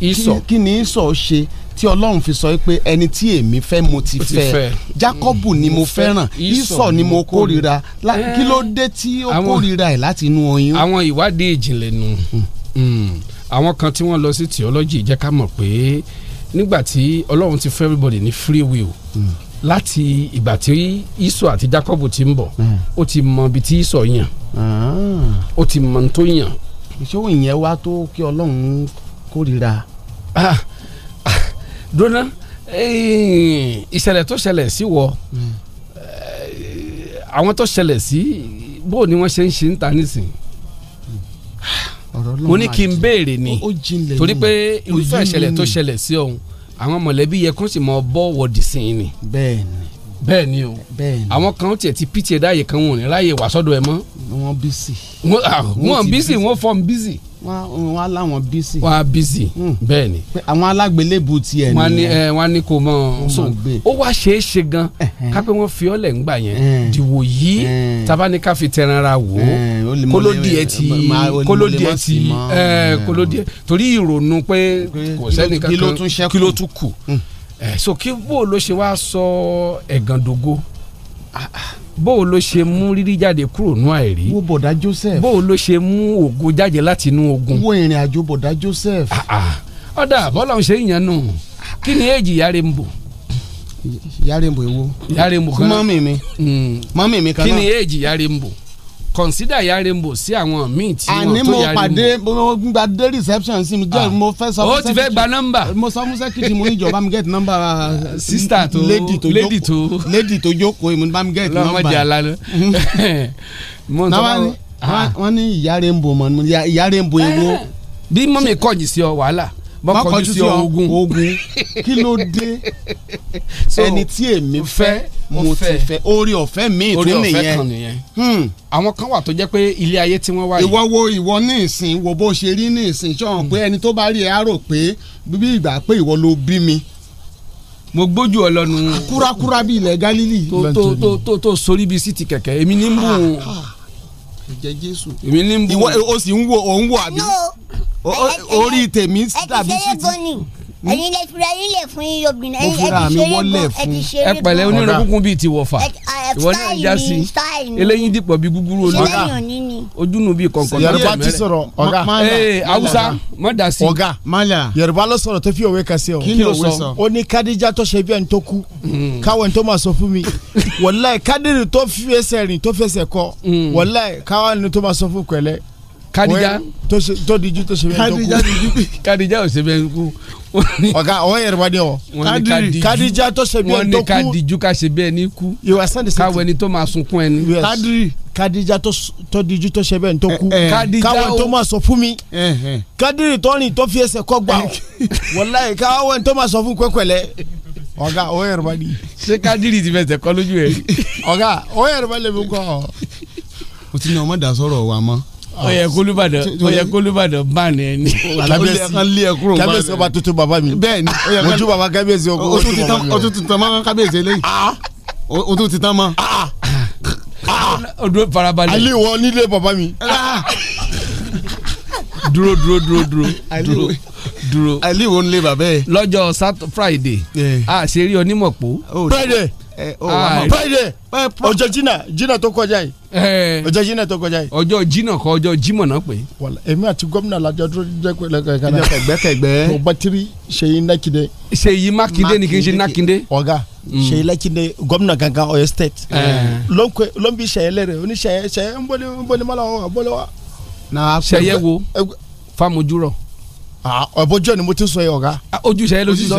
S20: ìsọ kí ni ìsọ ṣe tí ọlọ́run fi sọ pé ẹni tí èmi fẹ́ mo ti fẹ́ Jákọ́bù ni mo fẹ́ràn Ísọ̀ ni mo kórìíra eh. kí ló dé tí ó kórìíra ẹ̀ láti inú oyún. àwọn ìwádìí ìjìnlẹ̀ nù hmm. Hmm. àwọn kan tí wọ́n lọ sí theology jẹ́ ká mọ̀ pé nígbà tí ọlọ́run ti fún everybody ní free will mm. láti ìgbà tí Ísọ̀ àti Jákọ́bù ti ń bọ̀ hmm. ó ti mọ ibi tí Ísọ̀ yàn ah. ó ti mọ tó yàn. ìṣòwò ìyẹn wá tó kí ọlọ́run kórìíra. Ah, dona ìṣẹ̀lẹ̀ tó ṣẹlẹ̀ sí wọ àwọn tó ṣẹlẹ̀ sí bó ni wọ́n ṣe ń ṣe ń ta nísìn mo ní kí n béèrè ni torí pé irúfẹ́ ìṣẹ̀lẹ̀ tó ṣẹlẹ̀ sí ọ̀hún àwọn mọ̀lẹ́bí yẹ kó sì mọ bọ́wọ̀ dì sí i ni. bẹ́ẹ̀ni bẹ́ẹ̀ ni o àwọn kan tiẹ̀ ti pta dáyè kan wò ní ráyè wàsọ́dọ̀ mọ́. wọ́n bísì. wọ́n bísì ah, bísì wọn hmm. á láwọn bísì. wọn á bísì bẹ́ẹ̀ ni. àwọn alágbélébù tiẹ̀ ni. wọn ní kò mọ so ó wá ṣeé ṣe gan kápẹ́ wọn fi ọlẹ̀ ńgbà yẹn dìwò yìí tabaníkà fi tẹranra wò ó kólódì ẹ ti kólódì ẹ ti eh, kólódì ẹ torí ìrònú pé kò sẹ́nìkan kí ló tún kù hmm. eh, so kí bó ló ṣe wá sọ ẹ̀gàn dògo. Ah, ah bó o ló ṣe mú rírí jáde kúrò nú àìrí. wo bọ̀dá Joseph. bó ló ṣe mú ògo jáde láti inú ogun. wo ìrìn àjò bọ̀dá Joseph. Ah, ah. ọ̀dà bọ́lá ń ṣe ìyẹn nù kí ni èjì yára ń bò. yára ń bò ewo. yára ń bò kan mọ́mì mi. Hmm. mọ́mì mi kan náà kí ni èjì yára ń bò consider ya rainbow sí àwọn míì tí wọn tó ya rainbow. àní mo pàdé mo gba dé reception sí mi jẹ́ ah. mo fẹ́ sọ fún sẹ́kìtì. o ti fẹ́ gba nọ́mbà. mo sọ fún sẹ́kìtì mo ní ìjọba mi get nọ́mbà. Uh, sista tó lady tó lady tó jókòó mo ní bá mi get nọ́mbà. lọ́mọdé alálẹ́. wọ́n ní ìyá rainbow mọ̀ ní ìyá rainbow ewo. Eh, bí mọ́mí kọ́yìn sí ọ wàhálà mọ́kànjú sí ogun ogun kí ló dé ẹni tí èmi fẹ́ mo ti fẹ́ orí ọ̀fẹ́ mi tún nìyẹn orí ọ̀fẹ́ kan nìyẹn. Hmm. àwọn kan wà tó jẹ́ pé ilé ayé tí wọ́n wá yìí. ìwọ wo ìwọ ní ìsìn wo bó ṣe rí ní ìsìn sọ̀hún pé hmm. ẹni tó bá rí ẹ á rò pé bíbí ìgbà pé ìwọ ló bí mi mo gbójú ọ lọnu. kúrakúra bíi ilẹ̀ Galili. tó tó tó tó sórí bíi sí ti kẹ̀kẹ́ èmi ní mú un ìjẹ jésù. èmi ní ń bú o sì ń wo ò ń wo àbí orí tèmi tàbí títí. ẹ ti ṣeré gan ni. Hmm? ẹ̀yin lè
S21: fira yín lè fún yín obìnrin ẹ ti ṣe é bọ ẹ ti ṣe é bọ. ẹ pẹ̀lẹ́ onírun kúnkún
S20: bíi tiwọ̀fà ìwọ náà já sí eléyìí dìpọ̀ bíi gúgúrú ológa ojúnu bíi kọ̀ọ̀kan. yorùbá ti sọ̀rọ̀ ọ̀gá ee eh, hausa má dá sí. ọ̀gá yorùbá ló sọ̀rọ̀ tó fi òwe kan sí ọ. kí ló sọ. ó ní kadija tó ṣe bí ẹni tó kú hmm. káwọn ẹni tó máa sọ fún mi wàláhì kadiri tó fẹsẹ̀ rìn tó fẹsẹ̀ kọ hmm. wàláhì káwọn ẹni tó máa sọ fún pẹ̀lẹ́ kadija tó dijú tó ṣe bẹ́ẹ̀ tó kú kadija ò ṣe bẹ́ẹ̀ kú ọ̀gá ọwọ́ yẹrẹ wa ni ọ. kadija tó ṣe bí ẹni tó kú. wọ́n ní kadiju ká ṣe bí ẹni kú. ìwà sànni tó máa sunkún ẹni. kadiri
S16: kadija tó diju tó ṣe bí ẹni tó
S20: kú. káwé tó
S5: máa sọ fún mi. Eh, eh.
S20: kadiri tó rìn tó fi ẹsẹ̀ kọ́ gbà ó. wàláyé káwé tó máa sọ fún kwẹkwẹlẹ. ọ̀gá ọwọ́ yẹrẹ wa ni. ṣé kadiri ti fẹsẹ̀ kọ́ lójú ẹ̀. ọ̀gá ọwọ́ yẹrẹ wa lè mi kọ́. o ti ní ọmọ dà wa mọ́ ọyẹ kólúbàdàn ọyẹ kólúbàdàn bá ní ẹni. kábíyèsí kábíyèsí ọba tuntun bàbá mi. bẹ́ẹ̀ni mo tún bàbá kábíyèsí ọkọ o tún bàbá mi. o ah, tún ti tán mọ́ kábíyèsí eléyìí. o tún ti tán mọ́. odò farabalẹ̀. alẹ́ wọ nílé bàbá mi. dúró ah. dúró dúró dúró dúró dúró. alẹ́ wo nílé bàbá yẹ. lọ́jọ́ Friday eh. a ṣe rí onímọ̀ pò. Oh, Friday.
S22: Ah,
S20: ọjọ́ jìnnà jìnnà tó kọjá yìí ọjọ́ jìnnà tó kọjá yìí. ọjọ́ jìnnà kọ ọjọ́ jimọ̀ náà pé. èmi àti gómìnà lajọ dúró jẹ pé kanna kẹgbẹkẹgbẹ. tó bátìrì Ṣèyí Mákindé. Ṣèyí makinde ni kì í ṣe Mákindé. ọ̀gá mm. Ṣèyí Mákindé gómìnà gangan Ọ̀yọ́ state. ló ń bi sẹyẹ lẹrẹ o ní sẹyẹ sẹyẹ ń bọ́lé ń bọ́lé mọ́lá wa bọ́lé wa. sẹyẹ wo famujurọ. ọ̀bọ̀jọ́ ni mo ti sọ yẹ ọ̀gá. Ah, ojú sẹyẹ ló ti sọ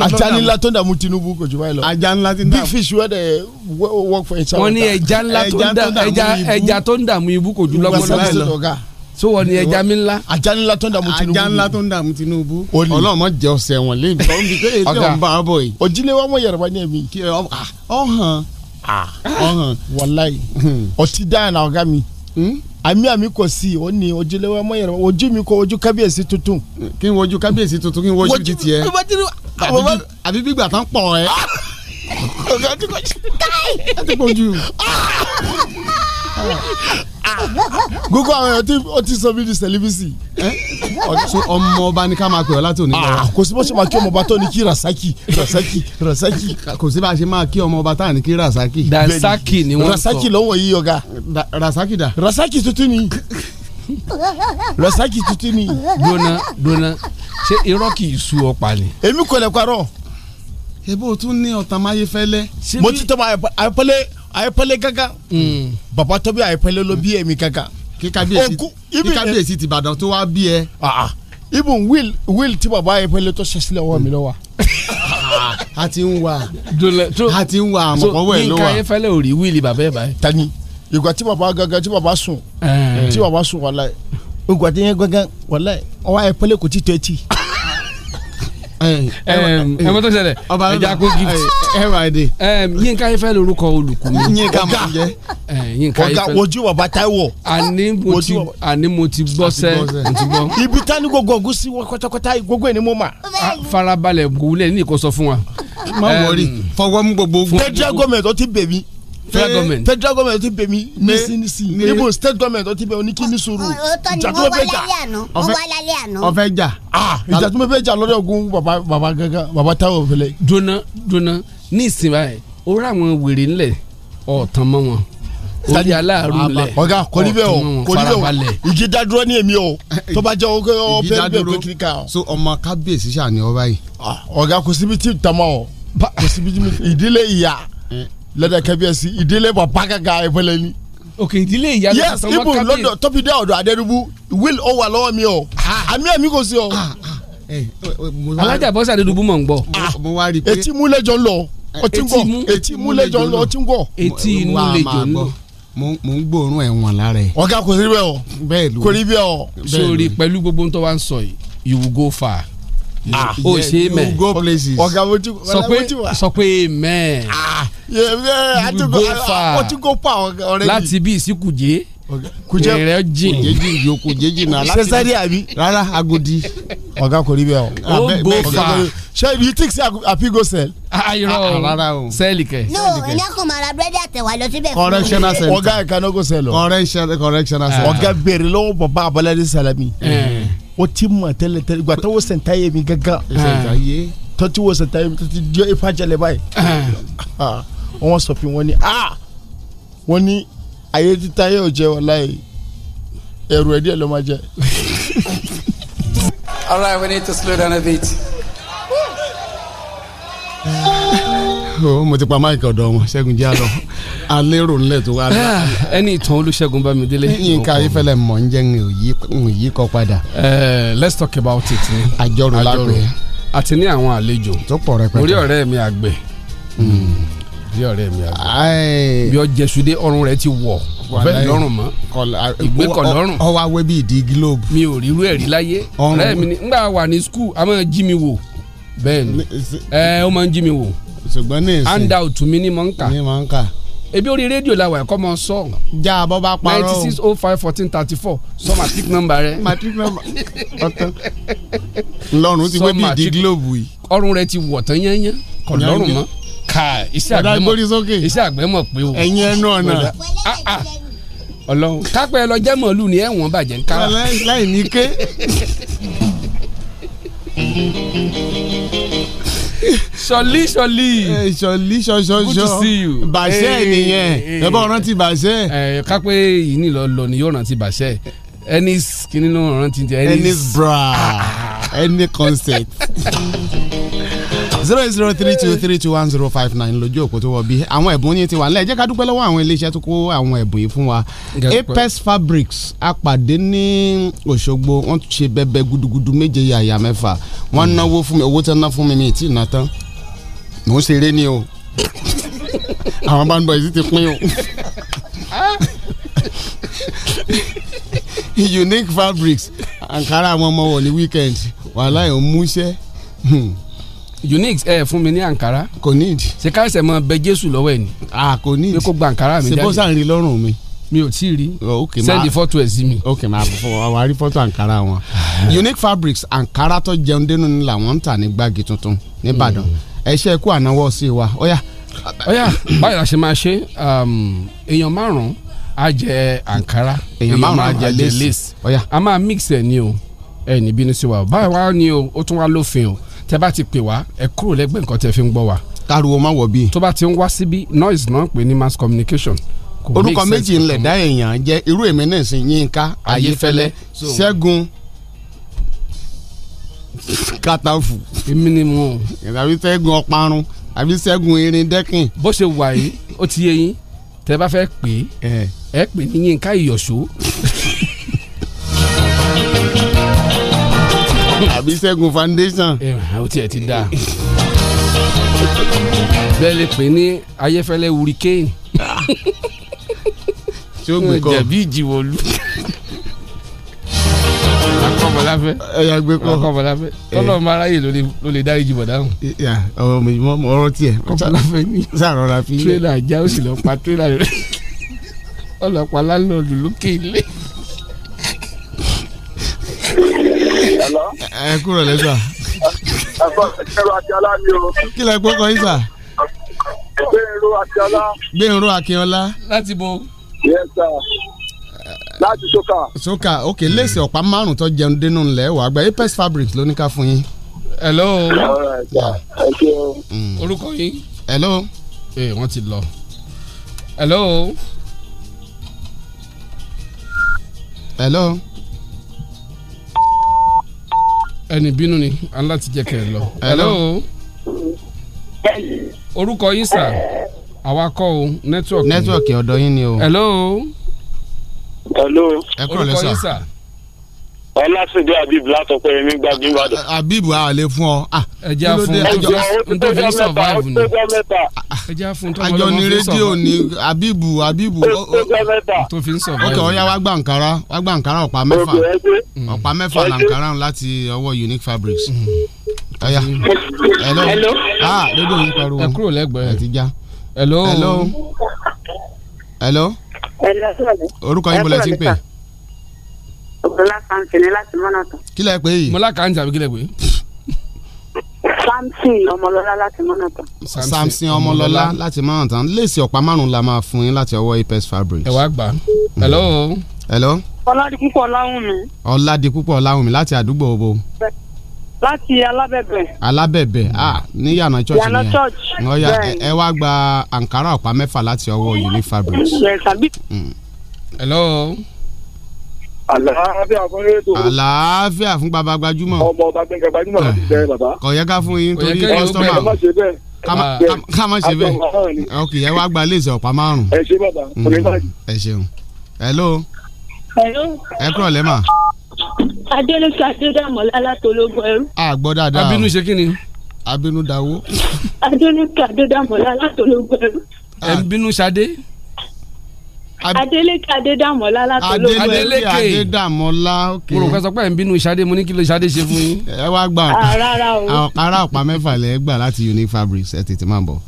S20: ajá ńlá tó ń dààmú Tinubu kò jù báyìí lọ. ajá ńlá ti ń dààmú. big fish wẹ́n dẹ̀ work for ẹja. wọ́n ní ẹja ńlá tó ń dààmú ibú kò jù lọ́gbọ́n so wọ́n ní ẹja mi ńlá. ajá ńlá tó ń dààmú Tinubu. ajá ńlá tó ń dààmú Tinubu. ọlọ́mọ jẹ ọsẹ wọn lé ọgá òjìlé wa mọ yẹrẹ wa ní ẹ̀mí. ọ̀hàn ah. ọ̀hàn wàláyé hmm. ọtí dáhùn ọ̀gá mi. Hmm? àmì àmì kò sí ò ní ojúlówó ọmọ yẹrẹ ojú mi kò ojú kábíyèsí tuntun. kí n wojú kábíyèsí tuntun kí n wojú ti tiẹ àbí bí gbà tán pọ̀ ẹ́. káì. láti pọ̀ ojú. Ah! gbogbo àwọn èèyàn tí ó ti sọ mí di sẹlifísì. ọmọ ọba ni ká máa pè ọ́ láti òní lọ. Ah. kò sí bó ṣe máa kí ọmọ ọba tó ní kí rasaki rasaki rasaki. kò sí bá a ṣe máa kí ọmọ ọba tá à ní kí rasaki. Rasaki, ni wọ́n sọ rasaki lọ́wọ́ yìí ọ̀gá. rasaki da. rasaki tuntun ni
S5: rasaki tuntun ni. dona
S20: dona ṣé irọ́ kì í sú ọ pa ni. èmi kò lè parọ́. ebo tún ní ọ̀tàmáyé fẹ́lẹ́. mo ti tọ́ ma àpẹẹlẹ a ye pẹ̀lẹ́ gangan mm. baba tó bí a ye pẹ̀lẹ́ ló bí èmi gangan. kí eh, kábíyèsí ti Ìbàdàn tó wá bí ẹ. ibùn ah, ah. will will ti baba a ye pẹ̀lẹ́ tó ṣe sílẹ̀ wọ́n mi lọ wa. a ti ń wa a ti ń wa àmọ̀kọ́wọ́ ẹ̀ ló wa. yínká ayé fẹ́lẹ́ ò rí wíìlì bàbá ẹ̀ báyìí. tani ìgbà tí baba gangan tí baba sùn eh. tí baba sùn wàláyé ìgbà tí yẹn gangan wàláyé ọwọ́ a ye pẹ̀lẹ́ kò tí tó ẹ mọ tó ṣẹlẹ̀ ẹja kó gift yínká ifẹ̀ lorúkọ olùkọ́ mi yínká mọ jẹ yínká ifẹ̀ ọ̀gá wojú wà bàtà wọ. àní mo ti gbọ́ sẹ́ mo ti gbọ́. gbogbo ọ̀gùn sí kọ́tàkọ́tà gbogbo ẹ̀ ni mo mà. farabalẹ̀ wúlẹ̀ ní ìkọsọ fún wa. má wọrí fọwọ́ mú gbogbo. federal government ó ti bẹ̀ mí federal government federal government ti bẹ̀ mí nísìnyìsì níbo state government ọtí bẹ̀ oní kí ní sọ̀rọ̀ ah, ìjà tó bẹ jà ọfẹ jà ìjà tó bẹ jà lọ́dọ̀ ogun baba baba gangan baba táwọn fẹlẹ. dona dona ní ìsìn báyìí ó rà wọn wèrè ńlẹ̀ ọ̀tàn mọ́ wọn orí aláàrú lẹ ọ̀gá kò ní bẹ o kò ní bẹ o ìjì dádúró ní èmi o eh, tó bá jẹ o pé ọ bẹ bẹ pé kiri ká o. so ọmọ kábíyèsí ṣàní ọba yìí. Ah, ọ̀gá kò síbi tí tàmá o kò síbi tí ìdílé ìyá eh, lọ́dọ̀ kábíyèsí ìdílé bàbá kàkà ẹ̀fọ́lẹ́ ni. ok ìdílé ìyá ló sọ kábíyèsí. yes ibu. lọ́dọ̀ tọ́pìdé ọ̀dọ̀ adẹ́rùbù will ó wà lọ́wọ́ mi o ah, ah. àmì ẹ̀mí kò sí o. Ah,
S22: eh, eh, eh,
S20: alájà bọ́sà adẹ́rùbù mọ̀ ń gbọ́. etí mú lẹ́jọ́ ń lọ ọtí ń gbọ́ etí mú lẹ́jọ́ ń lọ ọtí ń gbọ́. etí inú lẹ́jọ́ ń lọ mo ń gbóòórùn ẹ̀wọ̀n lára ẹ̀. ọ̀gá kò rí bẹ́ẹ̀ o kò rí bẹ́ẹ̀ o. sori pẹ̀lú gbogbo ń tọ́ ń sọ yìí you will go far
S12: ah o ṣe mẹ you
S20: go places ọ̀gá mo ti wà sọ pé mẹ you go far láti bí sí Kuje Kuje rẹ jìn Kuje jìn Kuje jìn na láti sẹsẹri àbí rárá Agodi ọ̀gá kò rí bẹ́ẹ̀ o o go far ṣe you think say àfi go sell. ayọrọ ah, ah, ah, rárá o sẹ́ẹ̀lì kẹ.
S21: no ẹni a kò máa ra búrẹ́dì àtẹ̀wá lọ síbẹ̀. correctional center ọ̀gá
S20: ẹ̀ka náà kò sẹ́ẹ̀ lọ. correctional center ọ̀gá béèrè lọ́wọ́ bàbá Abọ́ládé mi o ti mọ̀ tẹ́lẹ̀tẹ́lẹ̀ gba tọwọ́ sẹ̀ntà yé mi gángan tọ́tí wo sẹ̀ntà yé mi tọ́tí jọ ifá jẹlẹ báyìí wọ́n sọ fún wọn ni wọ́n ní ayé títa yẹ ò jẹ́ wọn láyé ẹrù ẹ̀ díẹ̀ ló máa jẹ. All right, we need to slow down a bit. mo ti pa máìkì ọ̀dọ̀ wọn ṣẹ́gun jẹ́ àlọ́ alérò ńlẹ̀ tó wà. Ah, ẹni ìtàn olùṣègùn bámidélé. yínká ifẹ̀lẹ̀ mọ̀ ń jẹ́ ń yí kọ́ padà. Eh, let's talk about it. àjọrò lápẹ́. àti ní àwọn àlejò. tó pọ̀ rẹpẹtẹ. orí ọ̀rẹ́ mi àgbẹ̀. Hmm. orí ọ̀rẹ́ mi àgbẹ̀. bí ọjẹ́ sùdé ọrùn rẹ̀ ti wọ̀ bẹ́ẹ̀ lọ́rùn mọ́ ìgbé kọ̀ lọ́rùn. ọwọ́ awé bíi di gílóòbù. mi ò rí irú ẹ̀rí láyé. ọrùn rẹ̀ mi ni ngbà wà ní skul a máa jí mi wò bẹ́ẹ̀ ni ẹ eh, ó máa ń jí mi wò ṣùgbọ́n ní ìsìn handout mi ni mo ń kà. ni mo ń kà. ebi orí rédíò la wà ẹ̀kọ́ mọ sọ. já a bọ́ bá parọ́ ninety six oh five fourteen thirty four sọ matric number rẹ. matric number ọ̀tán. ńlọrun ti gbé bíi di globe yìí. ọrùn rẹ ti wọ̀ tán yányán kọ̀ lọ́rùn mọ́. ká iṣẹ́ àgbẹ̀ mọ̀ iṣẹ́ àgbẹ̀ mọ̀ pé o. ẹ̀yin ẹnu ọ̀nà. Ah, ah. ọlọ́run kápẹ́ lọ jẹ́ ni ẹ̀wọ̀n bàjẹ́ ń kára. láì ní ké. sọlí sọlí. sọlí eh, sọsọsọ good to see you. bàṣẹ eh, nìyẹn eh. ẹ bá rántí bàṣẹ. ẹ ká pé yìí ni lọ lọ ni yóò rántí bàṣẹ ennis kí nínú rántí jẹ ennis. ennis bra any ah. concert.
S5: zero
S20: eight zero three two three two one zero five nine lójú òkú tó wọ bí àwọn ẹ̀bùn yín ti wà nílẹ̀ jẹ́ ká dúpẹ́ lọ́wọ́ àwọn iléeṣẹ́ tó kó àwọn ẹ̀bùn yìí fún wa Apex Fabrics apàdé ní Òṣogbo wọ́n ṣe bẹ́bẹ́ gudugudu méje yàyà mẹ́fà wọ́n náwó fún mi owó tán ná fún mi mi ì tí ì ná tán mò ń ṣeré ni o
S5: àwọn bá ń bọ̀ èyí ti pín o
S20: unique fabrics ankara àwọn ọmọ wọ̀ ní weekend wàhálà ẹ̀ ń múṣẹ́. Hmm unique ẹ fún mi ní ankara. kò ní ìdí. ṣe káṣẹ mọ bẹ jésù lọ́wọ́ ẹ ni. a kò ní ìdí pé kó gba ankara mi jáde. ṣe bó sàn rí lọ́rùn mi. mi ò tí ì rí. Oh, ok ma send fọ́tò ẹ̀ sí mi. ok ma fọ àwọn arí fọ́tò ankara wọn. unique fabrics ankara tó jẹun dénú ni làwọn ń tà ní gbági tuntun nìbàdàn hmm. ẹ ṣe kú ànáwọ́ sí wa ó yá. ó yá báyìí la ṣe máa ṣe um, èèyàn márùn-ún á jẹ ankara èèyàn márùn-ún á jẹ lace ó a máa mix ẹ̀ ní o ẹ̀ ní bínú sí wa báyìí wá ní o ó tún wá lófin o tẹ́ bá ti pè wá ẹ kúrò lẹ́gbẹ̀ẹ́ nǹkan tẹ́ fi ń gbọ́ wa. káriwo má wọ bí. tó bá ti ń wá síbí noise náà pè ní mass communication. orúkọ méjì ńlẹ̀ dá èèyàn jẹ́ irú èmi náà sì Yínká Ayéfẹ́lẹ́ Ṣẹ́gun Kàtàfù. èmi ni mo. àbí Ṣẹ́gun Ọparun àbí Ṣẹ́gun Erindẹ́kìn. bó ṣe wà yìí ó ti yé yín tẹ́ bá fẹ́ pè é ẹ pè ní Yínká Ìyọ̀ṣó. àbí Ṣẹ́gun foundation. ó tiẹ̀ ti dáa bẹ́ẹ̀ lè pè ní ayẹ́fẹ́lẹ́ hurricane. tí ó gbé kọ́ jẹ̀bi ìjìwọ̀lú. akọ́bọ̀láfẹ́ ẹ̀yà gbé kọ́ akọ́bọ̀láfẹ́ tọ́lọ́ mara yìí ló lè dárí jìbọ̀ dáhùn. ọ̀rọ̀ mi mọ ọ̀rọ̀ tiẹ̀ kọ́bọ̀láfẹ́ ní sàrọ̀ra fi. tírélà já ó sì lọ pa tírélà rẹ̀ ọlọ́pàá lálọ́ọ̀lù lókè ilé. ẹ kúrò lẹ́sà.
S10: ẹ̀rọ àjálá ni kọ́ ìsà. gbẹ̀rù àjálá.
S20: gbẹ̀rù akínọlá. láti bo. yes sir láti soka. soka ok léèsì ọ̀pá márùn tó jẹun dénú ńlẹ̀ wà gba apex fabric ló ní ká fún yín. hello.
S5: Mm. orúkọ yín.
S20: hello. ee wọ́n ti lọ. hello. hello. hello? ẹni bínú ni aláti lọ. hello. orúkọ yín sà àwa o nẹ́tíwọ̀kì. nẹ́tíwọ̀kì ọ̀dọ̀ yín ni o. hello. hello. ẹ kúrò lẹ́sà. orúkọ yín sà ọlásìndé habib látọpẹrẹmí gbàgbé ìbàdàn. habib a lè fún ọ. Ah, ẹja fún ẹjọ ntọ́jú survive ni ẹja ah, ah, fún tọ́jú ọlọ́mọ fi survive. àjọ ni rédíò ni habib habib tó fi ń survive. ok ọ̀ya wá gba nkàrà wá gba nkàrà ọ̀pá mẹ́fà ọ̀pá mẹ́fà là nkàrà láti ọwọ́ unique fabrics. ọ̀ya mm.
S5: hello ah rédíò yín pariwo ẹ kúrò
S20: lẹ́gbẹ̀ẹ́ ẹ ti já. hello hello hello
S12: orúkọ yín bọ̀lẹ̀ tí ń pè é ọ̀pọ̀lá samson láti mọ́nà tán.
S20: kílẹ̀ pé yìí. mọ́lá kan tàbí kílẹ̀ pé.
S12: samson ọmọlọ́lá láti mọ́nà tán. samson ọmọlọ́lá
S20: láti mọ́nà tán léèsì ọ̀pá márùn-ún la máa fún yín láti ọwọ́ apes fabric. ẹ wá gbà. hello. hello.
S12: ọládipúpọ̀
S10: ọláwùnmí.
S20: ọládipúpọ̀ ọláwùnmí láti àdúgbò òbò.
S10: láti alábẹ̀bẹ̀.
S20: alábẹ̀bẹ̀ ah ní yànnà church yẹn yànnà church. ọ̀ya ẹ wá gba ankara ọ̀pá mẹ́fà láti ọwọ́ unique fabric. Mm. hello àlàáfíà fún rédíò. àlàáfíà fún baba gbajúmọ̀. ọmọ ọba gbẹngàn gbajúmọ̀ ló jẹ baba. kọ̀yẹ́ fún yín torí kọ́sítọ́mà
S5: ká má ṣe bẹ́ẹ̀
S20: ok ẹ wá gba iléeṣẹ́ ọ̀pá márùn-ún. ẹ ṣe bàbá ọ̀rẹ́ mm. báyìí. ẹ ṣeun hello. hello. ẹ kúrọ̀ lẹ́mà.
S12: adélèké adédàmọ́lá látológun ẹrú. a gbọ́ dáadáa abínú
S20: ṣe kí ni. abínú dáwó.
S12: adélèké adédàmọ́lá látológun ẹrú. ẹ bínú ṣadé. Adeleke Adédàmọ́lá látọlọ́gbọ́ Adeleke
S20: Adédàmọ́lá ok. mo rò pé sọ pé ẹ̀ ń bínú Ṣadé mo ní kí ló Ṣadé ṣe fún yín. ẹ wá gba ah, ara ọ̀pá mẹ́fà lẹ́ gbà láti Unique Fabrics ẹ tètè máa bọ̀.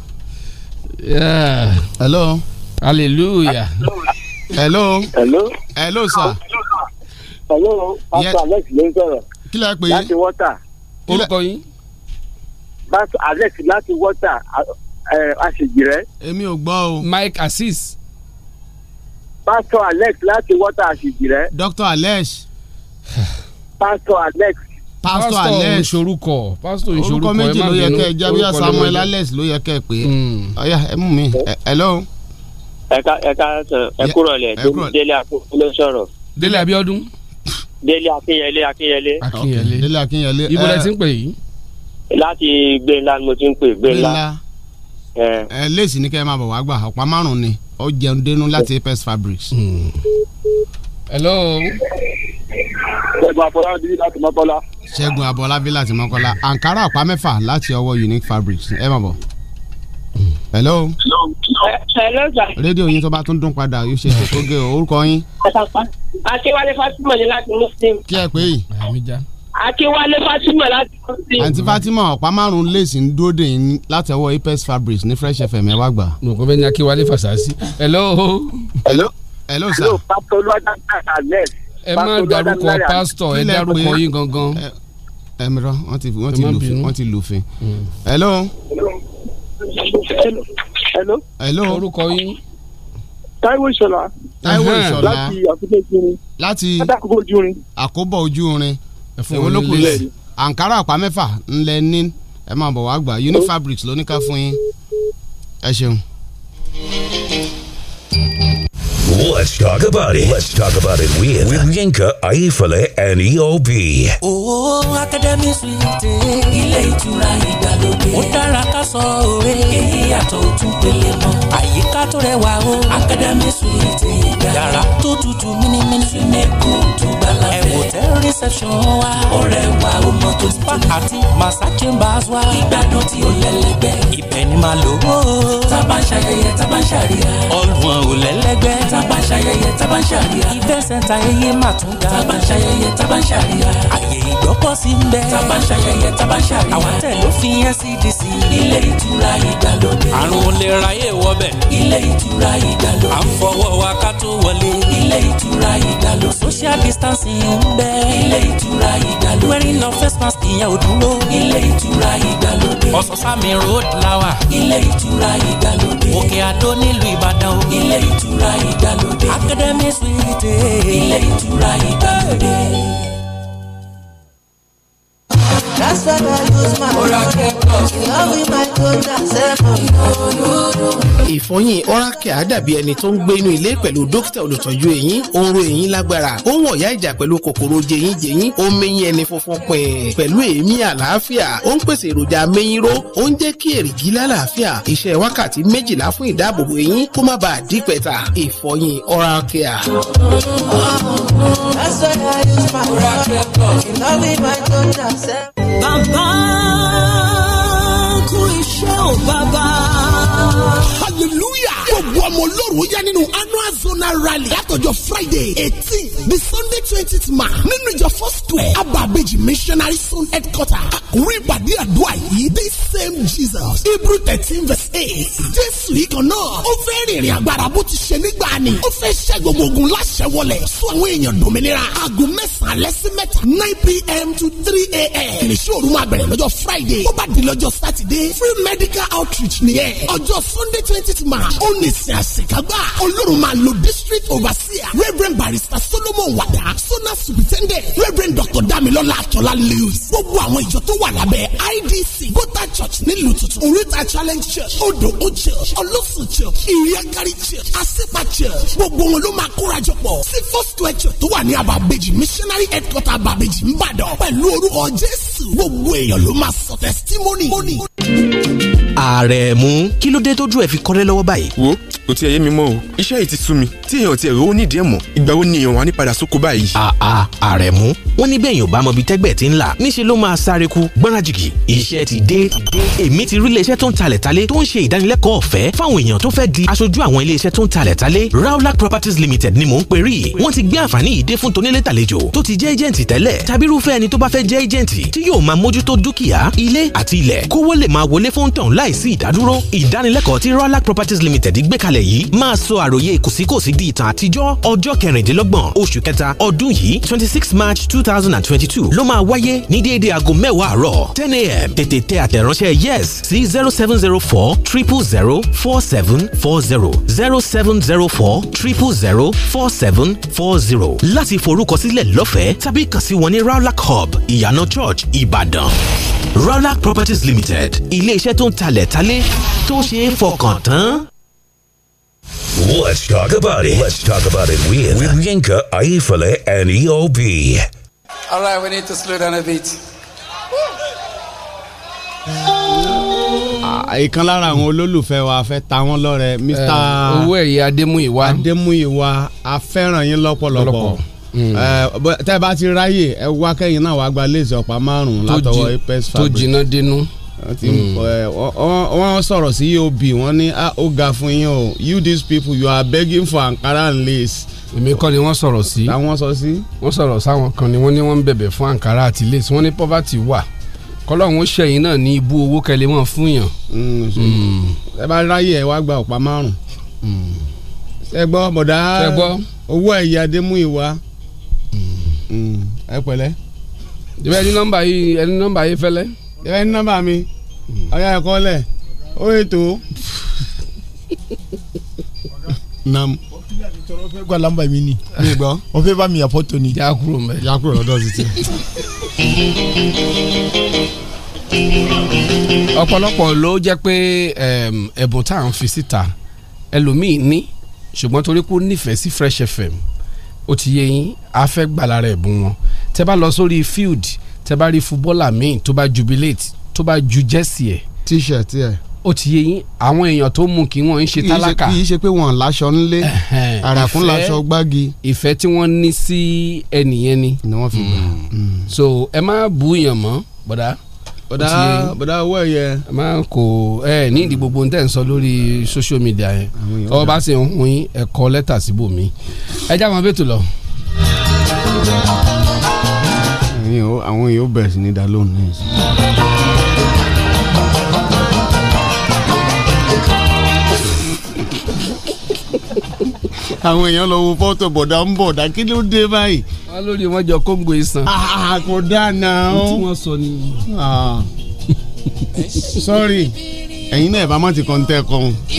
S20: hello. hallelujah. hello. hello. hello sir. hello pastor Alex ló ń sọ̀rọ̀. kí lẹ pè é láti water. orúkọ yín. pastor Alex láti water aṣèjì rẹ. èmi ò gbọ́ o. Mike Assis pásítọ̀ alex láti wọ́tà àṣìjìrẹ́. dr alex. Pastor alex. pásítọ̀ alex ìṣorúkọ pásítọ̀ ìṣorúkọ orúkọ méjì ló yẹ kẹ ẹ jábíyà samuel alex ló yẹ kẹ pé hmm. ọyà ẹ mú mi hello. ẹ ká ẹ ká ẹ délé àkókò ló sọ̀rọ̀. délé abiodun. délé akínyẹlé akínyẹlé. akínyẹlé délé akínyẹlé. ibo lẹ ti ń pè yìí. láti gbẹ̀ńlá ni mo ti ń pè gbẹ̀ńlá. ẹ léèsì ni kẹ́ ẹ máa bọ̀ wá gbà ọ̀pá márùn-ún ni ó jẹun dénú láti Apex Fabrics. Hmm. hello. ṣẹ́gun abọ́lábí láti mọ́kọ́lá. ṣẹ́gun abọ́lábí láti mọ́kọ́lá ankara ọ̀pá mẹ́fà láti ọwọ́ unique fabrics ẹ mọ̀ bọ̀. hello. hello sir. rédíò yín tó bá tún dún padà yóò ṣe ètò gé orúkọ yín.
S12: àṣewálé Fatima ni
S20: láti muslim. kí ẹ pé yìí. àmì já akínwálé fatima láti kọ́sí. àǹtí fatima ọ̀pá márùn-ún lèsì ń dóde látẹ̀wọ́ apex fabrics ní fresh fm ẹ̀ wá gbà. mo kọ́ fẹ́ ní akínwálé fàṣàṣì. hello. hello. hello sir. hello pásítọ̀ olúwàjà àgbẹ̀. ẹ má dárúkọ pásítọ̀ ẹ dárúkọ yín gangan. ẹ mìíràn wọ́n ti lùfín wọ́n ti lùfín. Mm. hello. hello. hello. orúkọ yín. táíwò ìṣọ̀lá. táíwò ìṣọ̀lá. láti àkóbọ̀ ojú irin. láti àkóbọ̀ ojú irin èwo ló kù lẹ̀ àǹkárá àpá mẹ́fà ní ẹ máa bọ̀ wá gbà unifabrics ló fún yín ẹ ṣeun.
S2: Let's talk about it. Let's talk about it with, with Yinka, Aifale, and EOB.
S19: Oh, academic Suite. Ilé ìtura ìgbàlódé. Ó dára ká sọ òwe. Èyí yàtọ̀ òtún pélé mọ́. Àyíká tó rẹwà o. Academy Suite ìgbà. Yàrá tó tutù mímímí. Súnmẹ́kù tó gbàlá fẹ́. Ẹ̀wò tẹ́ reception wa. Ọ̀rẹ́ wa ó mọ tó ti tó. Àti Massa Chambers wa. Ìgbádùn tí ó lẹ́lẹ́gbẹ́. Ibẹ̀ ni màá lò ó. Tábà ń ṣayẹyẹ, tábà ń ò lẹ́lẹ́gbẹ́. Tábà bá ń ṣayẹyẹ tá event center ẹyẹ mà tún ga. tá bá ń ṣayẹyẹ tá bá ń ṣàríyá. àyè ìgbọ́kọ̀sí ń bẹ. tá bá ń ṣayẹyẹ tá bá ń ṣàríyá. àwọn tẹ̀ ló fi NCDC. ilé ìtura ìgbàlódé. àrùn olè ráyè wọbẹ̀. ilé ìtura ìgbàlódé. à ń fọwọ́ wa ká tó wọlé. ilé ìtura ìgbàlódé. social distancing ń bẹ. ilé ìtura ìgbàlódé. wearing no face mask ìyẹn ò dúró. ilé ìtura ìgbàlódé. ọ̀sán-sámi road lawa. ilé ìtura ìgbàlódé. òkè àdó nílùú Ìbàdàn o. ilé ìtura ìgbàlódé ìgbàlódé. Academy Suite. Ilé ìtura ìgbàlódé.
S4: That's why I use my oracle plus. You love with my total self. Ìfọyín Oracle
S16: àdàbí ẹni tó ń gbé inú ilé pẹ̀lú dókítà olùtọ́jú eyín, ó ń ro eyín lágbára, ó ń wọ̀yá ìjà pẹ̀lú kòkòrò jẹyín jẹyín, ó ń mẹyín ẹni funfun pin, pẹ̀lú èémí àlàáfíà, ó ń pèsè èròjà mẹyìnró, ó ń jẹ́ kí èrìgì lálàáfíà, iṣẹ́ wákàtí méjìlá fún ìdáàbòbò eyín kó má
S17: bàa dípẹ̀ta, ìfọyín Oracle. That's
S4: why I use my Oracle plus. You love me my total self. bàbá kú ò bàbá. hallelujah.
S13: ọmọ olóró yá nínú annual zonal rally látọjọ́ friday eighteen the sunday twentieth march nínú ìjọ first square ababeji missionary son headquarter àkórí ìpàdé àdúrà yìí this same jesus hebrew thirteen verse eight jésù yìí kan náà ó fẹ́ rìnrìn agbára bó ti ṣe nígbà ni ó fẹ́ ṣẹ́ gbogbo ogun láṣẹ wọlé sọ àwọn èèyàn dòmìnira aago mẹ́sàn-án lẹ́sìn mẹ́ta nine pm to three am ìrìnsẹ̀ òru máa bẹ̀rẹ̀ lọ́jọ́ friday ó bá di lọ́jọ́ saturday free medical outreach nìyẹn ọjọ́ sunday twentieth march ó ní sẹ́ àṣekágbá ọlọ́run máa lo district overseer reverend barrister solomon wada sona superintendent reverend dr damilola atola lewis gbogbo àwọn ìjọ tó wà lábẹ́ idc gota church nílùú tuntun oríta challenge church Odo o church olóṣù church ìrìagari church àṣepa church gbogbo wọn ló máa kórajọ pọ̀ sí first square church tó wà ní ababeji missionary headquarter ababeji nìbàdàn pẹ̀lú orúkọ jésù gbogbo èèyàn ló máa sọ testimony.
S16: ààrẹ mú kí ló dé tójú ẹ fi kọ́lé lọ́wọ́ báyìí. wo kò tiẹ̀ yé mi mọ́ o iṣẹ́ yìí ti sú mi tí èèyàn tiẹ̀ rówó nídìí ẹ̀ mọ́ ìgbà wo ni èèyàn wà ní padà sóko báyìí. àà àrẹ̀mú wọn ní bẹ́ẹ̀ yóò bá mọ ibi tẹ́gbẹ̀ẹ́ ti ń là níṣẹ́ ló máa sáré ku gbọ́nrajìkì iṣẹ́ ti dé èmi ti rí iléeṣẹ́ tó ń talẹ̀ talé tó ń ṣe ìdánilẹ́kọ̀ọ́ ọ̀fẹ́ fáwọn èèyàn tó fẹ́ di aṣojú àwọn iléeṣẹ́ tó ń talẹ̀ talé Raulac Properties Limited ni mò ń perí wọ́n ti gbé àǹfààní yìí dé fún tonílé tàlejò tó ti jẹ́ ẹ́jẹ̀ǹtì tẹ́lẹ̀ tàbí irúfẹ́ ẹni tó bá fẹ́ jẹ́ ẹ́jẹ̀ǹtì tí yóò máa mójútó Properties Limited gbé kalẹ̀ níkàlẹ̀ yìí máa sọ àròyé kòsíkòsí di ìtàn àtijọ́ ọjọ́ kẹrìndínlọ́gbọ̀n oṣù kẹta ọdún yìí twenty six march two thousand and twenty two ló máa wáyé ní déédéé aago mẹ́wàá àárọ̀ ten a.m. tètè tẹ àtẹ̀ránṣẹ́ yes sí zero seven zero four triple zero four seven four zero zero seven zero four triple zero four seven four zero láti forúkọsílẹ̀ lọ́fẹ̀ẹ́ tàbí kàn sí wọn ní Rawlac Hub ìyànà church Ìbàdàn Rawlac Properties Limited ilé iṣẹ́ tó ń talẹ̀ talé tó ṣe fọkàn tán.
S2: Let's talk about it. Let's talk about it with, with Yinka, Aifale, and EOB.
S20: All right, we need to slow down a bit. Ah, ìkan lára àwọn olólùfẹ́ wa fẹ́ ta wọ́n lọ́rẹ eh, Mr. owó ẹ̀yẹ adémúyìwá adémúyìwá a fẹ́ràn yín lọ́pọ̀lọpọ̀ hmm. eh, tẹ́ bá ti ráyè ẹ wá kẹ́yìn náà wàá gba léèsì ọ̀pá márùn-ún látọwọ́ apes fabric tó jiná dénú wọ́n sọ̀rọ̀ sí eob wọ́n ní ah, ó ga fún yín o you these people you are begging for ankara and lace. èmi kọ́ ni wọ́n sọ̀rọ̀ sí. táwọn sọ sí. wọ́n sọ̀rọ̀ sáwọn kan ni wọ́n ní wọ́n ń bẹ̀bẹ̀ fún ankara àti lace wọ́n ní poverty wà kọ́lọ́hún ṣẹ̀yìn náà ní ibú owó kẹlẹ́ wọn fún yàn. Mm, mm. ẹ bá ráyè ẹ wá gba ọ̀pá márùn.
S5: ẹ
S20: mm. gbọ́ bọ̀dá owó ẹ̀yà démú ìwà ẹ pẹ̀lẹ́. ìbẹ́ ẹni nọ́mbà yìí ẹni nọ́mbà yìí fẹ́lẹ́ ẹ ní nọ́mbà mi ọ̀yà ẹ̀kọ́ lẹ̀ ó ètò. nam. gba lamba mi ni. mi gbọ́. bá mi yàpọ̀ tó ni. yà á kúrò mẹ́. yà á kúrò lọ́dọ̀ sí ti. ọ̀pọ̀lọpọ̀ ló jẹ́ pé ẹ̀bùn tá à ń fi síta ẹlòmíì ní ṣùgbọ́n torí kó nífẹ̀ẹ́ sí Fresh FM ó ti yẹ yín a fẹ́ gbà lára ẹ̀bùn wọn tẹ́ bá lọ sórí field tẹ́ bá rí fúbọ́ọ̀là míì tó bá jubilate tó bá ju jẹ́sì ẹ̀. t-shirt ẹ̀. ó ti yé yín àwọn èèyàn tó mú kí wọ́n ń ṣe tálákà. kì í ṣe pé wọ́n láṣọ ńlé àràkún láṣọ gbági. ìfẹ́ tí wọ́n ní sí ẹnìyẹn ni. ni wọ́n fi gbà. Hmm. Hmm. so ẹ má bú yàn mọ́ bọ̀dá bọ̀dá bọ̀dá owó ẹ̀yẹ. a máa ń kó ẹ ní ìdí gbogbo tẹ́ ń sọ lórí social media yẹn ọ bá sì ń hun ẹ̀kọ́ lẹ́tà mi. ẹ já wọn bẹ́ẹ̀ tó lọ àwọn èèyàn ó bẹ̀rẹ̀ sí ní dá lóhùn ní ìsìn. àwọn èèyàn lọ wo fọ́tò bọ̀dá ń bọ̀dá kí ló dé báyìí. wọn lórí wọn jọ kóńgò ìsàn. Ah, ah, ah, kò dáná o. tí wọn sọ nìyí. sọ́ọ̀rì ẹ̀yin náà ẹ̀ bá má ti kàn tẹ́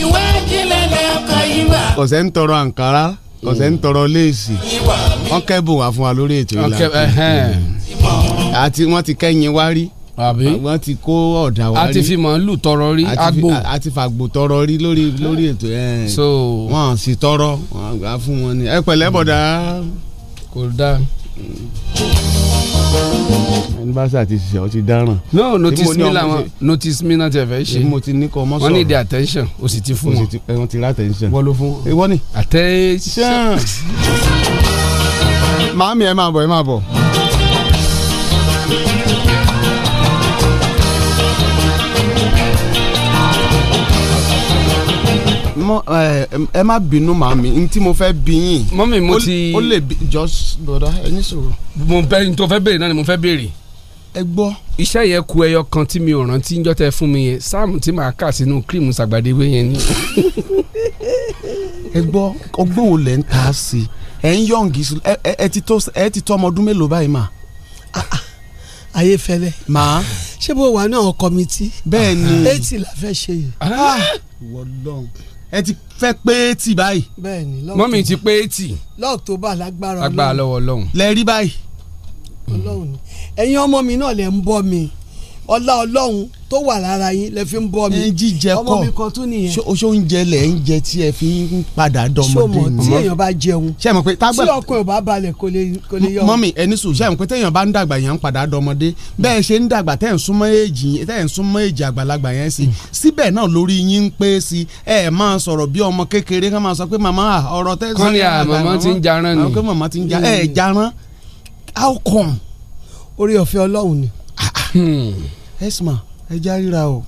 S20: ìwé
S4: ìjìnlẹ̀ lẹ́ẹ̀kọ́ yìí
S20: wà. ọ̀sẹ̀ ń tọrọ àǹkárá ọ̀sẹ̀ ń tọrọ léèsì wọ́n kẹ́bùn wá fún wa lórí ètò ìlànà àti wọ́n ti kẹ́yìn wá rí àbí wọ́n ti kó ọ̀dà wá rí àti fi màálù tọrọ rí agbo àti fàgbò tọrọ rí lórí lórí ètò ẹ̀ so wọ́n sì tọrọ wọ́n gbà fún wọn ni ẹ pẹ̀lẹ́ bọ̀dá. kò dáa ẹni bá sà ti ṣe ọ ti dáràn. no notice me làwọn notice me náà ti ẹ̀fẹ̀ ṣe. mo ti ní
S22: kọ́ mọ́ wọ́n ní the
S20: attention o sì ti fún wọn. wọ́n ti rà attention. wọ́n ló fún wọn. ewọ́ ni. attention. màámi ẹ máa bọ̀ ẹ máa bọ̀ mọ ẹ eh, ẹ má bínú màmí ntí mo fẹ́ bí yín. mọ́mí mo ti. ó lè bí just broda ẹni sọ̀rọ̀. mo bẹ n tó fẹ́ béèrè náà ni mo fẹ́ béèrè. ẹ gbọ́. iṣẹ́ yẹn ku ẹyọ kan tí mi ò rántí ń jọ́tẹ̀ fún mi yẹn sáàmù tí màá kà sínú kírìmù sàgbàdégbé yẹn ni.
S22: ẹ gbọ́ ọgbọ́n wo lẹ́ ń ta sí i ẹ̀ ń yọ̀ǹgì ẹ ti tó ọmọ ọdún mélòó báyìí mà. Ah, ah ayéfẹ́lẹ́. màá. ṣé bó wà ní àwọn kọ́mítì. bẹ́ẹ̀ ni eighty la fẹ́ ṣe yìí. Ah. Ah. wọlọ́n ẹ ti fẹ́ pé eighty báyìí. bẹ́ẹ̀ ni lọ́ọ̀tò mọ́mí ti pé eighty. lọ́ọ̀tò bá lágbára ọlọ́run. lágbára lọ́wọ́ ọlọ́run. lẹ báyìí. Mm. ọlọ́run ọmọ mi náà lẹ ń bọ́ mi ọlá ọlọ́run tó wà lára yín lẹ fi ń bọ́ mi ọmọ mi kan tún nìyẹn. ṣé oúnjẹ lẹ̀ ń jẹ tí ẹ fi ń padà dọmọdé mọ́. sọmọ tí èèyàn bá jẹun tí ọkọ ò bá balẹ̀ kò lè yọ. mọ́mì ẹni
S20: sùn ṣé àmupẹ́ téèyàn bá ń dàgbà yẹn ń padà dọmọdé bẹ́ẹ̀ ṣe ń dàgbà tẹ́ ẹ̀ ń súnmọ́ èjì tẹ́ ẹ̀ ń súnmọ́ èjì àgbàlagbà yẹn sí síbẹ̀ náà lórí yín pé sí ẹ máa sọ̀rọ̀ bí ọmọ kékeré ká máa
S22: sọ pé màmá ọ̀rọ̀ tẹ́ sọ́ni àgbà how come? orí ọ̀fẹ́ ọlọ́run Hmm. esma ẹja
S20: ríra o.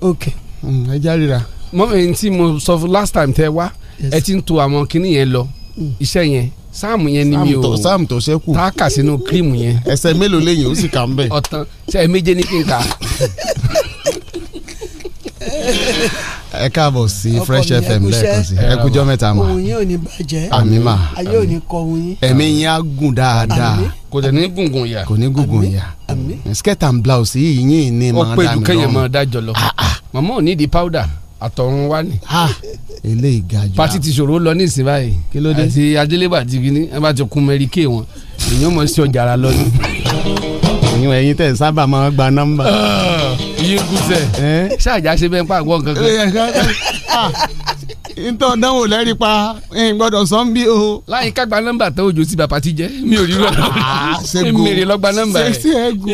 S20: ok hmm, ẹja ríra. mọ́mí tí mo sọ fún last time tẹ wa, ẹ ti ń to àwọn kinní yẹn lọ hmm. iṣẹ́ yẹn sáàmù yẹn ni mi o sáàmù tó sẹ́kù tá a kà sínú kírìmù yẹn. ẹsẹ̀ mélòó lẹ́yìn ó sì kà ń bẹ̀. ọ̀tàn ṣe é méje ní kí n kà. ẹ káàbọ̀ sí fresh fm lẹ́ẹ̀kan sí ẹ kújọ́ mẹ́ta mọ́. ohun
S22: yín ò ní bàjẹ́ àmì mà ayé ò ní kọ ohun yín. ẹ̀mí yín
S20: á gùn dáadáa. kò tẹ̀ ní gùngùn yà. kò ní gùngùn yà. skirt and blouse yìí yín ni màá dá mi lọ́rùn. ó pé ju kẹ́yìn mọ́ dájọ́ ò ní di powder àtọ̀run wá ni.
S22: eléyìí ah, ga jù. pati
S20: ti ṣòro lọ ní ìsìn báyìí. kí ló dé. àti adélébà ti fi ní ẹ bá ti kun mẹ́ríkè wọn èèyàn mọ̀ sí ọjà ara lọ ni. ẹ̀yin tẹ̀ sábà máa gba nọ́mbà. Ah yingusẹ eh? ṣáàjà ṣe bẹ́ẹ̀ eh, eh, ah, ń pa àgbọn kankan. ntọ́ dánwò lẹ́rìí pa gbọ́dọ̀ sọ́n bí o. láyìn ká gba nọ́mbà tó ojú sí bàbá ti jẹ́ mi ò rí rọ èmèrè ah, lọ́gba nọ́mbà yẹn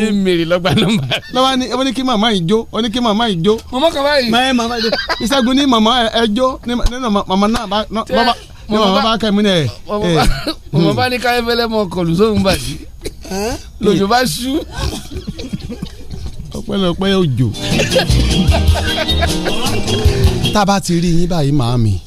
S20: èmèrè lọ́gba nọ́mbà. lọ́wọ́ ni ó ní kí màmá yìí jó ó ní kí màmá yìí jó. màmá kan báyìí. màmá yẹn màmá yìí jó ìṣẹ́gun ní màmá ẹ jó ní màmá náà bá ní màmá bá kẹ́mi náà ẹ̀. màmá bá ní káyọ̀ fẹ́lẹ́ mọ́ kọlù sóhun bàjẹ́ lójú bá ṣú ọpẹ́lọpẹ́ òjò. tá a bá ti rí yín báyìí màámi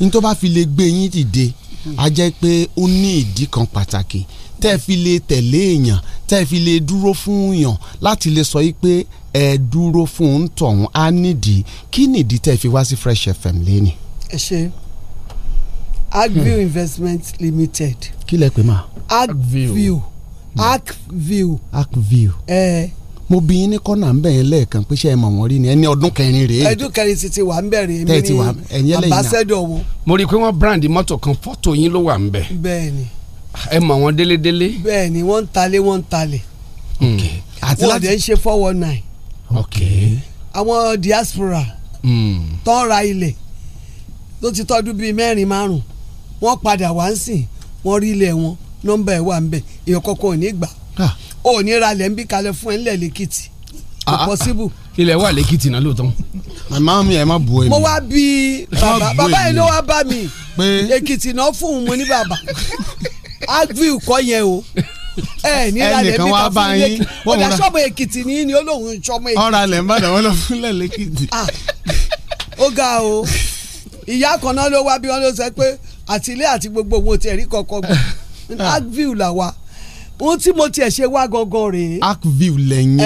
S20: n tó bá fi lè gbé yín dìde a jẹ́ pé ó ní ìdí kan pàtàkì tẹ́ fi lè tẹ̀lé èèyàn tẹ́ fi lè dúró fún èèyàn láti lè sọ yìí pé ẹ dúró fún un tọ̀hún á nídìí kí nìdí tẹ́ fi wá sí Fresh FM lẹ́ni.
S22: ẹ ṣe agview hmm. investment limited. kí lẹ pè máa. agview agview. agview. ẹ. Eh,
S20: mo bí yín ní kọ́nà ń bẹ̀rẹ̀ lẹ́ẹ̀kan pé ṣé ẹ
S22: mọ̀ wọ́n rí ni ẹni ọdún kẹrin rèé. ẹdún kẹrin sì ti wà ń bẹ̀rẹ̀ mi ni ambassador wo. mo rí i pé wọ́n brand mọ́tò kan fọ́tò yín ló wà ń bẹ̀. bẹ́ẹ̀ni. ẹ mọ̀ wọ́n délédélé. bẹ́ẹ̀ni wọ́n ń talé wọ́n ń talè.
S5: Hmm. ok àti láti wọ́n
S22: dẹ̀ ń ṣe four one nine. ok àwọn diaspora. Hmm. tó ń ra ilẹ̀ tó ti tọ́dún bíi mẹ́rin márùn-ún wọ́n padà wá ń sìn wọ́n rí ilẹ̀ wọn nọ́mbà ẹ̀ wà ń bẹ̀ èèyàn kọ̀ọ̀kan ò ní gbà. Ah o ò ní ra lẹ̀ ń bí kalẹ̀ fún ẹ ńlẹ̀ lẹ́kìtì kò ah, ah. pọ́síbù. ilẹ̀ wà lẹ́kìtì náà lóòótọ́. màmá mi ẹ má bu èmi. mo wá bí bàbá bàbá yìí ló wá bá mi èkìtì náà fún un mo ní bàbá agvi kọ yẹn o ẹ ní ra lẹ̀ bí kan fún lẹ́kìtì ó dá sọ́mọ èkìtì ní ni olóhùn sọ́mọ èkìtì. ọ̀rọ̀ alẹ̀ ń bá dàwọn lọ fúnlẹ̀ lẹ́kìtì. Ah, ó ga o ìyá kan náà ló wá bí wọn ló sọ pé àtìlẹ́ àti gbogbo òun ò tiẹ̀ kọ̀ọ̀kan gbọ́ agvi là ohun tí mo tiẹ̀ ṣe wá gangan rèé.
S20: Akview lẹ́yìn.